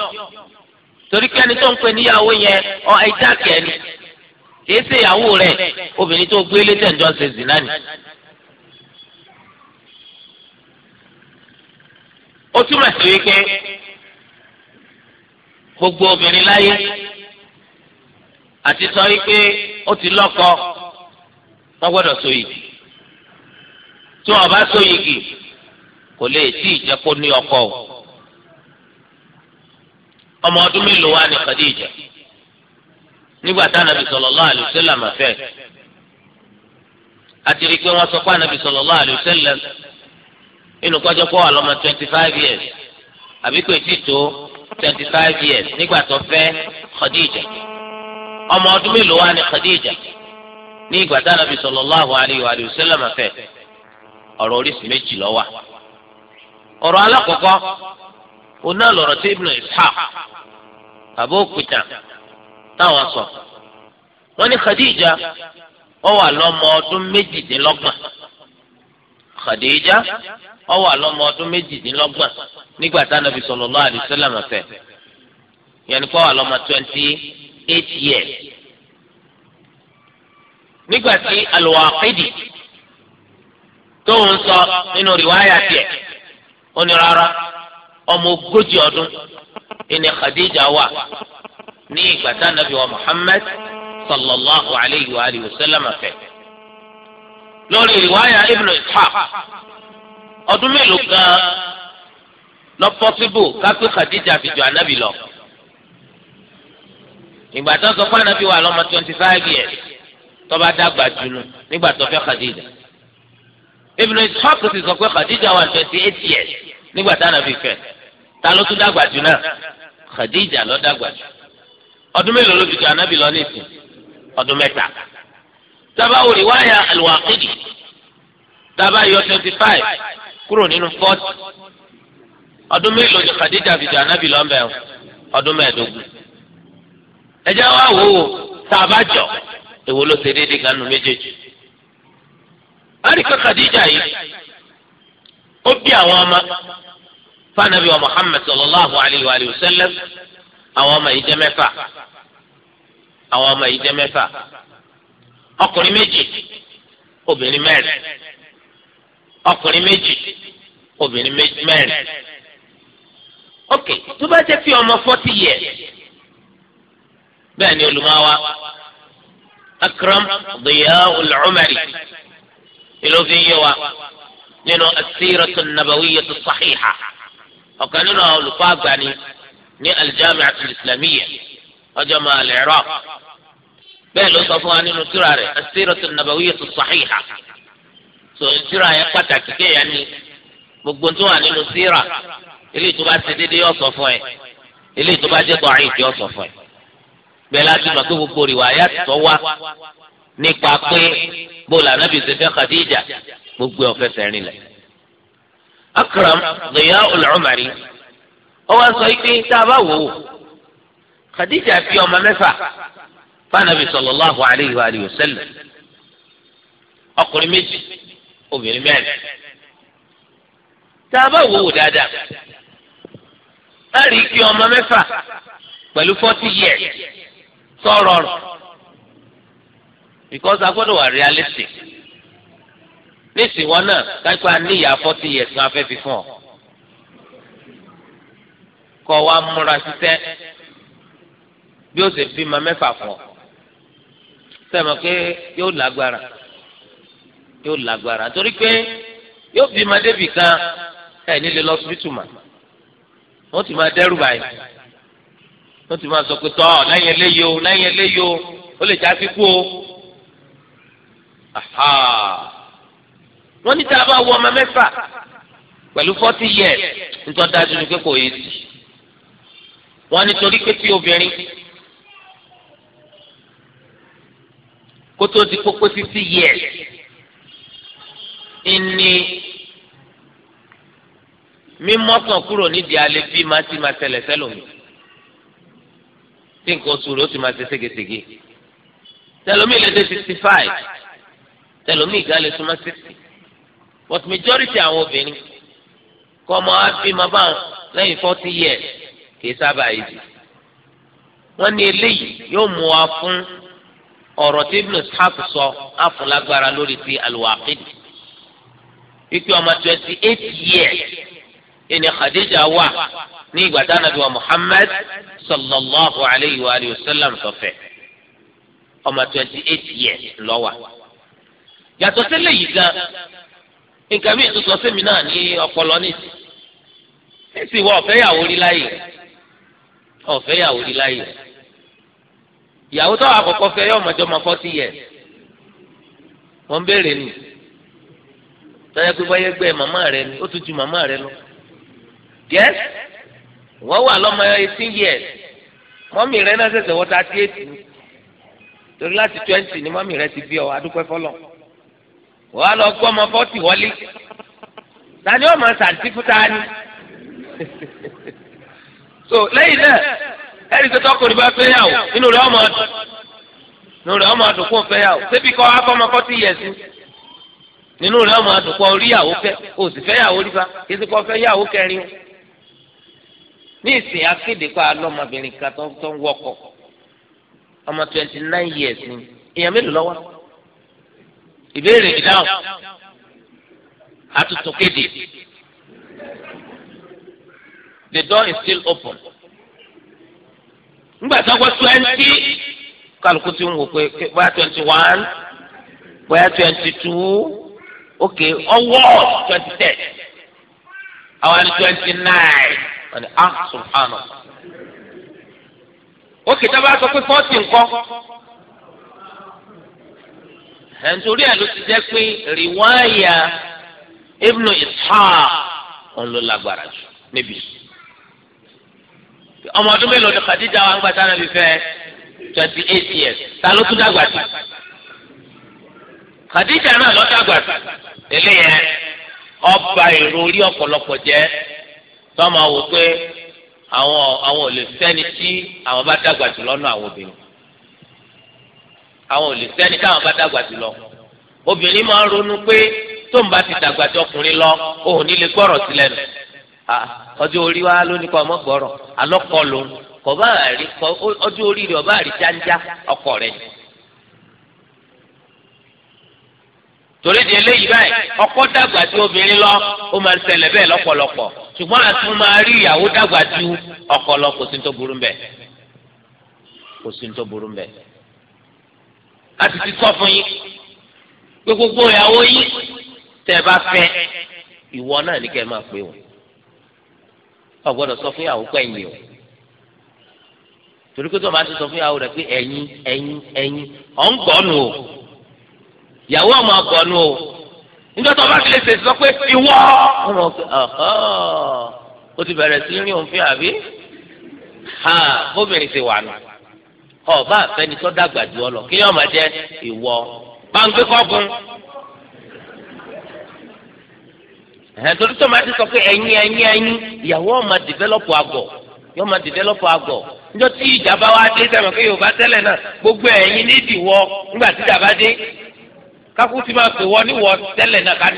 B: torí kẹ́ni tó ń pè níyàwó yẹn ọ ẹja kẹ́ni kìí ṣe ìyàwó rẹ̀ obìnrin tó gbélé tẹ̀ ń jọ ṣe zìnnà ni. ó túmọ̀ sí wípé gbogbo obìnrin láyé àti sọ wípé ó ti lọ́kọ wọ́n gbọ́dọ̀ so yìgì tí wọ́n bá so yìgì kò lè tí ì jẹ́ kó ní ọkọ o ọmọ ọdún mélòó wa ni Khadija nígbà tá ànàbì sallallahu alaihi wasallam fẹ́ àti rí i pé wọ́n sọ pé ànàbì sallallahu alaihi wasallam inú kọjọ kọ wà lọ́mọ twenty five years àbí kò tí tó twenty five years nígbà tó fẹ́ Khadija
A: ọmọ ọdún mélòó wà ní
B: Khadija ní ìgbà tá nàbì sallallahu alayhi wa sallam fẹ́ ọ̀rọ̀ oríṣi méjì ló wà ọ̀rọ̀ alákọ̀ọ́kọ́ òun náà lọ̀rọ̀ tí Ibn Ishaq bàbá òkúta táwọn sọ wọ́n ní Khadija
A: ó wà lọ́mọ ọdún
B: méjìdínlọ́gbọ̀n Khadija ọ alọmọ ọdún méjìdínlọ́gbọ̀n nígbà tá nàbì sallallahu alaihi wasallam fẹ́ yẹn ni wà twenty eight years nígbà tí al-Waqidi tó sọ nínú rìwáyà tiẹ̀ ó ní rárá ọmọ ogójì ọdún ìní Khadija wà ní ìgbà tá lórí ibn ọdún mélòó gan lọ pọ́sibù kápẹ́ Khadija fi ju anabi lọ ìgbà tó sọ fún anabi wà lọ́mọ twenty five years tó bá dàgbà jùlọ nígbà tó fẹ́ Khadija Ibn Ishaq ti sọ pé Khadija wà twenty eight years nígbà tó anabi fẹ́ ta ló tún dàgbà jù náà Khadija ló dàgbà jù ọdún mélòó ló fi ju anabi lọ ní ìsìn ọdún mẹ́ta tábà wòlíwáyà Al-Waqidi tábà yọ twenty five kúrò nínú fọ́ọ̀tì ọdún mélòó ni Khadija fi jà nábì lọ́mbẹ̀ o ọdún mẹ́ẹ̀ẹ́dógún ẹjẹ́ wa wò ó tá a bá jọ èwo ló ṣe déédéé kanu méjèèjì àríkà Khadija yìí ó bí àwọn ọmọ fanabi wa Muhammad sallallahu alayhi wa sallam àwọn ọmọ yìí jẹ́ mẹ́fà àwọn ọmọ yìí jẹ́ mẹ́fà ọkùnrin méjì obìnrin mẹ́rin. ọkùnrin méjì obìnrin méjì mẹ́rin ok tó bá jẹ́ fi ọmọ fọtí yẹ bẹ́ẹ̀ ni olùmọ̀wá akram Diyaul ọlọmọdé ìlọfi yé wa nínú as-siratu an-nabawiyyatu as-sahiha ọ̀kan nínú àwọn olùkọ́ àgbà ni ní al-jami'atu al-islamiyya ọjọ́ máa lè rọ bẹ́ẹ̀ ló sọ fún wa ninu tura tírà rẹ̀ as-siratu an-nabawiyyatu as-sahiha. sọ ìṣúra yẹn pàtàkì kéèyàn ní gbogbo tó wà nínú síra eléyìí tó bá ti dédé yọ sọ fún ẹ eléyìí tó bá jẹ bọ̀ọ̀rì ìjọ sọ fún ẹ bẹ́ẹ̀ láti mọ̀ pé gbogbo rìwà ayé àtìtọ́ wá nípa pé bóòlù anábì ṣe fẹ́ Khadija gbogbo ọ̀fẹ́ sẹ́rin lẹ̀. Akram Diya'ul Umari ó wá sọ pé tá a bá wò ó Khadija fi ọmọ mẹ́fà fanabi sallallahu alayhi wa sallam ọkùnrin méjì obìnrin mẹ́rin tá a bá wò wò dáadáa
A: a rí kí ọmọ mẹ́fà
B: pẹ̀lú forty years sọ̀rọ̀ rọ̀ because a gbọ́dọ̀ wà realistic nísìnyí wọn náà kápá níyà forty years kan afẹ́ fi fún ọ kọ́ wa múra ṣiṣẹ́ bí ó sì bímọ mẹ́fà fún ọ sẹ́mi pé yóò lágbára yóò lágbára torí pé yóò bí madébì kan ẹ nílé lọ síbítù mà wọ́n ti máa dẹ́rù báyìí wọ́n ti máa sọ pé tọ́ lẹ́yìn eléyìí o lẹ́yìn eléyìí o ó lè já síkú o wọ́n ní tá a bá wọ ọmọ mẹ́fà
A: pẹ̀lú forty years nítorí dájú ni pé kò yé
B: sí wọ́n nítorí pé tí obìnrin kótó ti kókó fifty years ìní mímọ́tàn kúrò nídìí alẹ́ bí máa ti máa tẹ̀lẹ̀ sẹ́lòmí tí nǹkan oṣù rẹ̀ ó ti máa ṣe ségesège tẹlomi lè dé sixty five
A: tẹlomi ìgbà lè súnmọ́
B: sixty but majority àwọn obìnrin kọ́ ọmọ afi máa bá wọn lẹ́yìn forty years kìí sábà yìí wọ́n ní eléyìí yóò mú wa fún ọ̀rọ̀ tí Ibn Ishaq sọ àfúnlágbára lórí ti al ikú ọmọ twenty eight years ẹni Khadija wà ní ìgbà tá nàbí wa Muhammad sallallahu alayhi wa alihi wa sallam sọfẹ ọmọ twenty eight years lọ́wà yàtọ̀ tẹ́lẹ̀ yìí gan nǹkan mi tuntun sẹ́mi náà ní ọpọlọ nìsí nìsí wọ ọ̀fẹ́ yàwó rí láyè ọ̀fẹ́ yàwó rí láyè ìyàwó tó àkọ́kọ́ fẹ́ yọ ọmọdé ọmọ forty years wọ́n ń béèrè nìyí tọ́jà pé wáyé gbé màmá rẹ ni ó tún ju màmá rẹ lọ. yes wọ́n wà lọ́mọ eighteen years mọ́mì rẹ náà ṣẹ̀ṣẹ̀ wọ́n thirty eight ni torí láti twenty ni mọ́mì rẹ ti bí ọ adúpẹ́ fọlọ́ wọ́n á lọ gbọ́ ọmọ forty wọlé tani ọmọ sàǹtí fún tani so lẹ́yìn náà ẹ̀rí tó tọkùnrin bá fẹ́ yà ó inú rẹ̀ ọmọ ọdún inú rẹ̀ ọmọ ọdún kún fẹ́ yà ó ṣebí kọ́ akọ́mọ forty years ni nínú rẹ̀ ọmọ àdùkọ orí yàwó fẹ́ o sì fẹ́ yàwó rí fa kí sì kọ́ fẹ́ yàwó kẹrin o ní ìsìn akéde kọ́ alọ́mọbìnrin kan tó ń wọkọ̀ ọmọ twenty nine years ni èèyàn mélòó lọ́wọ́ ìbéèrè ìdáhùn àtúntò kéde the door is still open nígbà tó wọ́n twenty kálukú ti ń wò pé bóyá twenty one bóyá twenty two okay ọwọ́ twenty ten àwọn ẹni twenty nine wọ́n ní ah subhana okay dábàá sọ pé forty nǹkan ẹ̀ǹtorí ẹ̀ ló ti jẹ́ pé rìwáyà ibnu ishaq òun ló lágbára jù níbí ọmọ ọdún mélòó ni Khadija wa ń gbà tá a fẹ́ twenty eight years ta ló tún dàgbà sí. Khadija náà lọ dàgbà eléyẹ ọba èrò orí ọ̀pọ̀lọpọ̀ jẹ́ tọ́mọ wò pé àwọn àwọn ò lè sẹ́ni tí àwọn bá dàgbà jù lọ́nà àwọn obìnrin àwọn ò lè sẹ́ni táwọn bá dàgbà jù lọ obìnrin máa ń ronú pé tó ń bá ti dàgbà jọ ọkùnrin lọ òun ní lè gbọ́rọ̀ sí lẹ́nu ọjọ́ orí wa ló kọ́ ọmọ gbọ́rọ̀ alọ́kọ lòun kọ́ ọjọ́ orí rẹ̀ ọba rí jáńjá rẹ̀ yìí
A: torí di eléyìí báyìí ọkọ dàgbà ju obìnrin lọ ó máa ń ṣẹlẹ̀ bẹ́ẹ̀ lọ́pọ̀lọpọ̀ ṣùgbọ́n àtún máa rí ìyàwó dàgbà ju
B: ọkọ lọ kò sí tó burú mbẹ kò sí tó burú mbẹ. a sì ti sọ fún yín pé gbogbo ìyàwó yín tẹ́ ẹ bá fẹ́ ìwọ náà ní kẹ́ máa pè wọn ọ gbọ́dọ̀ sọ fún ìyàwó pẹ yín o torí pé tó o máa ti sọ fún ìyàwó rẹ pé ẹ̀yin ẹ̀yin ẹ̀yin ọ̀ ń gbọ́ nù o ìyàwó ọmọ ọgọ́nu o níjọ́ tó bá fi lè ṣèṣì sọ pé ìwọ ó ti bẹ̀rẹ̀ sí rí òǹfin àbí bóbìnrin ti wà nù ọba àfẹni tó dàgbà jù ọ lọ kí yọọ máa jẹ ìwọ bá ń gbé kọ́gun ẹ̀hẹ́n torí tó máa ti sọ pé ẹ̀yin ẹ̀yin ẹ̀yin ìyàwó ọmọ dìvẹ́lọ́pù àgọ̀ yóò máa dìvẹ́lọ́pù àgọ̀ níjọ́ tí ìjà bá wá dé sẹ́wọ̀n pé Yorùbá tẹ́lẹ̀ náà gbogbo ẹ̀yin ní ìdìwọ́ nígbà tí ìjà bá dé káfú ti máa pè wọ́n níwọ̀ tẹ́lẹ̀ náà ká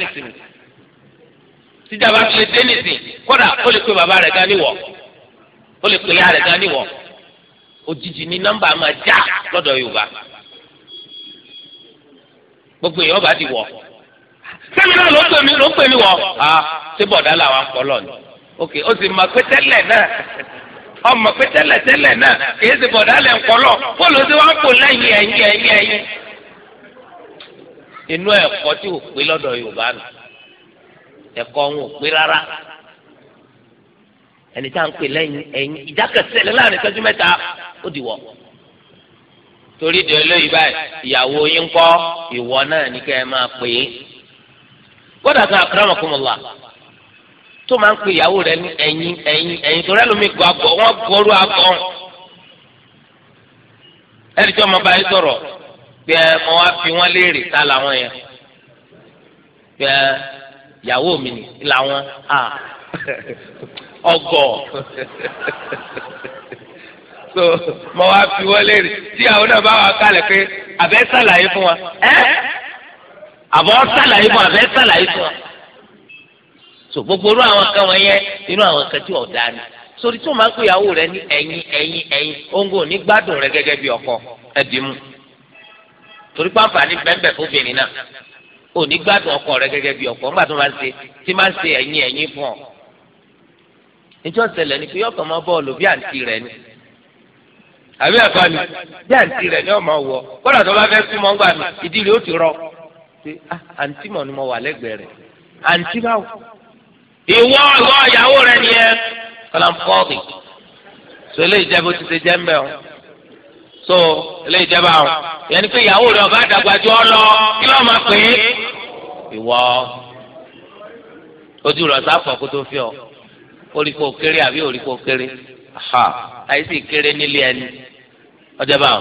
B: tíjàmbá fi lè dé nìsín kódà ó lè pe bàbá rẹ̀ gan níwọ̀ ó bá ti wọ̀
A: sẹ́mi náà ló pè mí ló pè mí wọ̀
B: bọ̀dá làwọn ni ok ó sì mọ̀ pé tẹ́lẹ̀ náà ọmọ pé tẹ́lẹ̀ tẹ́lẹ̀ náà kì í ṣe bọ̀dá lẹ̀ ń inú ẹ̀kọ́ tí ò pé lọ́dọ̀ yorùbá nù ẹ̀kọ́ wọn ò pé rárá ẹni tá à ń pè lẹ́yìn ẹ̀yìn ìdákẹ́sẹ̀lẹ̀ láàrin ìtọ́jú mẹ́ta ó di wọ̀ torí di olóyìí báyìí ìyàwó yín kọ́ ìwọ náà ní kẹ́ ẹ máa pè é gbọ́dọ̀ kan tó máa ń pè ìyàwó rẹ ní ẹ̀yìn ẹ̀yìn ẹ̀yìn torí ẹlòmíì gbọ́ wọ́n gbọ́rú tí pé ẹ mọ wá fi wọn léèrè ta làwọn yẹn pé ẹ yàwó mi ni làwọn a
A: ọgọ
B: so mọ wá fi wọn léèrè tí àwọn náà bá wà kálẹ̀ pé àbẹ sàlàyé fún wa ẹ àbọ sàlàyé fún wa àbẹ sàlàyé fún wa so gbogbo irú àwọn kan wọn yẹn inú àwọn kan tí ọ̀dà ni sori tí o máa ń pè ìyàwó rẹ ní ẹ̀yin ẹ̀yin ẹ̀yin ongo, kò ní gbádùn rẹ gẹ́gẹ́ bí ọkọ ẹ̀dínmù torí pé àǹfààní bẹ́ẹ̀ fóbìnrin náà ò ní gbádùn ọkọ rẹ gẹ́gẹ́ bí ọkọ ńgbà tó máa ń ṣe tí máa ń ṣe ẹ̀yìn ẹ̀yìn fún ọ. níjọ́ ṣẹlẹ̀ ni pé yọ̀ọ̀kan máa bọ́ọ̀lù bí àǹtí rẹ̀ ni àbí ẹ̀fọ́ mi bí àǹtí rẹ̀ ni ọ̀ máa wọ̀ kódà tó bá fẹ́ súnmọ́ ńgbà mi ìdílé ó ti rọ pé ah, àǹtí mọ̀ ni mo wà lẹ́gbẹ̀ẹ́ rẹ̀ àǹtí báwo. ìwọ ìwọ ìyàwó rẹ ni ẹ kọlá ń fọ́ọ̀kì so eléyìí jẹba o yẹn ni pé ìyàwó rẹ ọba àdàgbàjọ lọ kí ló máa pè é ìwọ ojú rẹ sáfọ kó tó fi ọ oríkó kéré àbí oríkó kéré ha àìsí kéré nílé ẹni ọjọba o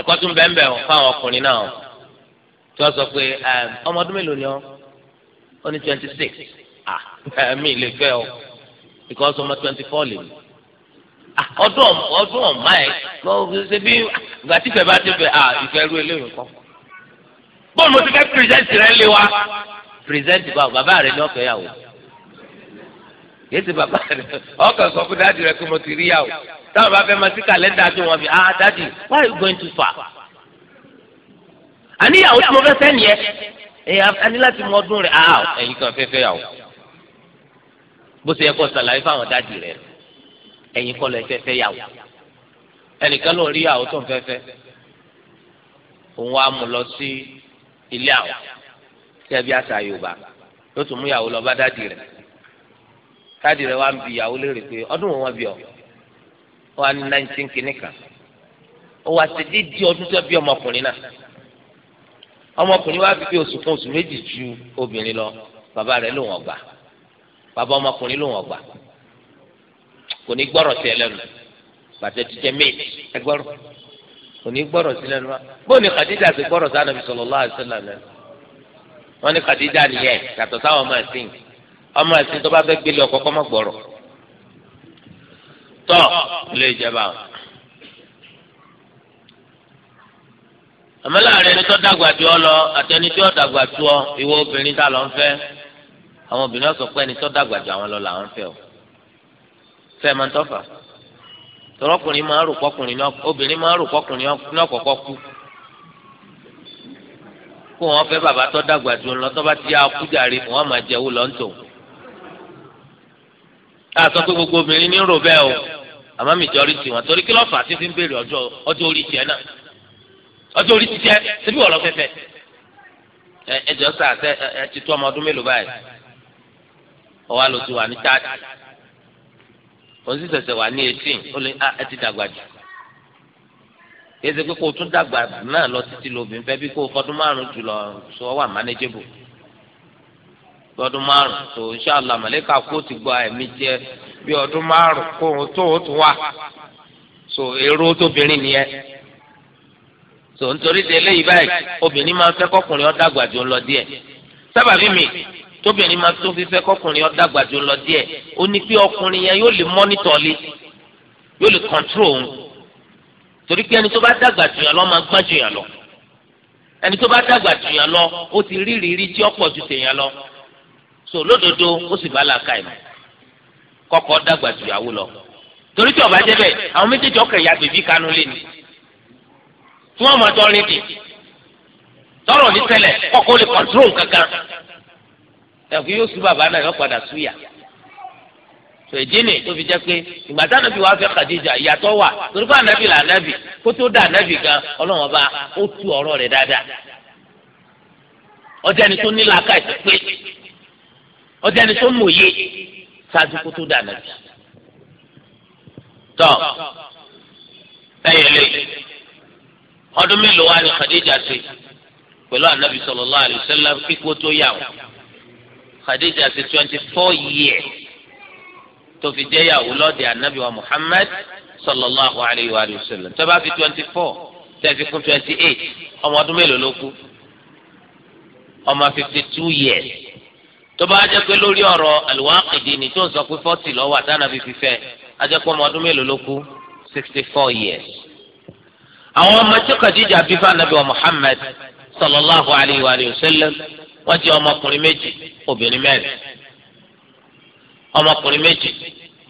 B: ẹ̀kọ́ tún bẹ́ẹ̀ bẹ́ẹ̀ fáwọn ọkùnrin náà tí wọ́n sọ pé ọmọ ọdún mélòó ni ọ́ ó ní twenty six ah ẹ̀mí lè fẹ́ o because ọmọ twenty four lè mi ọdún ọdún ọ̀ma ẹ̀ lọ ṣe bí ìgbà tí ìfẹ́ bá ti fẹ́ ìfẹ́ ru eléyìí kọ́.
A: bọ́ọ̀lù mo ti fẹ́ pírẹsẹ̀ntì rẹ lé wa
B: pírẹsẹ̀ntì báwo bàbá rẹ ní ọ̀fẹ́ yàwó yéésì bàbá rẹ ọkàn sọ fún dáàdì rẹ pé mo ti rí yàwó táwọn bá fẹ́ máa sí kàlẹ́ndà tó wọn fi ah dáàdì why are you going too far.
A: àníyàwó tí mo fẹ́ fẹ́ nìyẹn
B: ẹ̀yà ani láti mọ ọdún rẹ̀ ah ẹ̀yin kan fẹ́ fẹ́ yàwó bó ṣe yẹ kó ṣàlàyé fáwọn dáàdì ẹ̀yin kọ́ lẹ fẹ́ fẹ́ yàwó ẹnìkan ló rí yàwó tó ń fẹ́ fẹ́ òun wàá mú lọ sí ilé àwọn kẹbi àṣà yorùbá ló tún mú yàwó lọ bá dádì rẹ̀ dádì rẹ̀ wàá bi yàwó léèrè pé ọdún wo wọ́n bí ọ wọ́n á ní nineteen kìíní kan ó wàá ṣe dídí ọdún tó bí ọmọkùnrin náà ọmọkùnrin wàá fi oṣù kan oṣù méjì ju obìnrin lọ bàbá rẹ̀ ló wọ́n bàbá ọmọkùnrin ló wọ́n kò ní gbọ́rọ̀ sí ẹ lẹ́nu bàtẹ́ ti jẹ́ méjì ẹ gbọ́rọ̀ kò ní gbọ́rọ̀ sí lẹ́nu wa bó ni Khadija ti gbọ́rọ̀ sí anabi sallallahu alaihi wasallam lẹ́nu wọ́n ní Khadija nìyẹn yàtọ̀ sáwọn ọmọ ẹ̀sìn ọmọ ẹ̀sìn tó bá fẹ́ gbélé ọkọ̀ kọ́ mọ́ gbọ́rọ̀
A: tọ́ ilé
B: ìjẹba àmọ́ láàrin ẹni tó dàgbà ju ọ lọ àti ẹni tó dàgbà ju ọ ìwọ obìnrin tá lọ ń fẹ́ àwọn obìnrin ọ̀sọ̀ pé ẹni tó dàgbà ju àwọn lọ làwọn fẹ́ o fẹmọtọfà tọrọkùnrin máa rò kọkùnrin náà obìnrin máa rò kọkùnrin náà kọ́kọ́ kú kó wọn fẹ́ bàbá tó dàgbà ju ńlọ tó bá ti yá kújàre wọn máa jẹ owó lọ́ńtò àtọ́ pé gbogbo obìnrin ní rò bẹ́ẹ̀ o àmọ́ mìjọ́rí tiwọn torí kí lọ́ọ̀fà ti fi ń béèrè ọjọ́ ọjọ́ orí tiẹ̀ náà ọjọ́ orí ti síbí wọ́n lọ fẹ́fẹ́ ẹ ẹ jọ sáà ẹ ti tó ọmọ ọdún mélòó báyìí ọwọ́ àlòtí wà ní táàtì òun sì ṣẹ̀ṣẹ̀ wà ní eighteen ó lè á ah, ẹ ti dàgbà jù kí ẹsẹ̀ pé kó lọ títí lóbìn fẹ́ bí kó o fọdún márùn-ún jù lọ sọ wà manageable lọ́dún márùn-ún tó inṣàlá màlẹ́kà kó ti gba ẹ̀mí jẹ bí ọdún márùn-ún kó o tó o tún wà so èrò tóbìnrin nìyẹn so nítorí ti eléyìí báyìí obìnrin máa ń fẹ́ kọ́kùnrin ó dàgbà jù ń lọ díẹ̀ sábàbí mi tóbìnrin máa tó fífẹ́ kọkùnrin ó dàgbà jù lọ díẹ̀ ó ní pé ọkùnrin yẹn yóò lè mọ́nítọ̀ lé yóò lè kọ̀ntró òun torí pé ẹni tó bá dàgbà jù yàn lọ máa gbọ́n jù yàn lọ ẹni tó bá dàgbà jù yàn lọ ó ti rí ìrírí tí ọ̀pọ̀ ju tèèyàn lọ so lódodo ó sì bá làákà ìmọ̀ kọ́kọ́ dàgbà jù yàwó lọ torí tí ó bá jẹ́ bẹ́ẹ̀ àwọn méjèèjì ọkọ̀ ìyá bèbí kanú lé ni tí wọ́n mọ̀ tọ́rin dì tọ́rọ̀ ní tẹ́lẹ̀ kọ́kọ́ lè kọ̀ntró kankan ẹ̀kú yóò sú bàbá náà yóò padà súyà tò èdè ni tó fi jẹ́ pé ìgbà tá ànábì wàá fẹ́ Khadija ìyàtọ̀ wà torí pé ànábì là ànábì kó tó dá ànábì gan ọlọ́wọ́n bá ó tú ọ̀rọ̀ rẹ̀ dáadáa ọjà ni tó nílò aka ẹ̀sìn pé ọjà ni tó mòye ṣáájú kó tó dá ànábì tọ́ ẹ̀yẹ ọdún mélòó wà ní Khadija ṣe pẹ̀lú ànábì sallallahu alaihi wasallam kíkó tó yà wọ́n khadija ti twenty four years tó fi jẹ́ yàwó lọ́dẹ anabi wa muhammad sallallahu alayhi wa sallam tó bá fi twenty four tẹ́ fi kún twenty eight ọmọ ọdún mélòó ló kú ọmọ fifty two years tó bá jẹ́ pé lórí ọ̀rọ̀ al-Waqidi ni tó ń sọ pé forty lọ́wọ́ àtànàbí fífẹ́ ajẹ́ pé ọmọ ọdún mélòó ló kú sixty four years. àwọn ọmọ tí khadija bí fún anabi wa muhammad sallallahu alayhi wa sallam wọ́n jẹ́ ọmọkùnrin méjì obìnrin mẹ́rin
A: ọmọkùnrin méjì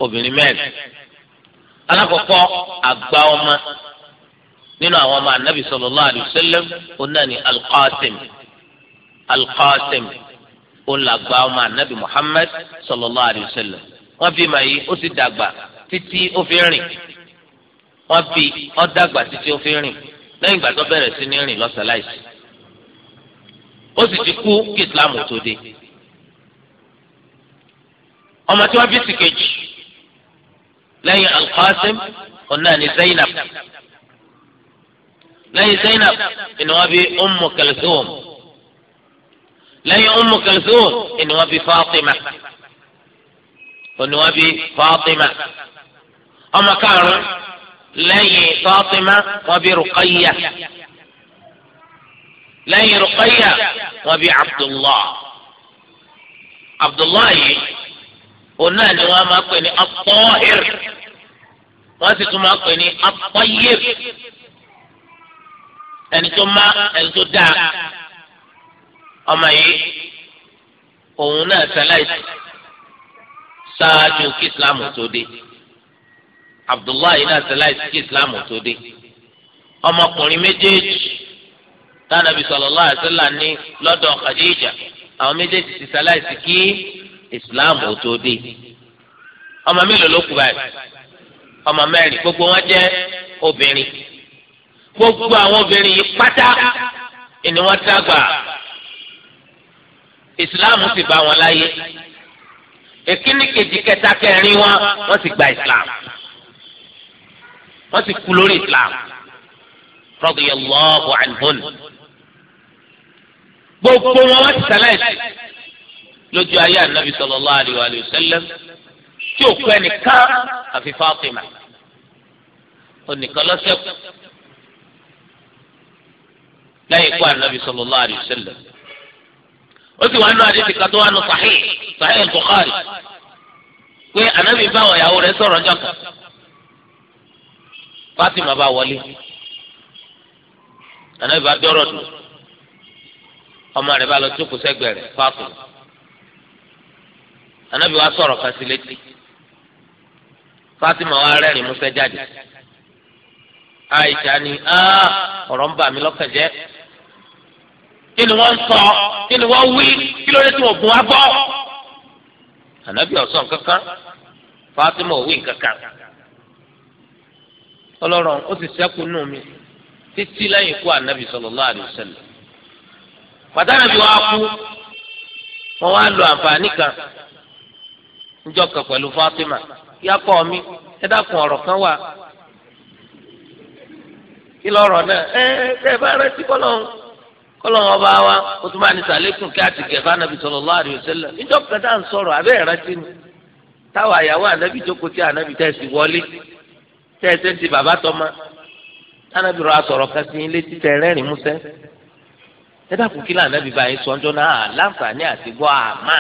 B: obìnrin mẹ́rin alákọ̀ọ́kọ́
A: àgbà ọmọ
B: nínú àwọn ọmọ anabi sallallahu alaihi wasallam onáni alqasim alqasim olàgbà ọmọ anabi muhammad sallallahu alaihi wasallam wọ́n bí ma ó sì dàgbà títí ó fi rìn wọ́n bí ó dàgbà títí ó fi rìn lẹ́yìn ìgbà tó bẹ̀rẹ̀ sí ní rìn lọsàlàyé. ó sì ti kú kí islam tó dé ọmọ tí wọ́n bí sí kejì
A: lẹ́yìn alqasim ọ̀nà ni zainab lẹ́yìn zainab ni wọ́n bí ọmọ kalthum
B: lẹ́yìn ọmọ kalthum ni wọ́n bí fatima ni wọ́n bí fatima ọmọ lẹ́yìn fatima wọ́n bí rukayya.
A: lẹ́yìn Ruqayya wọ́n bí Abdullah
B: Abdullah yìí òun náà ni wọ́n máa pè ní At-Tahir wọ́n sì tún máa pè ní At-Tayyib ẹni tó má ẹni tó dáa ọmọ yìí òun náà ṣaláìsí
A: ṣáájú kí islam tó
B: dé abdullahi náà ṣaláìsí kí islam tó dé ọmọkùnrin méjèèjì tánàbí sallallahu alaihi wasallam ní lọ́dọ̀ Khadija àwọn méjèèjì ti ṣaláìsí kí islam ò tó dé ọmọ mélòó ló kù báyìí ọmọ mẹ́rin gbogbo wọn jẹ́ obìnrin gbogbo àwọn obìnrin yìí pátá ni wọ́n dàgbà islam sì bá wọn láyé èkíní kejì kẹta kẹrin wọn wọ́n sì gba islam wọ́n sì kú lórí islam radiyallahu anhun gbogbo wọn wọ́n ti sàlàyé lójú ayé anabi sallallahu alayhi wa sallam tí òkú ẹnìkan àfi Fatima onìkan lọ́sẹ̀kù lẹ́yìn ikú anabi sallallahu alayhi wa sallam
A: ó sì wà nínú àdéhùn kan tó wà nínú sahih sahih Bukhari
B: pé anabi bá àwọn ìyàwó rẹ̀ sọ̀rọ̀ ọjọ́ Fatima bá wọlé anabi bá dọ́rọ̀ dùn. ọmọ rẹ̀ bá lọ jókòó sẹ́gbẹ̀ẹ́ rẹ̀ fáfùrù anabi wa sọ̀rọ̀ kan sí létí fatima wa rẹ́rìn músẹ́ jáde
A: ni aa ń bà mí
B: lọ́kàn kí ni wọ́n sọ kí ni wọ́n wí kí ló dé tí anabi kankan fatima ò wí kankan ó anabi sọlọ. pàtàkì bí wàá kú wọn wá lo àǹfààní kan níjọ kan Fatima yakọ mi ẹ dákun ọ̀rọ̀ kan wà kí lọ́rọ̀ náà ẹ ẹ bá rántí kọlọhún kọlọhún ọba wa ó tún bá ní sàlékùn kí níjọ kan ń abẹ ẹ rántí ni àyàwó ànábì jókòó tí ànábì tẹsí wọlé ti bàbá tọmọ ànábì rọ kan sí ilé títẹ ẹ dákun kí lànà bíbá yìí sọ ọjọ́ náà láǹfààní àti gbọ́ àmà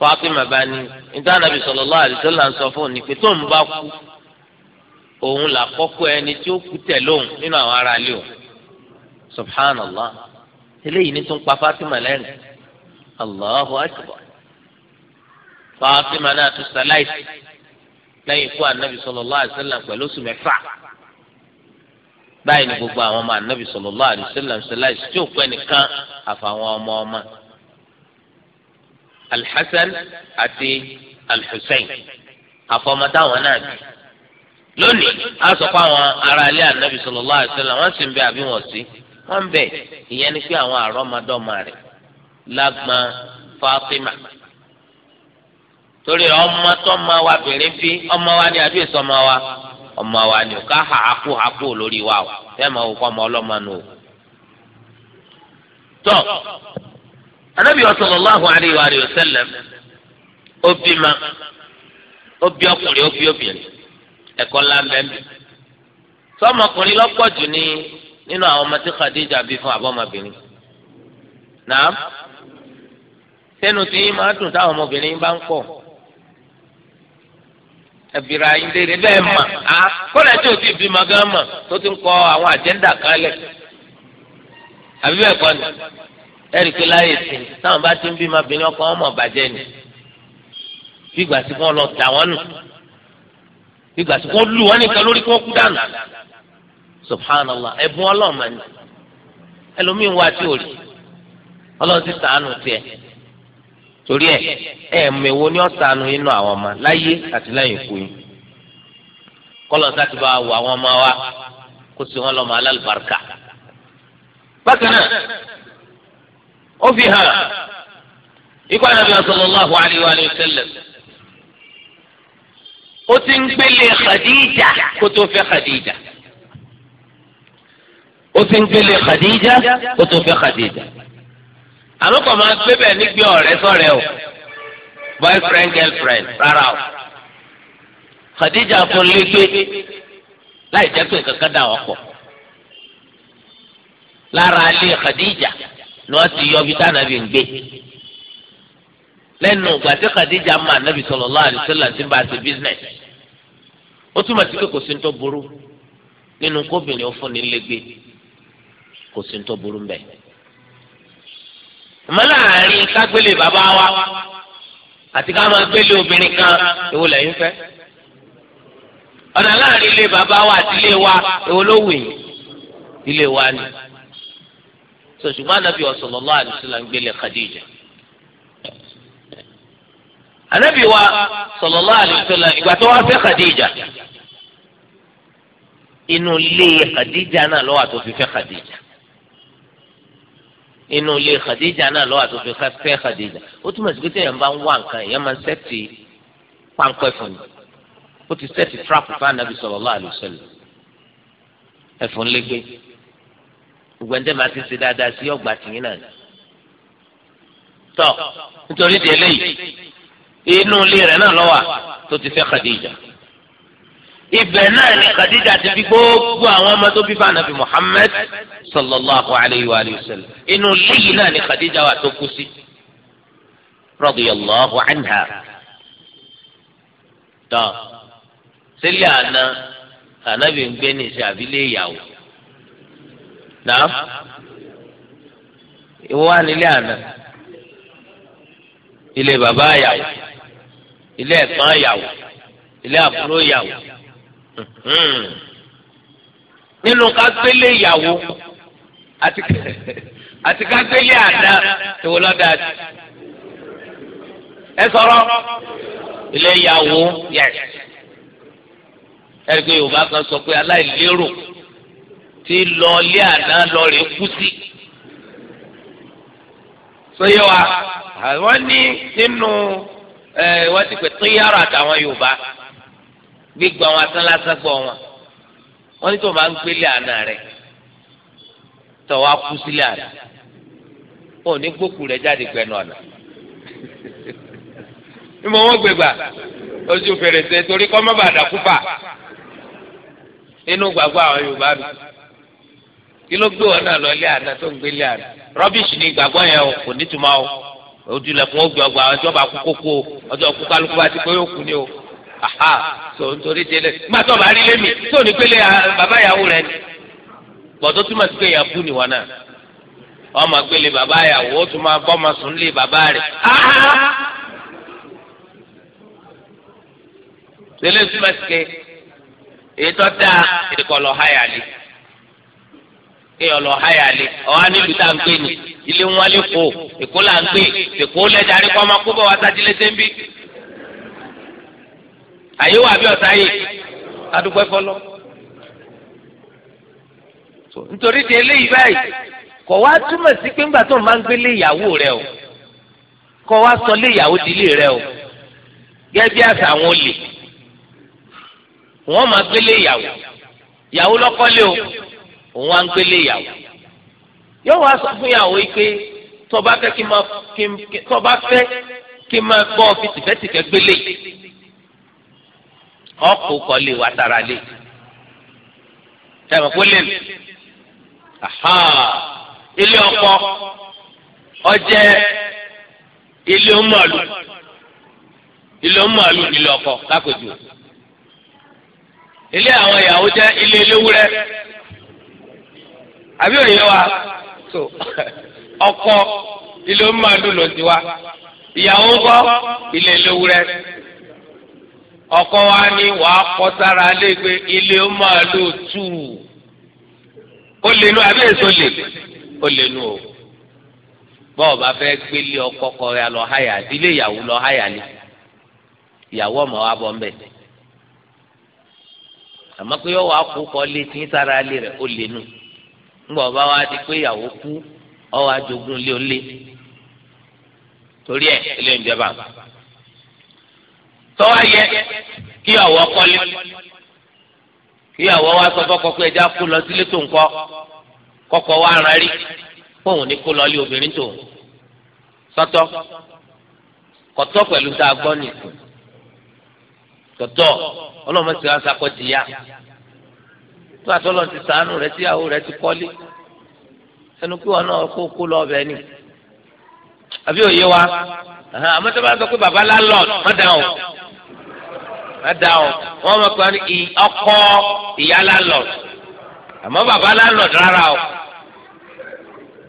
B: Fatima bá ní níta nàbì sallallahu alaihi wasallam sọ fún òní pé tó ń bá kú òun là kọ́kọ́ ẹni tí ó kú tẹ̀ lóhùn nínú àwọn ará ilé òun subhanallah eléyìí ní tún pa Fatima lẹ́nu allahu akbar Fatima náà tún sàlàyé lẹ́yìn fún anabi sallallahu alaihi wasallam pẹ̀lú oṣù mẹ́fà. báyìí ni gbogbo àwọn ọmọ anabi sallallahu alaihi wasallam ṣaláìsí tí ò pẹ́ nìkan àfàwọn ọmọ ọmọ alḥasan àti alḥusain àfọmọ táwọn náà bí
A: lónìí a sọ pé àwọn ará ilé anabi sallallahu alaihi wasallam wọ́n
B: sì ń bẹ àbí wọ́n sí wọ́n bẹ ìyẹn ni pé àwọn àrọ́mọdọ́mọ rẹ̀ lágbọn Fatima torí ọmọ tó ma wa bèrè bí ọmọ wa ni àbí ìsọmọ wa. ọmọ wa ni ò ká ha akó ha kó lórí wa o fẹ́ máa wò kọ́ ọmọ ọlọ́mọ nù o. tọ́ anábì sallallahu ma ó ọkùnrin ó Ekola obìnrin ẹ̀kọ́ ńlá ń nínú àwọn ọmọ tí Khadija bí fún abọ́mọbìnrin náà sẹ́nu tí máa dùn táwọn ẹbìrì ayé léèrè bẹ́ẹ̀ mà á kọ́lẹ̀ tí o ti bímọ mà tó ti ń kọ àwọn àjẹ́ndà kalẹ̀ àbí bẹ́ẹ̀ kọ́ ni ẹ̀rì pé láyé sí táwọn bá ti ń bímọ ọkọ ọmọ bàjẹ́ ni bí tí wọ́n lọ dà wọ́n nù tí wọ́n lù wọn nìkan lórí kí torí ẹ ẹ mẹwo ni ọsànù inú àwọn ọmọ láyé àti lẹ́yìn ikú yìí kọlọsà ti bá wọ àwọn ọmọ wa kó sì wọn lọmọ alálùbáríkà bákan náà ó fi hàn ikú anabi sallallahu alayhi wa sallam ó ti ń gbélé Khadija kó tó fẹ́ Khadija ó ti ń gbélé Khadija kó tó fẹ́ Khadija àmọ́ kò máa gbé bẹ́ẹ̀ nígbé ọ̀rẹ́ sọ̀rẹ́ o boyfriend girlfriend rárá o Khadija fún lẹ́gbẹ́ láì jẹ́ pé kankan dà wọ́n pọ̀ lára alẹ́ Khadija ni wọ́n ti yọ ibi tá ànábì ń gbé lẹ́nu ìgbà tí Khadija máa ànábì sallallahu alaihi wasallam tí ń bá ṣe business. ó túmọ̀ sí pé kò sí ní tó burú nínú kóbìnrin ó fún ní lẹ́gbẹ́ kò sí ní tó burú ń bẹ́ẹ̀ àmọ́ láàrin kágbélé bàbá wa àti ká máa gbélé obìnrin kan èwo lẹ́yìn fẹ́
A: ọ̀nà láàrin ilé bàbá wa àti ilé wa èwo ló wù yín
B: ilé wa ni sọ̀tùmọ́ anábì sallallahu alaihi wasallam ń gbélé Khadija anabi wa sallallahu alaihi wasallam ìgbà tó wá fẹ́ Khadija inú ilé Khadija náà ló wà tó fẹ́ Khadija inú ilé Khadija náà lọ́wọ́ àti òfin fẹ́ Khadija ó túmọ̀ sí pé téèyàn bá ń wá nǹkan èèyàn máa ń sẹ́ẹ̀tì páńpẹ́ fún mi ó ti sẹ́ẹ̀tì trap fún anabi sallallahu alaihi wasallam ẹ̀fọn lẹ́gbẹ́ gbogbo ẹ̀ńtẹ́ máa ti ṣe dáadáa sí ọgbà tìyín náà tọ́ nítorí ti eléyìí
A: inú ilé rẹ̀ náà lọ́wọ́
B: tó ti fẹ́ Khadija ibẹ̀ náà ni Khadija ti fi gbogbo àwọn ọmọ tó bí fa nàbì Muhammad sallallahu alayhi wa sallam inú léyìí náà ni Khadija wà tó kú sí radiyallahu anha tọ́ sílẹ̀ àná ànábì ń gbé ní ìṣe àbílẹ̀ ìyàwó náà ìwọ wà àná ilé bàbá ìyàwó ilé ẹ̀gbọ́n ìyàwó ilé àbúrò ìyàwó. Hmm. nínú kágbélé ìyàwó àti kágbélé àdá ìwò lọ́dà ẹ sọ̀rọ̀ ilé ìyàwó yẹs ẹgbẹ́ Yorùbá kan sọ pé aláìlérò Ti lọ ilé àdá lọ rè kú sí sọyẹ wa ní nínú ẹ ti pè tún yàrá àtàwọn Yorùbá. gbígbọ́ wọn asán lásán gbọ́ wọn wọ́n ní tó máa ń gbélé àná rẹ̀ tọ́ wa kú sílé àná ò ní gbókù rẹ̀ jáde gbẹnu ọ̀nà níbo wọn gbégbà ojú fèrèsé torí kọ́ mọ́ bàdà kúfà nínú gbàgbọ́ àwọn Yorùbá mi kí ló gbé wọn náà lọ àná tó ń gbélé àná rọ́bìṣì ni ìgbàgbọ́ yẹn kò nítumọ̀ o ojúlẹ̀kùn ó gbé ọgbà ọjọ́ bá kú kókó ọjọ́ kú kálukú bá ti pé yóò kú ni o. aha so ń torí tẹ́lẹ̀ gbàtọ bá rí lémi tó ní pélé ah, bàbá ìyàwó rẹ ni bọdọ tó máa ti pé ìyàbú ni wọn náà ọmọ gbélé bàbá ìyàwó ó tún máa bọ́ ọmọ sùn lé bàbá rẹ tẹ́lẹ̀ tó máa ti pé èyí tó dáa lọ háyà lé kéèyàn lọ háyà lé nílùú tá ni ilé wọn lè kó èkó là ń gbé èkó lẹ́jà rí kọ́ ọmọ kó àyè wà bí ọ̀tá yìí adúgbò fọlọ́. nítorí ti eléyìí báyìí kò wá túmọ̀ sí pé ńgbà tó ń gbélé rẹ o kò sọ lé ìyàwó dílé rẹ o gẹ́gẹ́ bí àṣà àwọn olè wọ́n máa gbélé ìyàwó ìyàwó lọ́kọ́lé o òun ń gbélé sọ fún ìyàwó yìí tọba fẹ́
A: kí n máa gbélé
B: ọkọ kọlé wa tara lé sẹ́mi kó lè ilé ọkọ ọjẹ́
A: ilé ọmọlú
B: ilé ọmọlú nílé ọkọ lápẹjù ilé àwọn ìyàwó jẹ́ ilé eléwúrẹ́ àbí òye wa so ọkọ ilé ọmọlú ló ti wá ìyàwó ńkọ́ ilé eléwúrẹ́. ọkọ wa ni wàá kọ sára léegbe ilé ó máa lò tù ó lè nu àbí èso lè ó lè nu o bọ́ọ̀ bá fẹ́ gbélé ọkọ kọ ya lọ háyà ilé ìyàwó lọ háyà ni ìyàwó ọmọ wa bọ̀ mbẹ́ àmọ́ pé ọwọ́ akókọ lé tí sára lé rẹ̀ ó lè nu ńgbọ̀ bá wa di pé ìyàwó kú ọwọ́ ajogun lé ó lé torí ẹ̀ ilé ìjọba. sọ́wọ́ yẹ
A: kí ọ̀wọ́ kọ́lé
B: kí ọ̀wọ́ wa sọ fọ́kọ pé ẹja kú lọ sílé tó ń kọ́ kọ́kọ́ wa ara rí fóun ní kó lọ lé obìnrin tó ń sọ́tọ́ kọ́tọ́ pẹ̀lú tá a gbọ́ nìkan tọ̀tọ̀ ọlọ́mọ sì wá sakọ jìyà tó àtọ́lọ́ ti sànù rẹ tíyàwó rẹ ti kọ́lé ẹnu kí wọn náà kó kó lọ ọbẹ̀ ni àbí òye wa àmọ́ tó bá sọ pé baba landlord má dáhùn ẹ̀dá o wọ́n mọ̀ pé ọkọ ìyá landlord àmọ́ bàbá landlord rárá o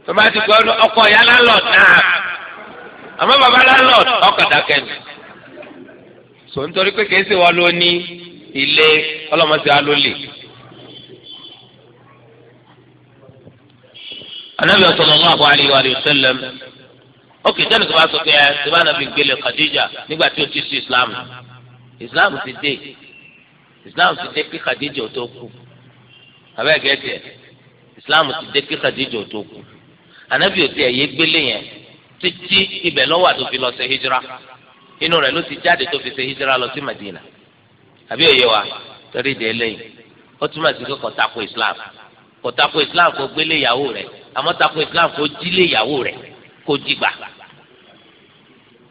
B: tó bá ti ọkọ ìyá landlord náà àmọ́ bàbá landlord ọkọ̀ so sọ nítorí pé kìí wọn ló ní ilé ọlọ́mọdé wa ló lè.
A: anabi sallallahu alayhi wa sallam
B: ó kì í sẹ́ni tó bá sọ pé ẹ tó bá nàbí gbélé Khadija nígbà tí ó ti Islam. islam ti de islam ti dé kí Khadija ò tó kú abẹ́ gẹ́tẹ̀ islam ti dé kí Khadija tó kú anabi ò tiẹ̀ yé gbélé yẹn títí ibẹ̀ lọ́wọ́ lọ ṣe hijira inú rẹ̀ ló ti jáde tó fi se hijira lọ sí Madina àbí òye wa torí ìdè eléyìí ó túmọ̀ sí kó kọ̀tàkù islam islam kó gbélé ìyàwó rẹ̀ àmọ́ tako islam kó jílé ìyàwó rẹ̀ kó jígbà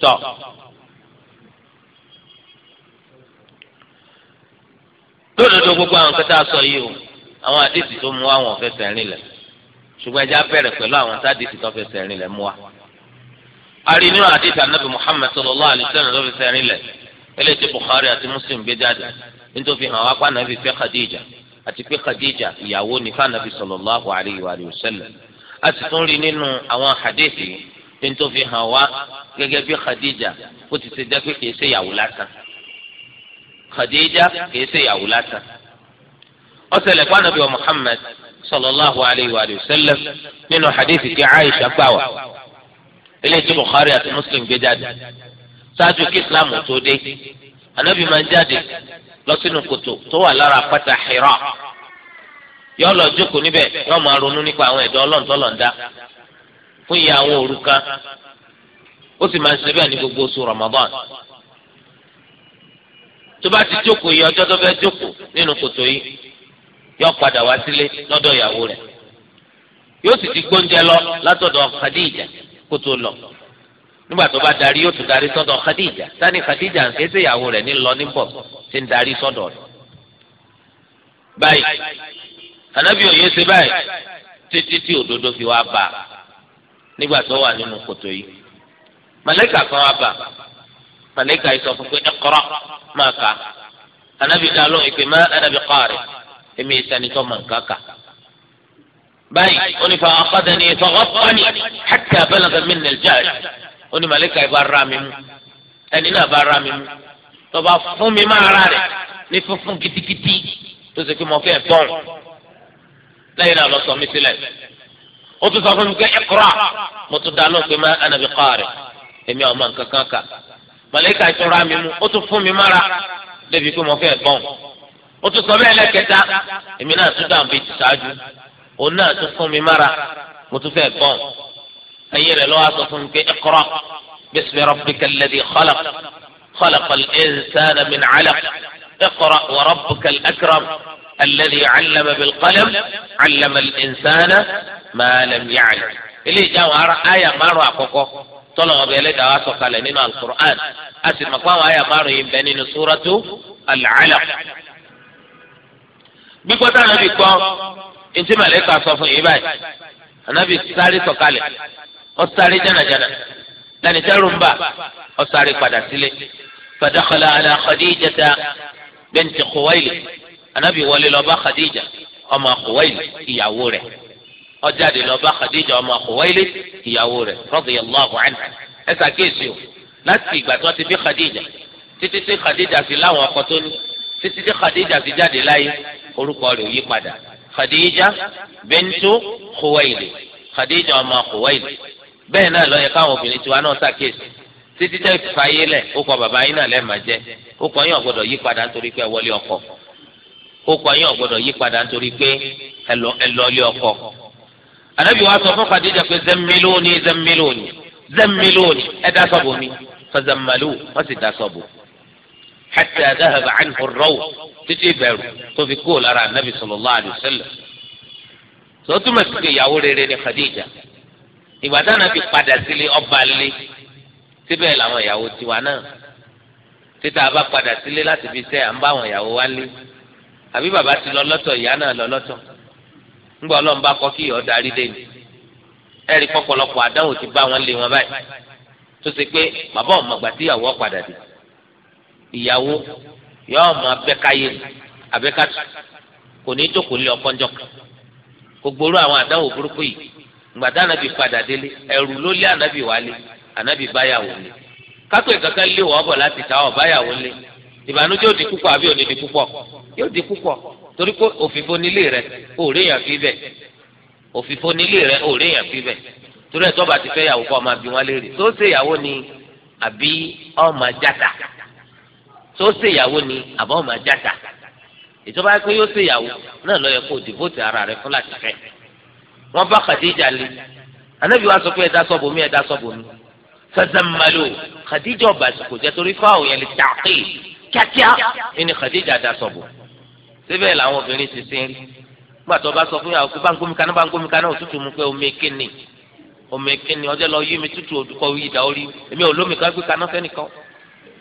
B: tọ́ lódodo gbogbo àwọn kẹta sọ yìí o àwọn àdìsí tó mú àwọn fẹsẹ̀ rìn lẹ̀ ṣùgbọ́n ẹja bẹ̀rẹ̀ pẹ̀lú àwọn sádìsí tó fẹsẹ̀ rìn lẹ̀ mú wa. a rí nínú àdìsí anábì Muhammad sallallahu alaihi wasallam tó fẹsẹ̀ rìn lẹ̀ eléyìí tí Bukhari àti Muslim gbé jáde nítorí fi hàn wá pa nàbì fẹ́ Khadija àti pé Khadija ìyàwó ní fànàbì sallallahu alaihi wasallam a sì tún Khadija kìí ṣe ìyàwó lásán ọsẹlẹ fún anabi wa Muhammad sallallahu alayhi wa sallam nínú hadith ti Aisha gbàwà eléyìí tí Bukhari àti Muslim gbé jáde
A: ṣáájú kí Islam
B: tó dé anabi máa ń jáde lọ sínú kòtò tó wà lára pátá Hira yóò lọ jókòó níbẹ̀ yóò máa ronú nípa àwọn ẹ̀dá ọlọ́ọ̀tọ́lọ́ọ̀dá fún iye àwọn òru ó sì máa ń ṣe ní gbogbo oṣù Ramadan tó bá ti jókòó yìí ọjọ́ tó fẹ́ jókòó nínú kòtò yìí yọ padà wá sílé lọ́dọ̀ ìyàwó rẹ̀ yóò sì ti gbóúnjẹ lọ látọ̀dọ̀ Khadija kó tó lọ nígbà tó bá darí yóò tún darí sọ́dọ̀ Khadija sani Khadija ń fẹsẹ̀ ìyàwó rẹ̀ ní lọ níbọ̀ ti ń darí sọ́dọ̀ rẹ̀ báyìí anabi òye ṣe báyìí títí tí òdodo fi wá bá a nígbà tó wà nínú kòtò yìí màlẹ́kà kan wá bá a màlẹ́kà yìí sọ fún pé ẹ iqra máa kà anabi dá lóhùn ìpè má anabi qari èmi ìsanitọ́ máa ń kàkà. báyìí ó ní fa aqadani fa ghaffani
A: hatta balagha minni
B: al-jahd ó ní màlíkà ìbá ra mi mú ẹni náà bá ra mi mú tọba fún mi máa ra rẹ̀ ní funfun kitikiti tó ṣe pé mo fẹ́ tán lẹ́yìn náà lọ sọ mí sílẹ̀ ó tún sọ fún mi pé iqra
A: mo tún dá lóhùn pé má anabi
B: qari èmi ọ̀ mọ̀lẹ́kà ìṣọ́ra mi mú ó tún fún mi mára débi pé mo fẹ́ bọ́n ó tún sọ bẹ́ẹ̀ lẹ́kẹta
A: èmi náà tún dàn bí ti
B: ṣáájú òun náà tún fún mi mára mo tún fẹ́ bọ́n ẹ̀yin rẹ̀ lọ́wọ́ sọ fún mi pé iqra bismi rabbika alladhi khalaq khalaqal insana min alaq iqra wa rabbukal akram alladhi 'allama bil qalam 'allama al insana ma lam ya'lam ilé ìjà àwọn ará àyà márùn àkọ́kọ́. tọ́lọ̀ ọbẹ̀ ẹlẹ́dàá wa sọ̀kalẹ̀ nínú alukur'an a sì mọ̀ pé àwọn àyà márùn yìí ń bẹ nínú súrọ́tù al-alaq. gbígbọ́ tá ànábì kọ́ etí màlẹ́kà sọ fún yìí báyìí ànábì sáré sọ̀kalẹ̀ ó sáré jànàjànà lẹ́ni tẹ́rù ń sáré padà sílé. fadakhala ala khadijata binti khuwaili ànábì wọlé lọ bá ọmọ khuwaili ìyàwó rẹ̀ ọjáde lọ bá Khadija ọmọ Khuwailid ìyàwó rẹ̀ radiyallahu anha ẹ ṣàkíyèsí o láti ìgbà tí wọ́n ti bí Khadija títí tí Khadija fi láwọn ọkọ tó ní títí tí Khadija fi jáde láyé orúkọ rẹ̀ ò yí padà Khadija bintu Khuwailid Khadija ọmọ Khuwailid bẹ́ẹ̀ náà ló yẹ káwọn obìnrin tiwa náà ṣàkíyèsí títí tẹ́ fàyè ó kọ bàbá yín náà lẹ́ẹ̀ma jẹ́ ó kọ yín ọ̀gbọ́dọ̀ anabi wa sọ fún Khadija pé zẹmílóni zẹmílóni zẹmílóni ẹ dá sọ́bù mi fọzẹmàlú wọ́n sì dá sọ́bù hatta dhahaba anhu ar-raw títí ìbẹ̀rù tó fi kúrò lára anabi sallallahu alayhi wa sallam tó túmọ̀ sí pé ìyàwó rere ni Khadija ìgbà táwọn fi padà sílé ọba lé síbẹ̀ làwọn ìyàwó tiwa náà títà bá padà sílé láti fi sẹ́ à ń bá àwọn ìyàwó wá lé àbí bàbá ti lọ lọ́tọ̀ ìyá náà lọ lọ́tọ̀ ńgbà ọlọ́run bá kọ́ kí ọ̀darí dé ni ẹ̀rí pọ̀pọ̀lọpọ̀ àdáhùn ti bá wọn lé wọn báyìí tó ṣe pé bàbá ọ̀mọ̀ gbà tí ìyàwó padà dé ìyàwó yóò mọ abẹ́káyé abẹ́kátù kò ní jókòó lé ọkọ ńjọ kan gbogbo orú àwọn àdáhùn burúkú yìí gbàdá ànábì padà délé ẹrù ló lé ànábì wálé ànábì báyàwó lé kátó ìkankan lé wọ́n bọ̀ láti ta ọ̀ báyàwó lé ìbànújẹ́ òdì púpọ̀ àbí òní púpọ̀ yóò di púpọ̀ torí pé òfìfo nílé rẹ òòrè yàn fi bẹ òfìfo nílé rẹ òòrè yàn fi bẹ torí ẹ̀ tó bá ti fẹ́ yàwó kọ́ máa bí wọn léèrè tó ṣe ìyàwó ni àbí ọmọ játa tó ṣe ìyàwó ni àbọ̀ ọmọ játa ìjọba pé yóò ṣe ìyàwó náà ló yẹ kó dìbòtì ara rẹ fún láti fẹ́ wọn bá Khadija lé anábì wa sọ pé ẹ̀dá sọ́bù mi ẹ̀dá sọ́bù mi sazamalo Khadija ọba àsìkò jẹ torí fáwọn yẹn lè tààkì kíákíá ẹni Khadija dá sọ́bù mi síbẹ̀ làwọn obìnrin ti sin rí nígbà tó bá sọ fún yàrá pé bá ń gbómi kaná bá ń gbómi kaná òtútù mu pé omi kíni omi kíni ọjọ́ lọ yí mi tútù òdùkọ yí ìdá orí èmi ò lómi kan gbé kaná fẹ́nìkan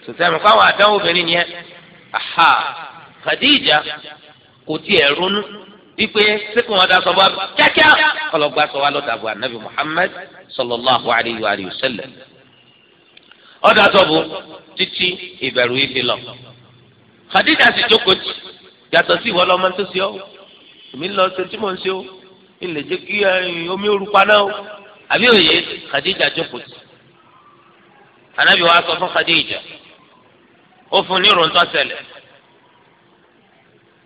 B: sòtẹ́ fáwọn àdáwọ̀ obìnrin yẹn aha Khadija kò tiẹ̀ ronú wípé sẹ́kùn ọ̀dà sọ̀bọ̀ kíákíá ọlọ́gbà sọ wa lọ́dà bu anabi Muhammad sallallahu alayhi wa sallam ọ̀dà sọ̀bọ̀ títí ìbẹ̀rù ìfilọ̀ Khadija sì jókòó yàtọ̀ sí ìwọ lọ́mọ tó ṣe ọ́ èmi ń lọ ṣe tí mò ń ṣe ó ilé jẹ́ kí omi òrùpa náà àbí òye Khadija jókòó sí anabi wa sọ fún Khadija ó fún ní ìròntọ́ ṣẹlẹ̀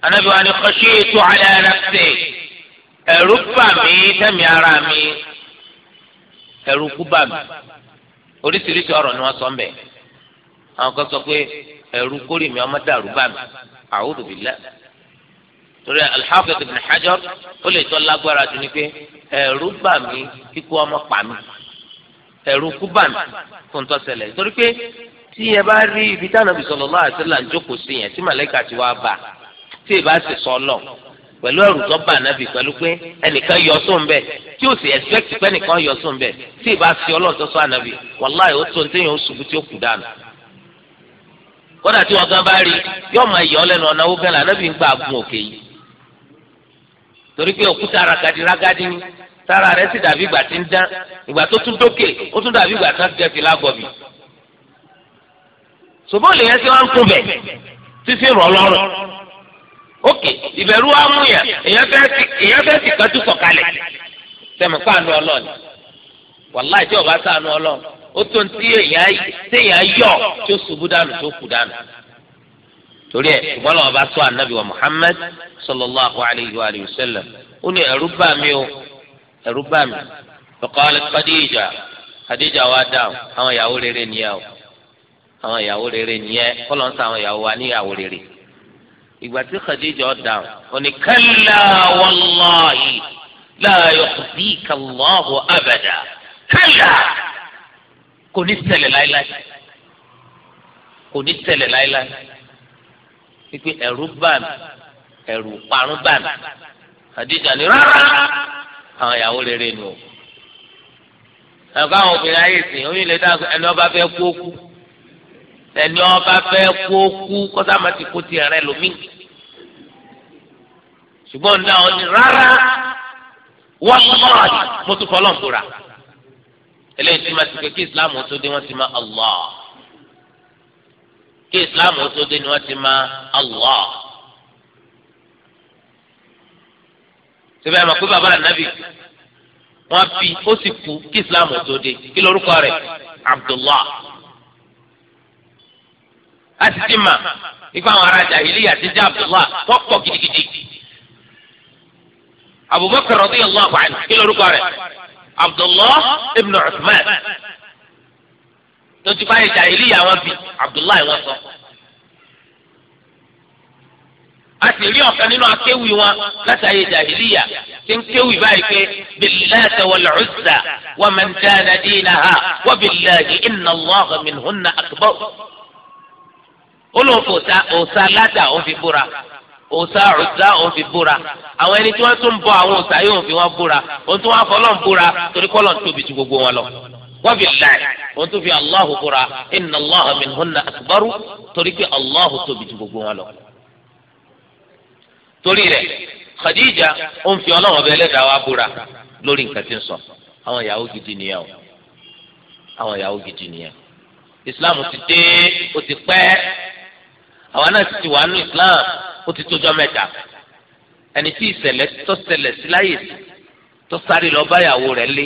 B: anabi wa ni khashitu ala nafsi ẹ̀rù bà mí tẹ̀mí ara mi ẹ̀rù kú bà mí oríṣiríṣi ọ̀rọ̀ ni wọ́n sọ ń bẹ̀ àwọn kan sọ pé ẹ̀rù kórìí mi ọmọ dàrú bà mí a'udhu billah torí al-Hafiz ibn Hajar ó lè tọ́ lágbára jù ní pé ẹ̀rù bà mí kíkú ọmọ pa mí ẹ̀rù kú bà mí kó n tọ́ ṣẹlẹ̀ torí pé tí ẹ bá rí ibi tí Ànábì sallallahu alaihi wasallam ń jókòó sí yẹn tí màlẹ́kà ti wá bà tí ì bá sì sọ lọ pẹ̀lú ẹ̀rù tó bà nábì pẹ̀lú pé ẹnìkan yọ sóun bẹ́ẹ̀ tí ó sì expect pé ẹnìkan yọ sóun bẹ́ẹ̀ tí ì bá sí ọlọ́ọ̀tọ́sọ ànábì wàláì ó tó ní téèyàn ó ṣubú tí ó kù dànù kódà tí wọn gan bá rí yóò máa ọ ọ̀nà owó gánà anábì ń gbà gun òkè yìí torí pé òkúta ragadi ragadi ni tára rẹ̀ sì dàbí ìgbà tí ń dán ìgbà tó tún dókè ó tún dàbí ìgbà tán jẹ fìlà ṣùgbọ́n lè yẹn tí wọ́n ń kún bẹ̀ fífi rọ̀ lọ́rùn ìbẹ̀rù ó tó ń tí èèyàn yọ tí ó ṣubú dànù tó kù dànù torí ẹ ṣùgbọ́n lọ́wọ́ bá sọ ànábì wa Muhammad sallallahu alayhi wa sallam ó ní ẹ̀rú bá mi o ẹ̀rú bá mi lọ́kọ́lẹ́ Khadija Khadija wa dáhùn àwọn ìyàwó rere nìyẹn o àwọn ìyàwó rere nìyẹn kọ́lọ́ ń sọ àwọn ìyàwó wa níyàwó rere ìgbà tí Khadija dáhùn ó ní kalla wallahi la yukhzika Allahu abada kalla kò ní ṣẹlẹ̀ láéláé kò ní ṣẹlẹ̀ láéláé pípé ẹ̀rù bà mí ẹ̀rù parun bà mí àdìjà ni rárá àwọn ìyàwó rere nù o ẹ̀ka àwọn obìnrin ayé sìn oyún ilé dáhùn ẹni ọba fẹ́ kú ókú ẹni ọba fẹ́ kú ókú kọ́sá máa ti kó tiẹ̀ rẹ lómi ṣùgbọ́n náà ọ ní rárá wọ́n mọ̀ ọ́ mo tún fọlọ́ ń
A: eléyìí tí ma ti pé kí
B: islam ó tó dé wọ́n ti ma allah kí islam ó tó dé ni wọ́n ti ma allah síbẹ̀ ẹ̀ mọ̀ pé bàbá ànábì wọ́n fi ó sì kú kí islam ó tó dé kí lórúkọ rẹ̀ abdullah a sì ti mà ikú àwọn ará jahiliya ti jẹ́ abdullah wọ́n pọ̀ gidigidi abubakar radiyallahu anhu kí lórúkọ rẹ̀. عبد الله ابن عثمان تنتي فاي جاهلية وبي عبد الله وصف أسي ليه كان كوي وان لسا هي جاهلية كن كوي بايك باللات والعزة ومن كان دينها وبالله إن الله منهن أكبر قلوا فوتا أوسالاتا أو في بره o òòṣà òun fi búra àwọn ẹni tí wọ́n tún bọ àwọn òòṣà yóò fi wọ́n búra òun tún wọ́n bura búra torí kọ́lọ̀ tóbi ju gbogbo wọn lọ
A: wọ́n fi láì òun tún fi Allahu búra inna Allaha minhunna
B: akbaru torí pé tóbi ju gbogbo wọn lọ. torí Khadija ó fi ọlọ́wọ́n bẹ ẹlẹ́dàá wa búra lórí nǹkan tí ń sọ o àwọn ìyàwó gidi nìyẹn Islam ti dé ti pẹ́ àwọn náà ti ó ti tójọ́ mẹ́ta ẹni tí ìṣẹ̀lẹ̀ tó ṣẹlẹ̀ sí láyè tó sáré lọ báyàwó rẹ̀ lé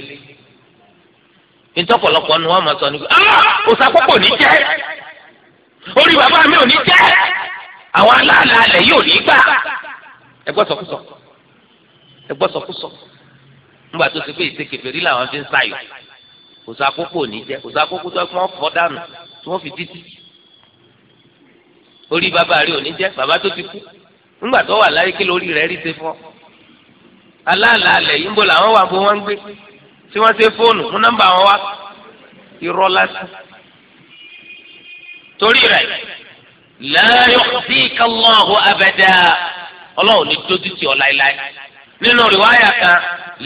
B: ntọ́pọ̀lọpọ̀ ni wọ́n máa sọ nípa ah,
A: òsàkókò ní jẹ́
B: orí bàbá mi ò ní jẹ́ àwọn aláàlẹ̀ yóò ní gbà ẹgbọ́ sọkúsọ ẹgbọ́ sọkúsọ nígbà tó ti pé ìsekèfèrí làwọn fi ń sayò òsàkókò ní jẹ́ òsàkókò tó fọ́ dànù tí wọ́n fi títí orí bàbá rẹ ò ní jẹ bàbá tó ti kú ńgbà tó wà láyé kí lórí rẹ rí ṣe fún ọ aláàlá alẹ yìí ń bọ làwọn wà bó wọn ń gbé tí wọn ṣe fóònù mú nọ́mbà wọn wá irọ́ lásán torí rẹ láyọ sí kálọ́ọ̀hù abẹ́dá ọlọ́run ní dójú tì ọ láéláé nínú rìwáyà kan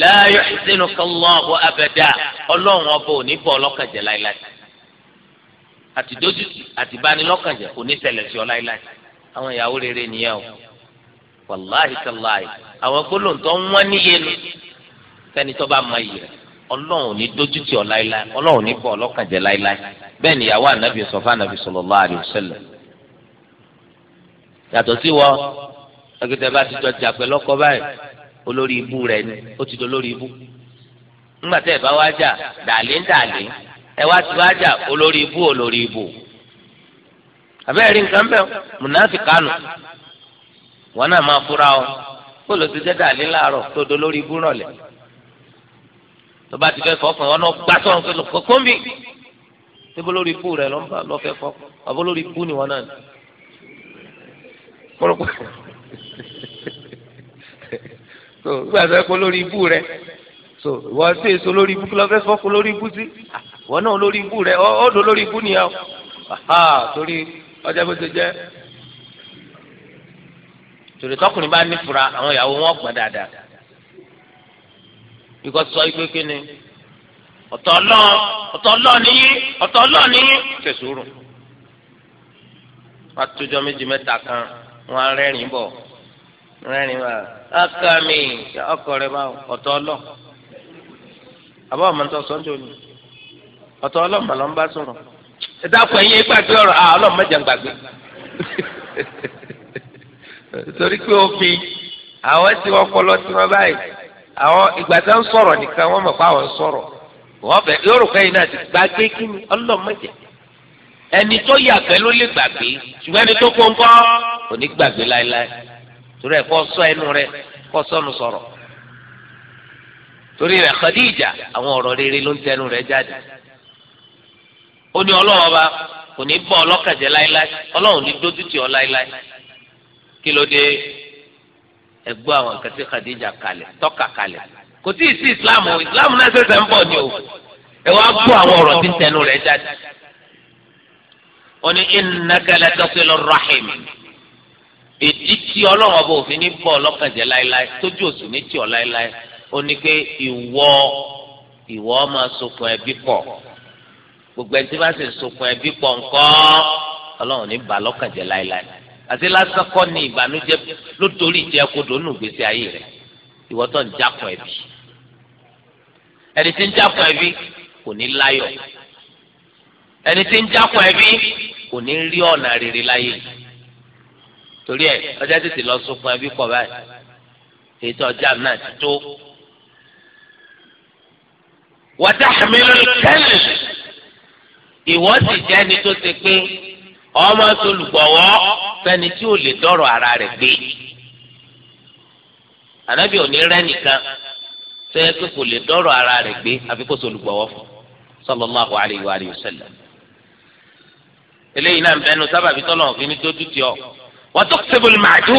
B: láyọ sínú kálọ́ọ̀hù abẹ́dá ọlọ́run ọba ò ní bọ̀ ọlọ́kàjẹ́ láéláé àti dójútì àti banilọ́kànjẹ́ kò ní ṣẹlẹ̀ sí ọ láíláí àwọn ìyàwó rere nìyẹn o wàláhì tàláhì àwọn gbólóńtọ́ wọ́n níye nu fẹ́ni tó bá mọ iyì rẹ̀ ọlọ́run ò ní dójútì ọ láíláí ọlọ́run ò ní bọ̀ ọlọ́kànjẹ́ láíláí bẹ́ẹ̀ ni ìyàwó ànábì sọ fún ànábì sallallahu alaihi wasallam yàtọ̀ sí wọ ẹgbẹ́tẹ̀ bá ti jọ jà lọ́kọ báyìí olórí ibú rẹ̀ ni ẹ wá ti wájà olórí ibú olórí ibú àbẹ́rẹ́ rí nǹkan bẹ́ẹ̀ mùnàfíkánù wọn náà máa fura ọ kó ló ti jẹ́ dàlí láàárọ̀ tó do lórí ibú rọ̀lẹ́ tó bá ti fẹ́ fọkàn ọ náà gbá sọ̀rọ̀ pé lọ́kọ̀ kọ́ńbì síbi lórí ibú rẹ̀ lọ́fẹ́ fọkàn àbọ̀ lórí ibú ni wọn náà ní kpọlọpọ so gbàgbé kó lórí ibú rẹ̀ so wọ́n ṣe èso lórí ibú kí lọ́fẹ́ fọ́kù lórí ibú sí wọn náà lórí ibú rẹ ó dò lórí ibú nìyẹn torí ọjà bó ṣe jẹ torí tọkùnrin bá ní fura àwọn ìyàwó wọn gbọ́n dáadáa ikọ sọ ikpe kini ọ̀tọ̀ lọn ọ̀tọ̀ lọn nìyí ọ̀tọ̀ lọn nìyí tẹsùrù wọn atújọ méjì mẹ́ta kan wọn rẹ́rìn bọ̀ rẹ́rìn bọ̀ ọkọ mi ọkọ rẹ bá ọ̀tọ̀ lọ àbọ̀ ọmọ tó sọ ń ọ̀tọ̀ ọlọ́mọ ló ń bá sọ̀rọ̀ ẹ dákun ẹ̀yin ẹ ah, gbàgbé ọ̀rọ̀ à ọlọ́mọ mẹ́jọ ń gbàgbé torí pé òfin àwọn tí wọ́n kọlọ́ tí wọ́n báyìí àwọn ìgbà tí wọ́n sọ̀rọ̀ nìkan wọ́n mọ̀ pé àwọn sọ̀rọ̀ wọ́n bẹ̀ yóò rò kẹ́yìn náà ti gbàgbé kí ni ọlọ́mọ mẹ́jọ ẹni tó yàgbẹ́ ló lè gbàgbé ṣùgbọ́n ẹni tó kó ń kọ́ kò ní gbàgbé láéláé torí ẹ̀ kọ́ sọ ẹnu rẹ kọ́ sọnù sọ̀rọ̀ torí rẹ̀ Khadija àwọn ọ̀rọ̀ rere ló ń tẹnu rẹ̀ jáde ó ní ọlọ́wọ́ bá kò ní bọ́ ọlọ́kàjẹ́ láéláé ọlọ́run ní dójútì ọ láéláé kí ló dé ẹgbọ́ àwọn nǹkan tí Khadija kalẹ̀ tọ́ka kalẹ̀ kò tí ì sí Islam o Islam náà ṣẹ̀ṣẹ̀ ń bọ̀ ni o ẹ wá gbọ́ àwọn ọ̀rọ̀ tí ń tẹnu rẹ̀ jáde ó ní innaka latasilur rahim ìdí tí ọlọ́run ọba òfin ní bọ́ ọlọ́kàjẹ́ láéláé tójú òsì ní tì ọ láéláé ó ní pé ìwọ ìwọ máa sokùn ẹbí pọ̀ gbogbo ẹni tí bá sì sunkún ẹbí pọ̀ ńkọ́ ọlọ́run ní bà lọ́kàn jẹ́ láéláé àti lásán kọ́ ni ìbànújẹ́ ló torí ìjẹ́ kodò nù gbèsè ayé rẹ̀ ìwọ tó ń jákun ẹbí ẹni tí ń jákun ẹbí kò ní láyọ̀ ẹni tí ń jákun ẹbí kò ní rí ọ̀nà rere láyé torí ẹ ọjọ́ tètè lọ sunkún ẹbí pọ̀ báyìí èyí ọjà náà ti tó. wàtá àmì lórí kẹ́lẹ̀ ìwọ sì jẹ́ni tó ṣe pé ọmọ solùgbọ̀wọ́ fẹ́ni tí ò lè dọ́rọ̀ ara rẹ̀ gbé ànábì òní rẹ́ nìkan tó yẹ pé kò lè dọ́rọ̀ ara rẹ̀ gbé àfi kó solùgbọ̀wọ́ fún sallallahu alayhi wa sallam eléyìí náà bẹnu sábàbí tọ́lọ̀ òfin ní tó dúdú ọ wọ́n tó kébùlù màdù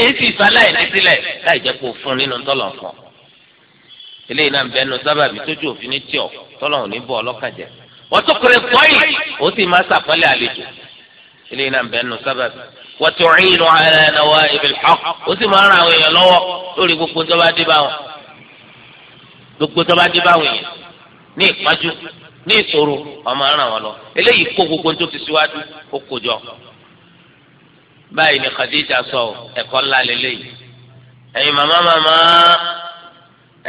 B: èyí sì sáláì ní sílẹ̀ láì jẹ́ kó fún nínú tọ́lọ̀ fún eléyìí náà bẹnu sábàbí tójú òfin ní tí tọ́lọ̀ òní bọ̀ ọlọ́kàjẹ́ wọ́túkùrẹ́ pọ́ì ó sì máa sàpọ́lẹ̀ àlejò eléyìí náà bẹ́ẹ̀ nù sábàbí wọ́túrìn ala nawa'ib al-haqq ó sì máa ràn àwọn èèyàn lọ́wọ́ lórí gbogbo tó bá dé bá wọn gbogbo tó bá dé bá wọn yẹn ní ìpájú ní ìṣòro ọmọ ràn wọn lọ eléyìí kó gbogbo tó ti síwájú ó kó jọ báyìí ni Khadija sọ ẹ̀kọ́ ńlá lélẹ́yìí ẹ̀yin màmá màmá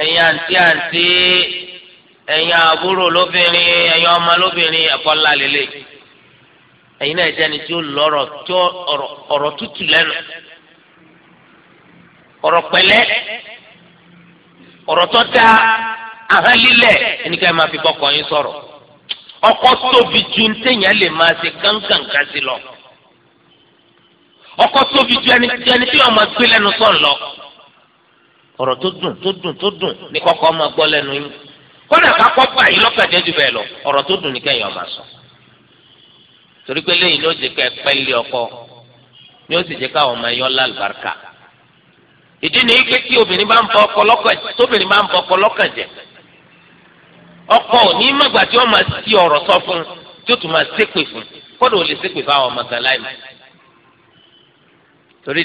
B: ẹ̀yin àǹtí àǹtí. ẹ̀yin àbúrò lóbìnrin ẹ̀yin ọmọ lóbìnrin ẹ̀kọ́ lele lélẹ̀ ẹ̀yin náà jẹ́ni tí ó ọrọ tí ọ̀rọ̀ tútù lẹ́nu ọrọ pẹ̀lẹ́ ọ̀rọ̀ tó dáa ahọ́n lílẹ̀ ẹnikẹ́ni máa ọkọ tóbi ju ntẹ̀yìn lè máa ṣe gángàn lọ ọkọ tóbi ju ẹni tí ẹni tí lọ ọrọ tó dùn tó dùn tó dùn ní kọ́kọ́ máa gbọ́ lẹ́nu yín. kọ́nà ká kọ́ bá yìí lọ́kàjẹ́ jù bẹ́ẹ̀ lọ ọ̀rọ̀ tó dùn ní kẹ́yìn ọmọ sọ. torí pé lẹ́yìn ló jẹ́ ká pẹ́ lé ọkọ ni ó sì jẹ́ ká ọmọ yọ lálùbáríkà. ìdí ni pé tí obìnrin bá ń bọ ọkọ lọ́kàjẹ́ tóbìnrin bá ń bọ ọkọ lọ́kàjẹ́ ọkọ ò ní mọ̀gbà tí wọ́n máa ti ọ̀rọ̀ sọ fún tí ó tún máa ṣépè fún kọ́dọ̀ ò lè ṣépè fáwọn ọmọ gan láì mọ̀. torí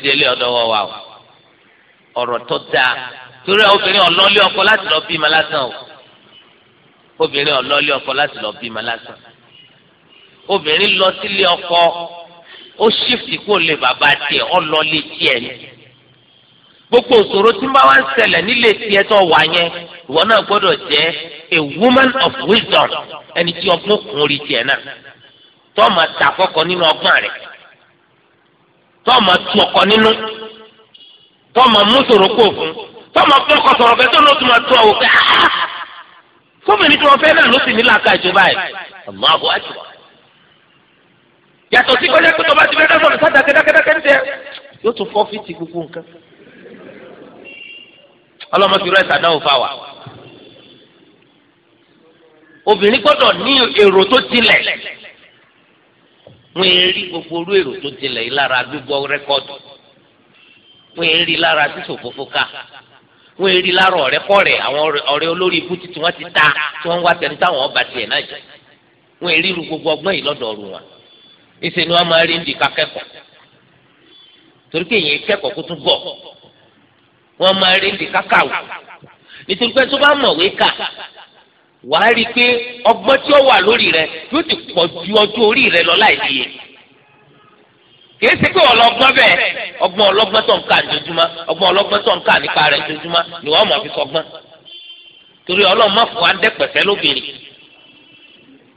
B: obìnrin ọlọ́lé ọkọ láti lọ bímọ lásán obìnrin lọ sílé ọkọ ó ṣífì kó lè bàbá tiẹ̀ ọlọ́lé tiẹ̀ ni gbogbo òṣòro tí ń bá wá ń ṣẹlẹ̀ nílé tiẹ̀ tó wà yẹn ìwọ náà gbọ́dọ̀ jẹ́ a woman of wisdom ẹni tí ọgbọ́n kún orí tiẹ̀ náà tó máa ta kọ́kọ́ nínú ọgbọ́n rẹ̀ tó máa tu ọkọ nínú tó máa mú sòrò kó fún tó máa fún ọkọ sọ̀rọ̀ kẹ́ tó ló tún máa tu ọ̀wọ́ kẹ́ ah, sómìnì tí wọn fẹ́ náà ló sì ní làákà ìjọba ẹ̀ àmọ́ àbọ̀ àjùmọ̀. yàtọ̀ sí kọjá pé tọba ti fẹ́ náà sọ̀rọ̀ sáà dákẹ́dákẹ́dákẹ́ ńdẹ yóò tún fọ́ fìtì gbogbo nǹkan. ọlọ́mọ fi rẹ́sà náà fà wá. obìnrin gbọ́dọ̀ ní èrò tó tilẹ̀ wọ́n ń rí gbogbo orú èrò tó tilẹ̀ yìí lára gbígbọ́ rẹ́kọ́dù wọ́n ń rí lára sísòfófó ká wọn èrì lárọ ọ̀rẹ́ kọrẹ àwọn ọ̀rẹ́ olórí ibú títí wọn ti ta tí wọn wá tẹnu táwọn ọba tiẹ̀ náà jẹ wọn èrì ru gbogbo ọgbọ́n yìí lọ́dọ̀ ọrùn wọn ìṣe ni wọn máa rí ndì kakẹ́kọ̀ọ́ torí pé èyàn kẹ́kọ̀ọ́ kó tún bọ̀ wọn máa rí ndì kakàwé nítorí pé tó bá mọ̀wé kà wàá rí i pé ọgbọ́n tí ó wà lórí rẹ̀ yóò ti pọ̀ ju ọjọ́ orí rẹ̀ lọ láì kìí ṣe pé ọlọ́gbọ́n bẹ́ẹ̀ ọgbọ́n ọlọ́gbọ́n tó ń kà lójoojúmọ́ ọgbọ́n ọlọ́gbọ́n tó ń kà nípa rẹ̀ lójoojúmọ́ ni wọ́n mọ̀ fi sọgbọ́n torí ọlọ́run má fún adẹ́pẹ̀sẹ́ lóbìnrin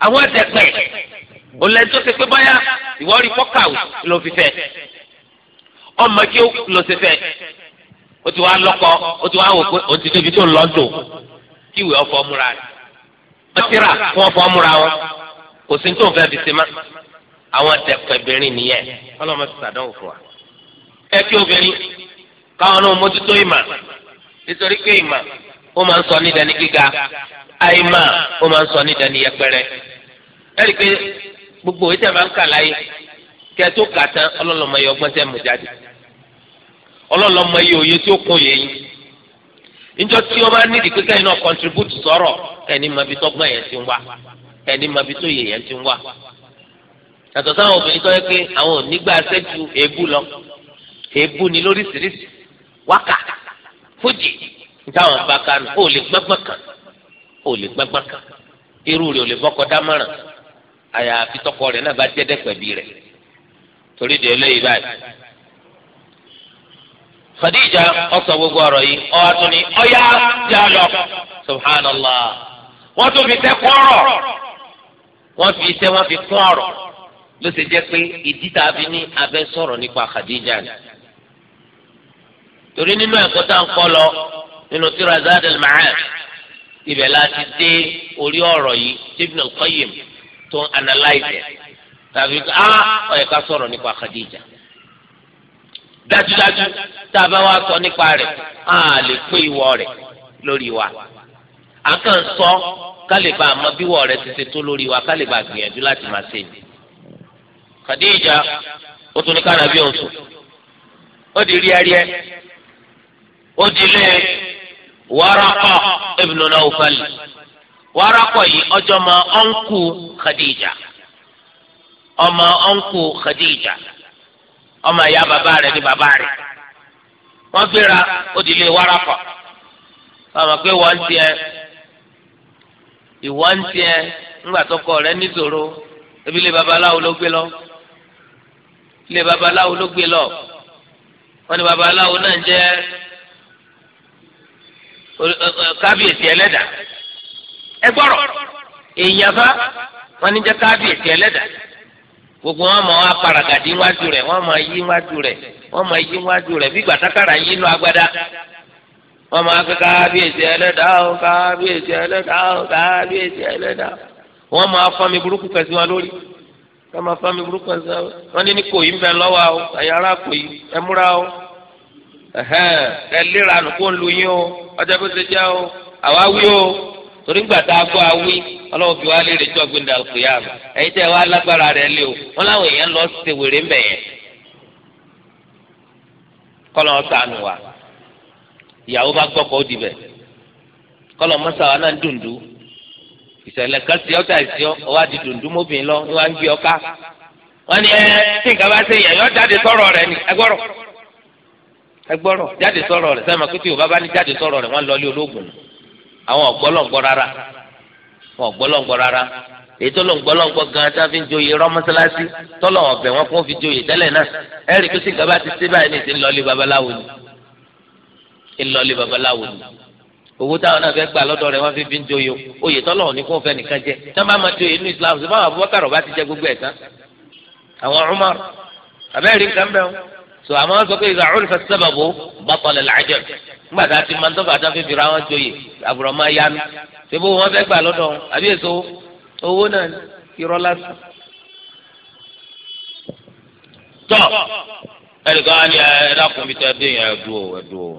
B: àwọn ẹ̀dẹ̀pẹ̀ olẹ́ni tó ṣe pé báyà ìwọ rí pọ́kàwù ló fi fẹ́ ọmọ kí ó lọ ṣe fẹ́ o ti wá lọ́kọ o ti wá wò pé o ti débi tó ń lọ́dọ̀ kí ìwé ọ̀fọ̀ múra rẹ̀ wọ́n ti rà fún ọ̀fọ̀ múra wọn kò sí ní tó ń fẹ́ fi ṣe má àwọn tẹ̀kẹ̀bìnrin nìyẹn ala sì sàdánwò fún wa. ẹ kí obìnrin káwọn náà mójútó ìmà nítorí pé ìmà ó máa ń sọ ní dání gíga àìmà ó máa ń sọ ní dání yẹpẹrẹ. ẹ i pé gbogbo ìtẹ̀ máa ń kà láyé kẹ́ tó kà tán ọlọ́lọ́mọ yẹ ọgbọ́n tẹ́ mú jáde ọlọ́lọ́mọ yẹ òye tí ó kún yẹ yín níjọ́ tí wọ́n bá nídìí pé kẹ́yìn náà contribute sọ̀rọ̀ ẹni yẹn ti ń yàtọ̀ sáwọn obìnrin tó yẹ pé àwọn onígbà sẹ́jú èébú lọ èébú ni lóríṣiríṣi wákà fújì táwọn bá kánú ó lè gbọ́gbọ́n kan ó lè gbọ́gbọ́n kan irú rẹ̀ ò lè bọ́kọ dámọ̀ràn àyàfi tọkọ rẹ̀ náà bá jẹ́dẹ́ pẹ̀bí rẹ̀ torí de báyìí. Khadija ọsọ gbogbo ọ̀rọ̀ yìí ọwọ tún ni ọyá já subhanallah wọ́n tún fi tẹ fi tẹ wọ́n fi ló ṣe jẹ́ pé ìdí tá a fi ní abẹ́ sọ̀rọ̀ nípa Khadija ni torí nínú ẹ̀kọ́ tá à ń kọ́ lọ nínú tírà Zad al-Ma'ad ibẹ̀ láti dé orí ọ̀rọ̀ yìí Ibn al-Qayyim tó ń analyze tàbí a ah, ọ̀yẹ̀ ká sọ̀rọ̀ nípa Khadija dájúdájú tá a bá wá sọ nípa rẹ̀ a lè pé ìwọ rẹ̀ lórí wa a kàn sọ kálíbà àmọ́ bíwọ̀ rẹ̀ ti ṣe tó lórí wa kálíbà gbìyànjú láti máa ṣe ni. Khadija ó tún ní kánàbí ọ̀sùn ó di ríaríẹ ó di lé Waraqa ibn Nawfal Waraqa yìí ọjọ́ ma ọ̀nkù nkụ ọmọ ọ̀nkù Khadija ọmọ ìyá bàbá rẹ̀ ní bàbá rẹ̀
A: wọ́n gbéra ó di lé Waraqa
B: ọmọ pé wọ́n tiẹ̀ ìwọ́n tiẹ̀ ńgbà tó kọ rẹ̀ níṣòro ebile babaláwo ilé babaláwo ló gbé lọ wọ́n ní babaláwo náà jẹ́ kábíyèsí ẹlẹ́dà ẹ gbọ́rọ̀ èèyàn bá
A: wọ́n ní jẹ́ kábíyèsí ẹlẹ́dà
B: gbogbo wọn mọ aparagadi wájú rẹ̀ wọ́n mọ yí wájú rẹ̀ wọ́n mọ yí wájú rẹ̀ bí gbàtàkàrà yí inú agbada wọ́n mọ akẹ kábíyèsí ẹlẹ́dà ó kábíyèsí ẹlẹ́dà ó kábíyèsí ẹlẹ́dà wọ́n mọ afọmi burúkú kẹsí wọn lórí ká máa fámi burúkú ẹ sẹ wọn ní ní kò yí ń bẹ lọ́wọ́ o àyàrá kò yí ẹ múra o ẹ léra nù kó ń lu yín o ọjọ́ bó ṣe jẹ́ o àwa wí o torí ń gbà tá a kó a wí ọlọ́wọ́ fi wá léèrè jọ gbé ndàlù yá mi ẹ̀yin tẹ́ wá lágbára rẹ̀ lé o wọn láwọn èèyàn lọ ṣe wèrè ń bẹ̀ yẹn kọ́lọ́ sànù wa ìyàwó bá gbọ́kọ̀ ó dibẹ̀ kọ́lọ́ mọ́sàwá náà ń dùndùn ìṣẹ̀lẹ̀ kan sí ọ̀tá ìsí ọ ọwọ́ àti dundun mọ́bìnrin lọ ni wọ́n á ń gbé ọ ká wọ́n ní ẹ tí nǹkan bá ṣe yẹn yọ jáde sọ̀rọ̀ rẹ ni ẹgbọ́rọ̀ ẹgbọ́rọ̀ jáde sọ̀rọ̀ rẹ sẹ́mi kí tí Yorùbá bá ní jáde sọ̀rọ̀ rẹ wọ́n lọ lé ológun àwọn ọ̀gbọ́lọ̀ngbọ́ rárá wọn ọ̀gbọ́lọ̀ngbọ́ rárá èyí tó lóun gbọ́lọ́ngbọ́ gan tá a fi ń joyè rọ́mọ́sálásí tọ́lọ̀ ọ̀bẹ wọn kún fi owó táwọn náà fẹ́ gbà lọ́dọ̀ rẹ̀ wọ́n fi fi ń joyè oyè tọ́lọ̀ ní kó fẹ́ nìkan jẹ sábà máa joyè nínú Islam ṣùgbọ́n àwọn Abubakar ọba ti jẹ gbogbo ẹ̀ tán àwọn Umar abẹ́rẹ́ nǹkan bẹ́ẹ̀ so àmọ́ sọ pé ìgbà olùfẹ́ sábàbò bàtọ̀lẹ̀ làjẹ̀ nígbà tá a ti máa ń tọ́fà tá a fi fi ra wọn joyè àbúrò máa yá mi ṣébó wọn fẹ́ gbà lọ́dọ̀ wọn àbí èso owó náà irọ́ lásán. tọ́ ẹ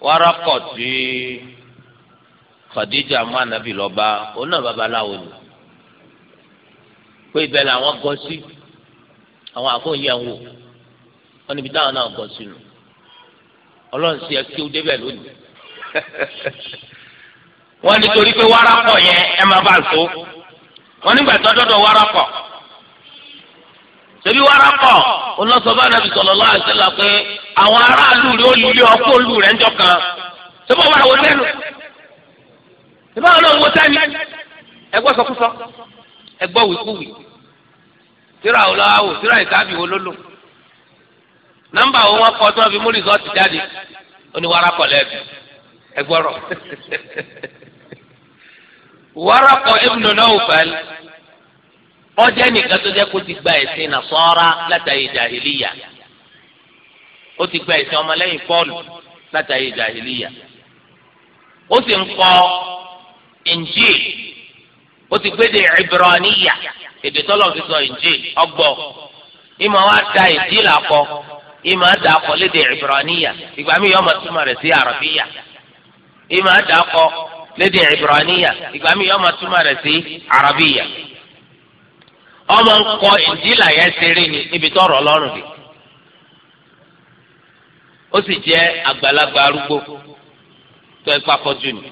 B: wárakọ̀ tí Khadija mú anabi lọ́ba òun náà babaláwo ni pé ibẹ̀ làwọn gọ́ sí àwọn àkóyẹ wò wọn níbi táwọn náà gọ́ sínú ọlọ́run sí ẹ kí ó débẹ̀ lónìí wọ́n nítorí pé wárakọ̀ yẹn ẹ máa bá a so nígbà tó dọ́dọ̀ wárakọ̀ tẹbi warakọ olọsọba anabi sọlọ lọ àti sẹlẹ pé àwọn aráàlú rẹ olùlé ọkọ olú rẹ ńjọ kan tẹbọ wà wọ lẹnu tẹbọ wà lọwọ sani ẹgbọ sọkúsọ ẹgbọ wìkúwì tíra wò lọ wò tíra ìsáàbì wò lólo nọ́mbà wo wọn kọ tí wọn fi mú rìsọọtì jáde oní warakọ lẹbi ẹgbọrọ warakọ ebùnà náà wò fẹlẹ.
A: ọjọ́ ẹnìkan tó jẹ́ kó ti gba ẹ̀sìn nàṣọ́ra
B: látàrí jahiliya ó ti gba ẹ̀sìn ọmọlẹ́yìn pọ́ọ̀lù látàrí jàhìlíyà ó sì ń kọ Injil ó ti gbé de Ìbráníyà èdè tọ́lọ̀ fi sọ Injil ọgbọ́ ìmọ̀ wa da ìmọ̀ akọ lédè Ìbráníyà ìgbà mi yọ ọmọ túmọ̀ akọ ọmọ nkọ ìdílà yẹn ṣeré ni níbi tọrọ rọ̀ lọ́rùn dé ó sì jẹ́ àgbàlagbà arúgbó tó ẹ pàkọjú ni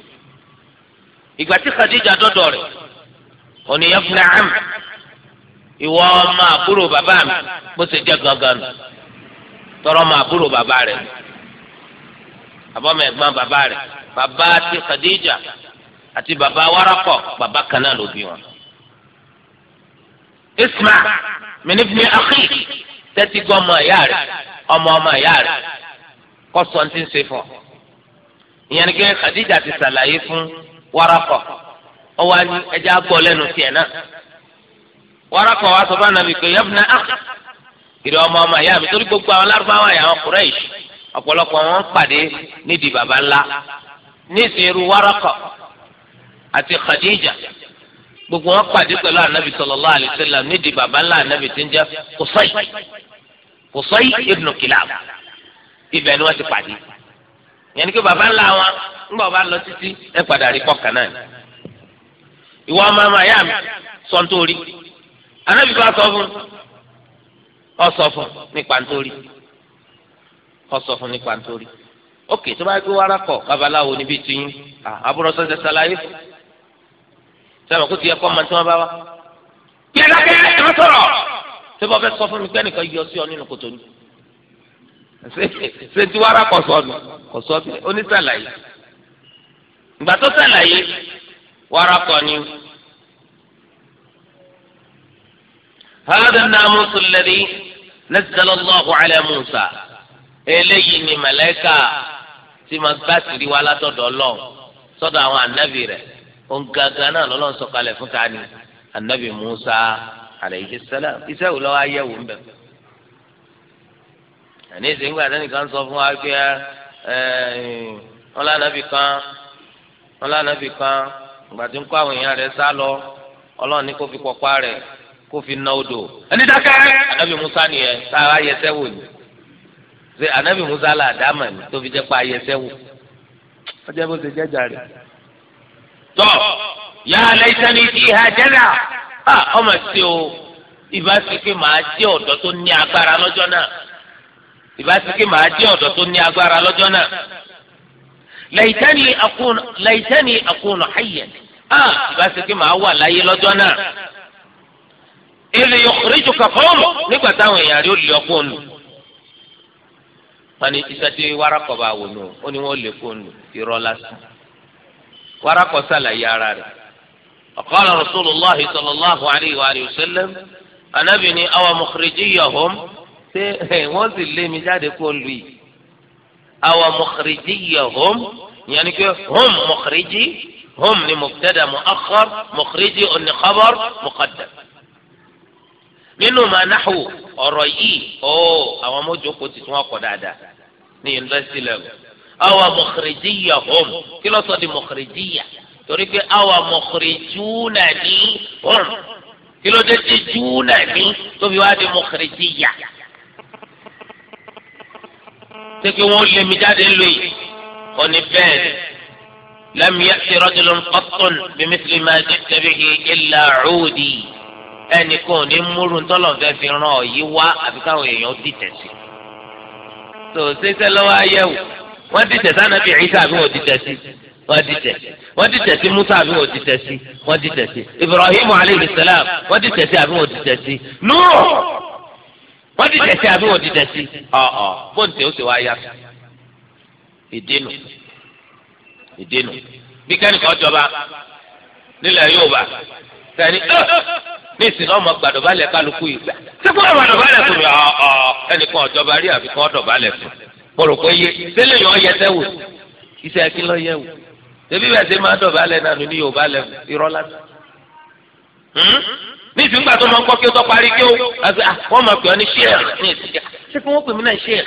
B: ìgbà tí Khadija dọ́dọ̀ rẹ̀ ònìyàn fún am ìwọ ọmọ àbúrò bàbá mi bó ṣe jẹ́ gangan nù tọrọ ọmọ àbúrò bàbá rẹ̀ àbọmọ ẹ̀gbọ́n bàbá rẹ̀ bàbá ti Khadija àti bàbá warakọ bàbá kan náà ló bí wọn. isma min ibni akhi tẹ́tí gbọ́ ọmọ ìyá rẹ̀ ọmọ ọmọ ìyá rẹ̀ kọ́ sọ ní ti ń ṣe fọ́ ìyẹn ni kí Khadija ti ṣàlàyé fún Waraqa ọwọ́ ni ẹja gbọ́ lẹ́nu tiẹ̀ náà Waraqa wa sọ fún anabi pé yabna akhi ìrẹ ọmọ ọmọ ìyá mi torí gbogbo àwọn lárúbáwá yà wọn Quraysh ọ̀pọ̀lọpọ̀ wọn pàdé nídìí baba ńlá ní ìsìn irú Waraqa àti Khadija gbogbo wọn pàdé pẹ̀lú anabi sallallahu alaihi wasallam nídìí baba ńlá anabi tí ń jẹ́ Qusay Qusay ibn Kilab ibẹ̀ ni wọ́n ti pàdé yẹn ni pé baba ńlá wọn ńgbà wọn lọ títí ẹ padà rí kọkàn náà ìwọ ọmọ ọmọ sọ anabi sọ fún fún nípa fún nípa ókè tó bá gbé wàrà kọ babaláwo níbi tí sábà kó ti yẹ kó máa tí wọn bá wá.
A: yàrá kẹ́kẹ́ kan sọ̀rọ̀
B: ṣé bọ́ fẹ́ sọ fún mi pé ẹnìkan yọ sí ọ nínú kòtò ni. ṣé tí wàrà kọ̀ sọ́ọ̀nù kọ̀ sọ́ọ̀bì oníṣàlàyé. ìgbà tó ṣàlàyé wàrà kọ̀ ni. هذا الناموس الذي نزل الله على موسى eléyìí ni mẹlẹ́kà tí ma gbá sìrí wa látọ̀dọ̀ lọ sọ́dọ̀ àwọn ànábì rẹ̀ ongaga náà lọ́lọ́run sọ̀kalẹ̀ fún tani anabi musa alayhi salam iṣẹ́ wò lọ́wọ́ ayẹwo ńbẹ. àní ìsèǹgbà àtẹnìkan sọ fún wa pé wọn lànàbì kan wọn lànàbì kan ìgbà tí ń kó àwọn èèyàn rẹ̀ sá lọ ọlọ́run ní kó fi pọ̀pá rẹ̀ kó fi ná odò. ẹni dákẹ́. anabi musa nìyẹn tá a yẹsẹ́ wò ni ṣe anabi musa là dáàmà ni tó fi jẹ́ pa ayẹsẹ́ wò. ọjọ́ bó ṣe jẹ́jà rẹ̀. Tọ! yà á lẹ́sẹ̀ ní ha jẹ́nà Ha ọmọ o ìbá sí pé màá jẹ́ ọdọ tó ní agbára lọ́jọ́ náà ìbá sí pé màá jẹ́ ọ̀dọ́ tó ní agbára lọ́jọ́ náà lẹ́sẹ̀ ní akún Ha ìbá sí pé màá wà láyé lọ́jọ́ náà èlé yọkùnrin jù nígbà táwọn èèyàn rí olè wọn ni wàrà warakọ̀ sàlàyé ara rẹ̀ ọ̀kọ́lá rasulillah sallallahu alayhi wa sallam anabi ni awa mukhrijiyahum ṣé wọ́n sì lé mi jáde kó lu yìí awa mukhrijiyahum yẹn ni pé hum mukhriji hum ni mubtada muakhar mukhriji oní khabar muqaddam nínú manahu ọ̀rọ̀ yìí ó àwọn mọ́jọ́kọ̀ tuntun wọn kọ́ dáadáa ní yunifásitì level awa mọ̀kìrìjìyà hom kí ló sọ di mọ̀kìrìjìyà torí pé awa mọ̀kìrìjúnà ní hom kí ló dé ti júnà ní tóbi wá di mọ̀kìrìjìyà. ṣé kí wọ́n lé mi jáde lóye òní bẹ́ẹ̀ لم يأتي رجل قط بمثل ما جئت به إلا عودي ẹnì kan ò ní múrù ńtọ́lọ̀ fẹ́ fi ràn ọ́ yí wá àfi káwọn èèyàn dìtẹ̀ sí. tòun ṣe sẹ́lọ́wọ́ ayẹ̀wò wọ́n dìtẹ̀ sànàbí Ìsá àbí wọ́n dìtẹ̀ sí wọ́n dìtẹ̀ wọ́n dìtẹ̀ sí Musa àbí wọ́n dìtẹ̀ sí wọ́n dìtẹ̀ sí Ibrahim alayhi salam wọ́n dìtẹ̀ sí àbí wọ́n dìtẹ̀ sí Nuh
A: wọ́n dìtẹ̀ sí àbí wọ́n dìtẹ̀
B: sí ọ̀ọ́ bóńtẹ̀ ó sì wá yá ìdínú ìdínú bí kẹ́nìkan jọba nílẹ̀ Yorùbá sẹ́ni ní ìsìn náà mọ gbàdọ̀bálẹ̀ kálukú yìí gbà. sẹ́kọ̀ọ́ àgbàdọ̀bálẹ̀ fún mi ọ̀ ọ̀ kpọ̀rọ̀ kó yé tẹ́lẹ̀ yọ yẹ tẹ́wò iṣẹ́ kí lọ yẹ wò tẹ́bí bẹ́ẹ̀ sẹ́ máa dọ̀bà lẹ̀ nànú ní yorùbá lẹ̀ irọ́ lánàá. Hmm? ní ìsìnkú àti ọmọ nǹkan kí o tó parí kí o wọ́n máa pè ọ́ ní ṣéèr ní ìsìnkú ṣé kí wọ́n pè mí náà ṣéèr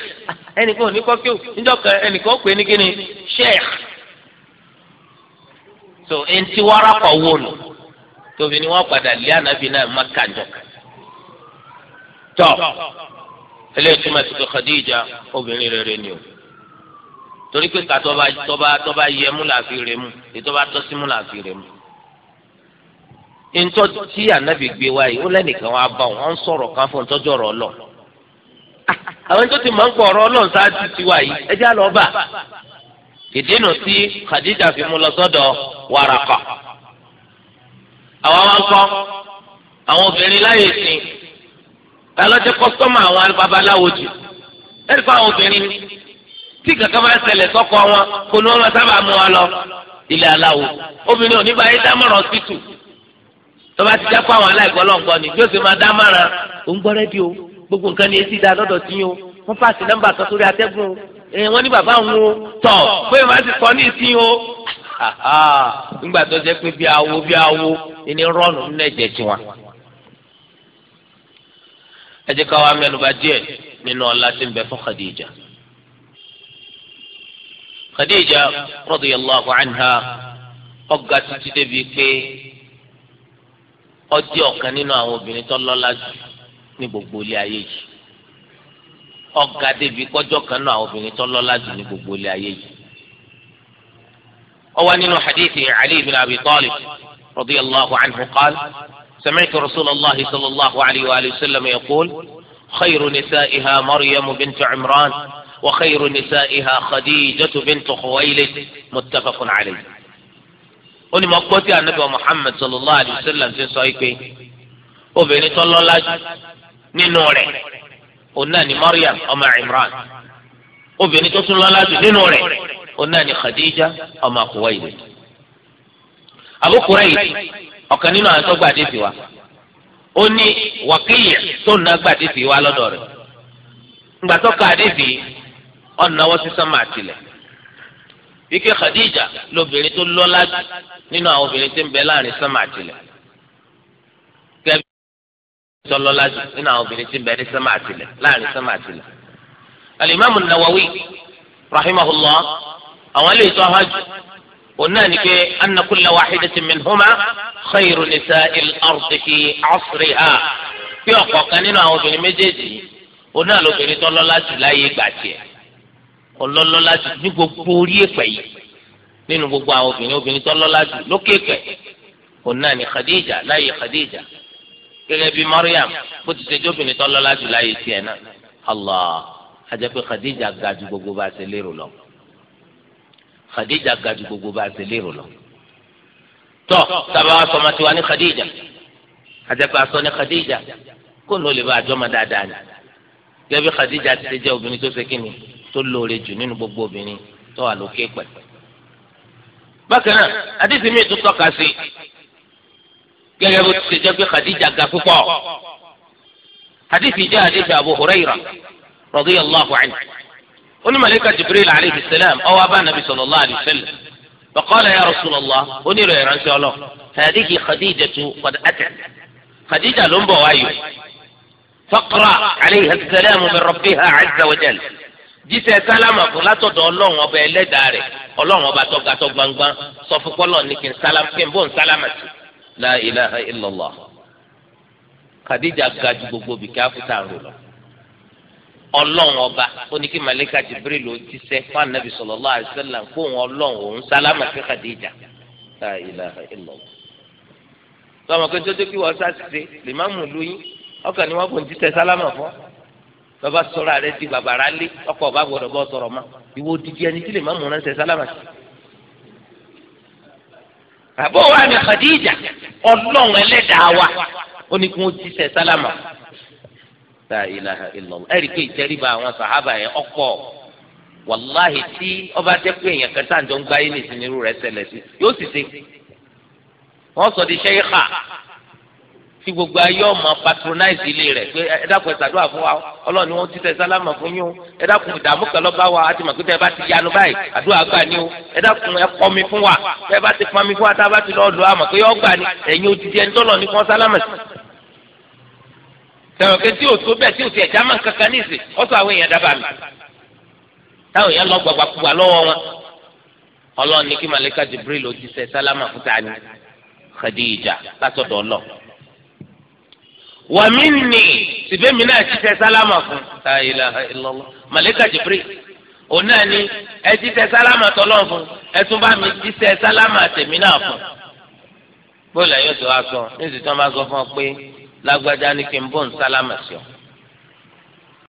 B: ẹnìkan ò ní kọ́ kí o níjọ́ kan ẹnìkan ó pè ní kíni ṣéèr. so eŋti wárakọ̀ wò nù tóbi ni wọ́n padà lé ànábì náà má kàjọ. tọ́
A: eléyìí túmọ̀ sí pé
B: Khadija obìnrin rere ni o torí pé kàtọ́ba tọ́ba tọ́ba yẹ mú làfi rè mú ìtọ́ba tọ́ sí mú làfi rè mú. ntọ́ tí ànábì gbé wá yìí ó lẹ́nìkan wá bá wọn ń sọ̀rọ̀ kan fún ntọ́jú ọ̀rọ̀ lọ. àwọn tó ti máa ń pọ̀ ọ̀rọ̀ ọlọ́run ṣáájú ti wá yìí ẹ já lọ bá. ìdínà tí Khadija fi mú lọ sọ́dọ̀ Wàràkà. àwọn wa ń kọ́ àwọn obìnrin láyè sìn ẹlọ́jẹ́ kọ́sítọ́mù àwọn babaláwo jù ẹ̀rí fún àwọn obìnrin tí kankan bá ṣẹlẹ̀ sọ́kọ wọn kò ní wọn máa sábà mú wọn lọ ilé aláwo obìnrin òní báyìí dámọ̀ràn sítù tó bá ti jápọ̀ àwọn aláìgbọ́lọ́ǹgbọ́ ni bí ó sì máa dámọ̀ràn òun gbọ́ rẹ́díò gbogbo nǹkan ni èsì dá lọ́dọ̀ tí yín o wọ́n pàṣẹ nọ́mbà kan sórí atẹ́gùn o wọ́n ní bàbá òun o tọ̀ pé màá ti sọ ní ìsín o nígbà tó jẹ́ pé bí awo bí awo ìní rọ́ọ̀nù ń ẹ jẹ́ ká wá mẹ́nuba díẹ̀ nínú ọlá tí ń bẹ fún Khadija Khadija radiyallahu anha ọgá títí débi pé ó jẹ́ ọ̀kan nínú àwọn obìnrin tó lọ́lá jù ní gbogbo ilé ayé yìí ọgá débi kọjọ kan nínú àwọn obìnrin tó lọ́lá jù ní gbogbo ilé ayé yìí ó nínú hadithi Ali bin Abi Talib radiyallahu anhu qala. سمعت رسول الله صلى الله عليه واله وسلم يقول خير نسائها مريم بنت عمران وخير نسائها خديجة بنت خويلد متفق عليه أن مقوتي نبي محمد صلى الله عليه وسلم في صحيحه وبيني صلى الله عليه ننوري أناني مريم أما عمران وبيني صلى الله عليه وسلم ننوري أناني خديجة أما خويلد أبو كريم ọ̀kan nínú àwọn tó gba àdéhìí wa ó ní wàkíyè tó ń ná gba àdéhìí wa lọ́dọ̀ rẹ̀ ńgbà tó ka àdéhìí ọ̀nàwó sísan máa tilẹ̀ wíkẹ́ Khadija lóbìnrin tó lọ́lá nínú àwọn obìnrin tó ń bẹ láàrin sánmà àtìlẹ̀ kẹ́bí tó lọ́lá nínú àwọn obìnrin tó ń bẹ ní sánmà àtìlẹ̀ láàrin sánmà àtìlẹ̀. alimami Nawawi rahimahullah àwọn ilé ìtọ́ hajj قلنا لك أن كل واحدة منهما خير نساء الأرض في عصرها في أقوى كاننا أو بن مجيجي قلنا له بن تولولا سلاي باتي ọlọlọlá ju ní gbogbo orí èpè yìí nínú gbogbo àwọn obìnrin obìnrin tó lọ́lá jù lókè èpè òun náà ní Khadija láyé Khadija gẹ́gẹ́ bíi Mariam bó ti ṣe jóbìnrin tó lọ́lá jù láyé tiẹ̀ náà Allah ajẹ́ pé Khadija ga ju gbogbo bá a ṣe lérò lọ. Khadija ga ju gbogbo bá a ṣe lérò lọ.
A: tọ́ sábà wá sọ ma tiwa ní Khadija
B: àtẹ̀pà sọ ní Khadija kó ní o lè bá a jọ ma dáadáa ni. gẹ́gẹ́ Khadija ti ṣe jẹ́ obìnrin tó ṣe kí ni tó lóore jù nínú gbogbo obìnrin tó wà lókè pẹ̀. bákan náà àdìsí mi tún tọ́ka sí gẹ́gẹ́ bó ti ṣe jẹ́ pé Khadija ga púpọ̀. àdìsí jẹ́ àdìsí Abu Hurairah radiyallahu oni malayika jibril alayhi salam ọwọ abá nabi sallallahu alayhi wasallam baqala ya rasulallah onírò ìránṣẹ́ ọlọ hadihi khadijatu qad atat khadija ló ń bọ̀ wáyò faqra alayhi salam min rabbiha azza wa jal jíṣẹ́ sálámà fún látọ̀dọ̀ Ọlọ́run ọba Ẹlẹ́dàá rẹ̀ Ọlọ́run ọba tó ga tó gbangban sọ fún kọlọ ní kí n sálámà kí la ilaha illallah khadija ga ju gbogbo bìkẹ́ àfútà rò lọ. ọlọ́run ọba oníkí ní malika jibril ló ti sẹ́ fún anabi ọlọ́run òun sálámà sí khadija la ilaha illallah. sọmọ pé tótó kí wọ́n sá ṣe lóyún ọkàn ni kò ní títẹ sálámà fún bàbá ti lé ọba ma ẹni tí sálámà sí. àbọ̀ wa ni la ilaha illallah ẹ̀rí pé ìtẹríba àwọn sàhábà yẹn ọkọ̀ wàláhì tí ọba jẹ́ pé èèyàn kan sáà ń jọ ń gbáyé ní ìsinirú rẹ̀ ṣẹlẹ̀ sí yóò sì ṣe wọ́n sọ di ṣẹ́yíkà tí gbogbo ayé ọmọ patronize ilé rẹ̀ pé ẹ dákun ẹ ṣàdúrà fún wa ọlọ́ọ̀ni wọn ti tẹ sálámà fún yín o ẹ dákun ìdààmú kan lọ́ba wa àti màkútẹ́ ẹ bá ti yanu báyìí àdúrà gbà ní o ẹ dákun ẹ kọ́ mi fún wa ẹ bá ti pọn mi fún wa tá a bá ti lọ́ọ́ lọ́ àmọ̀ pé yọ gbà ní ẹ̀yin òjijì ẹni tọ́lọ̀ ní fún sálámà sẹ̀wọ̀n kẹ́ tí o tó bẹ́ẹ̀ tí o ti a máa ń kankan ní ìsìn ó sọ àwọn èèyàn dábàá mi táwọn èèyàn lọ gbàgbà kúgbà lọ́wọ́ wọn ọlọ́run ní kí malika jibril ó ti sẹ́ sálámà fún ta ni khadija látọ̀dọ̀ ọlọ́ wàmí nì síbẹ̀mí náà ti sẹ́ sálámà fún ta ilaha illallah malika jibril òun náà ni ẹ ti sẹ́ sálámà tọ́lọ́ fún ẹ tún bá mi ti sẹ́ sálámà tèmi náà fún bóyá yóò tó a sọ ní ìsìn tí wọ́n bá sọ fún ọ pé lágbájá ní kí n bọ́ ń sálámà sí ọ.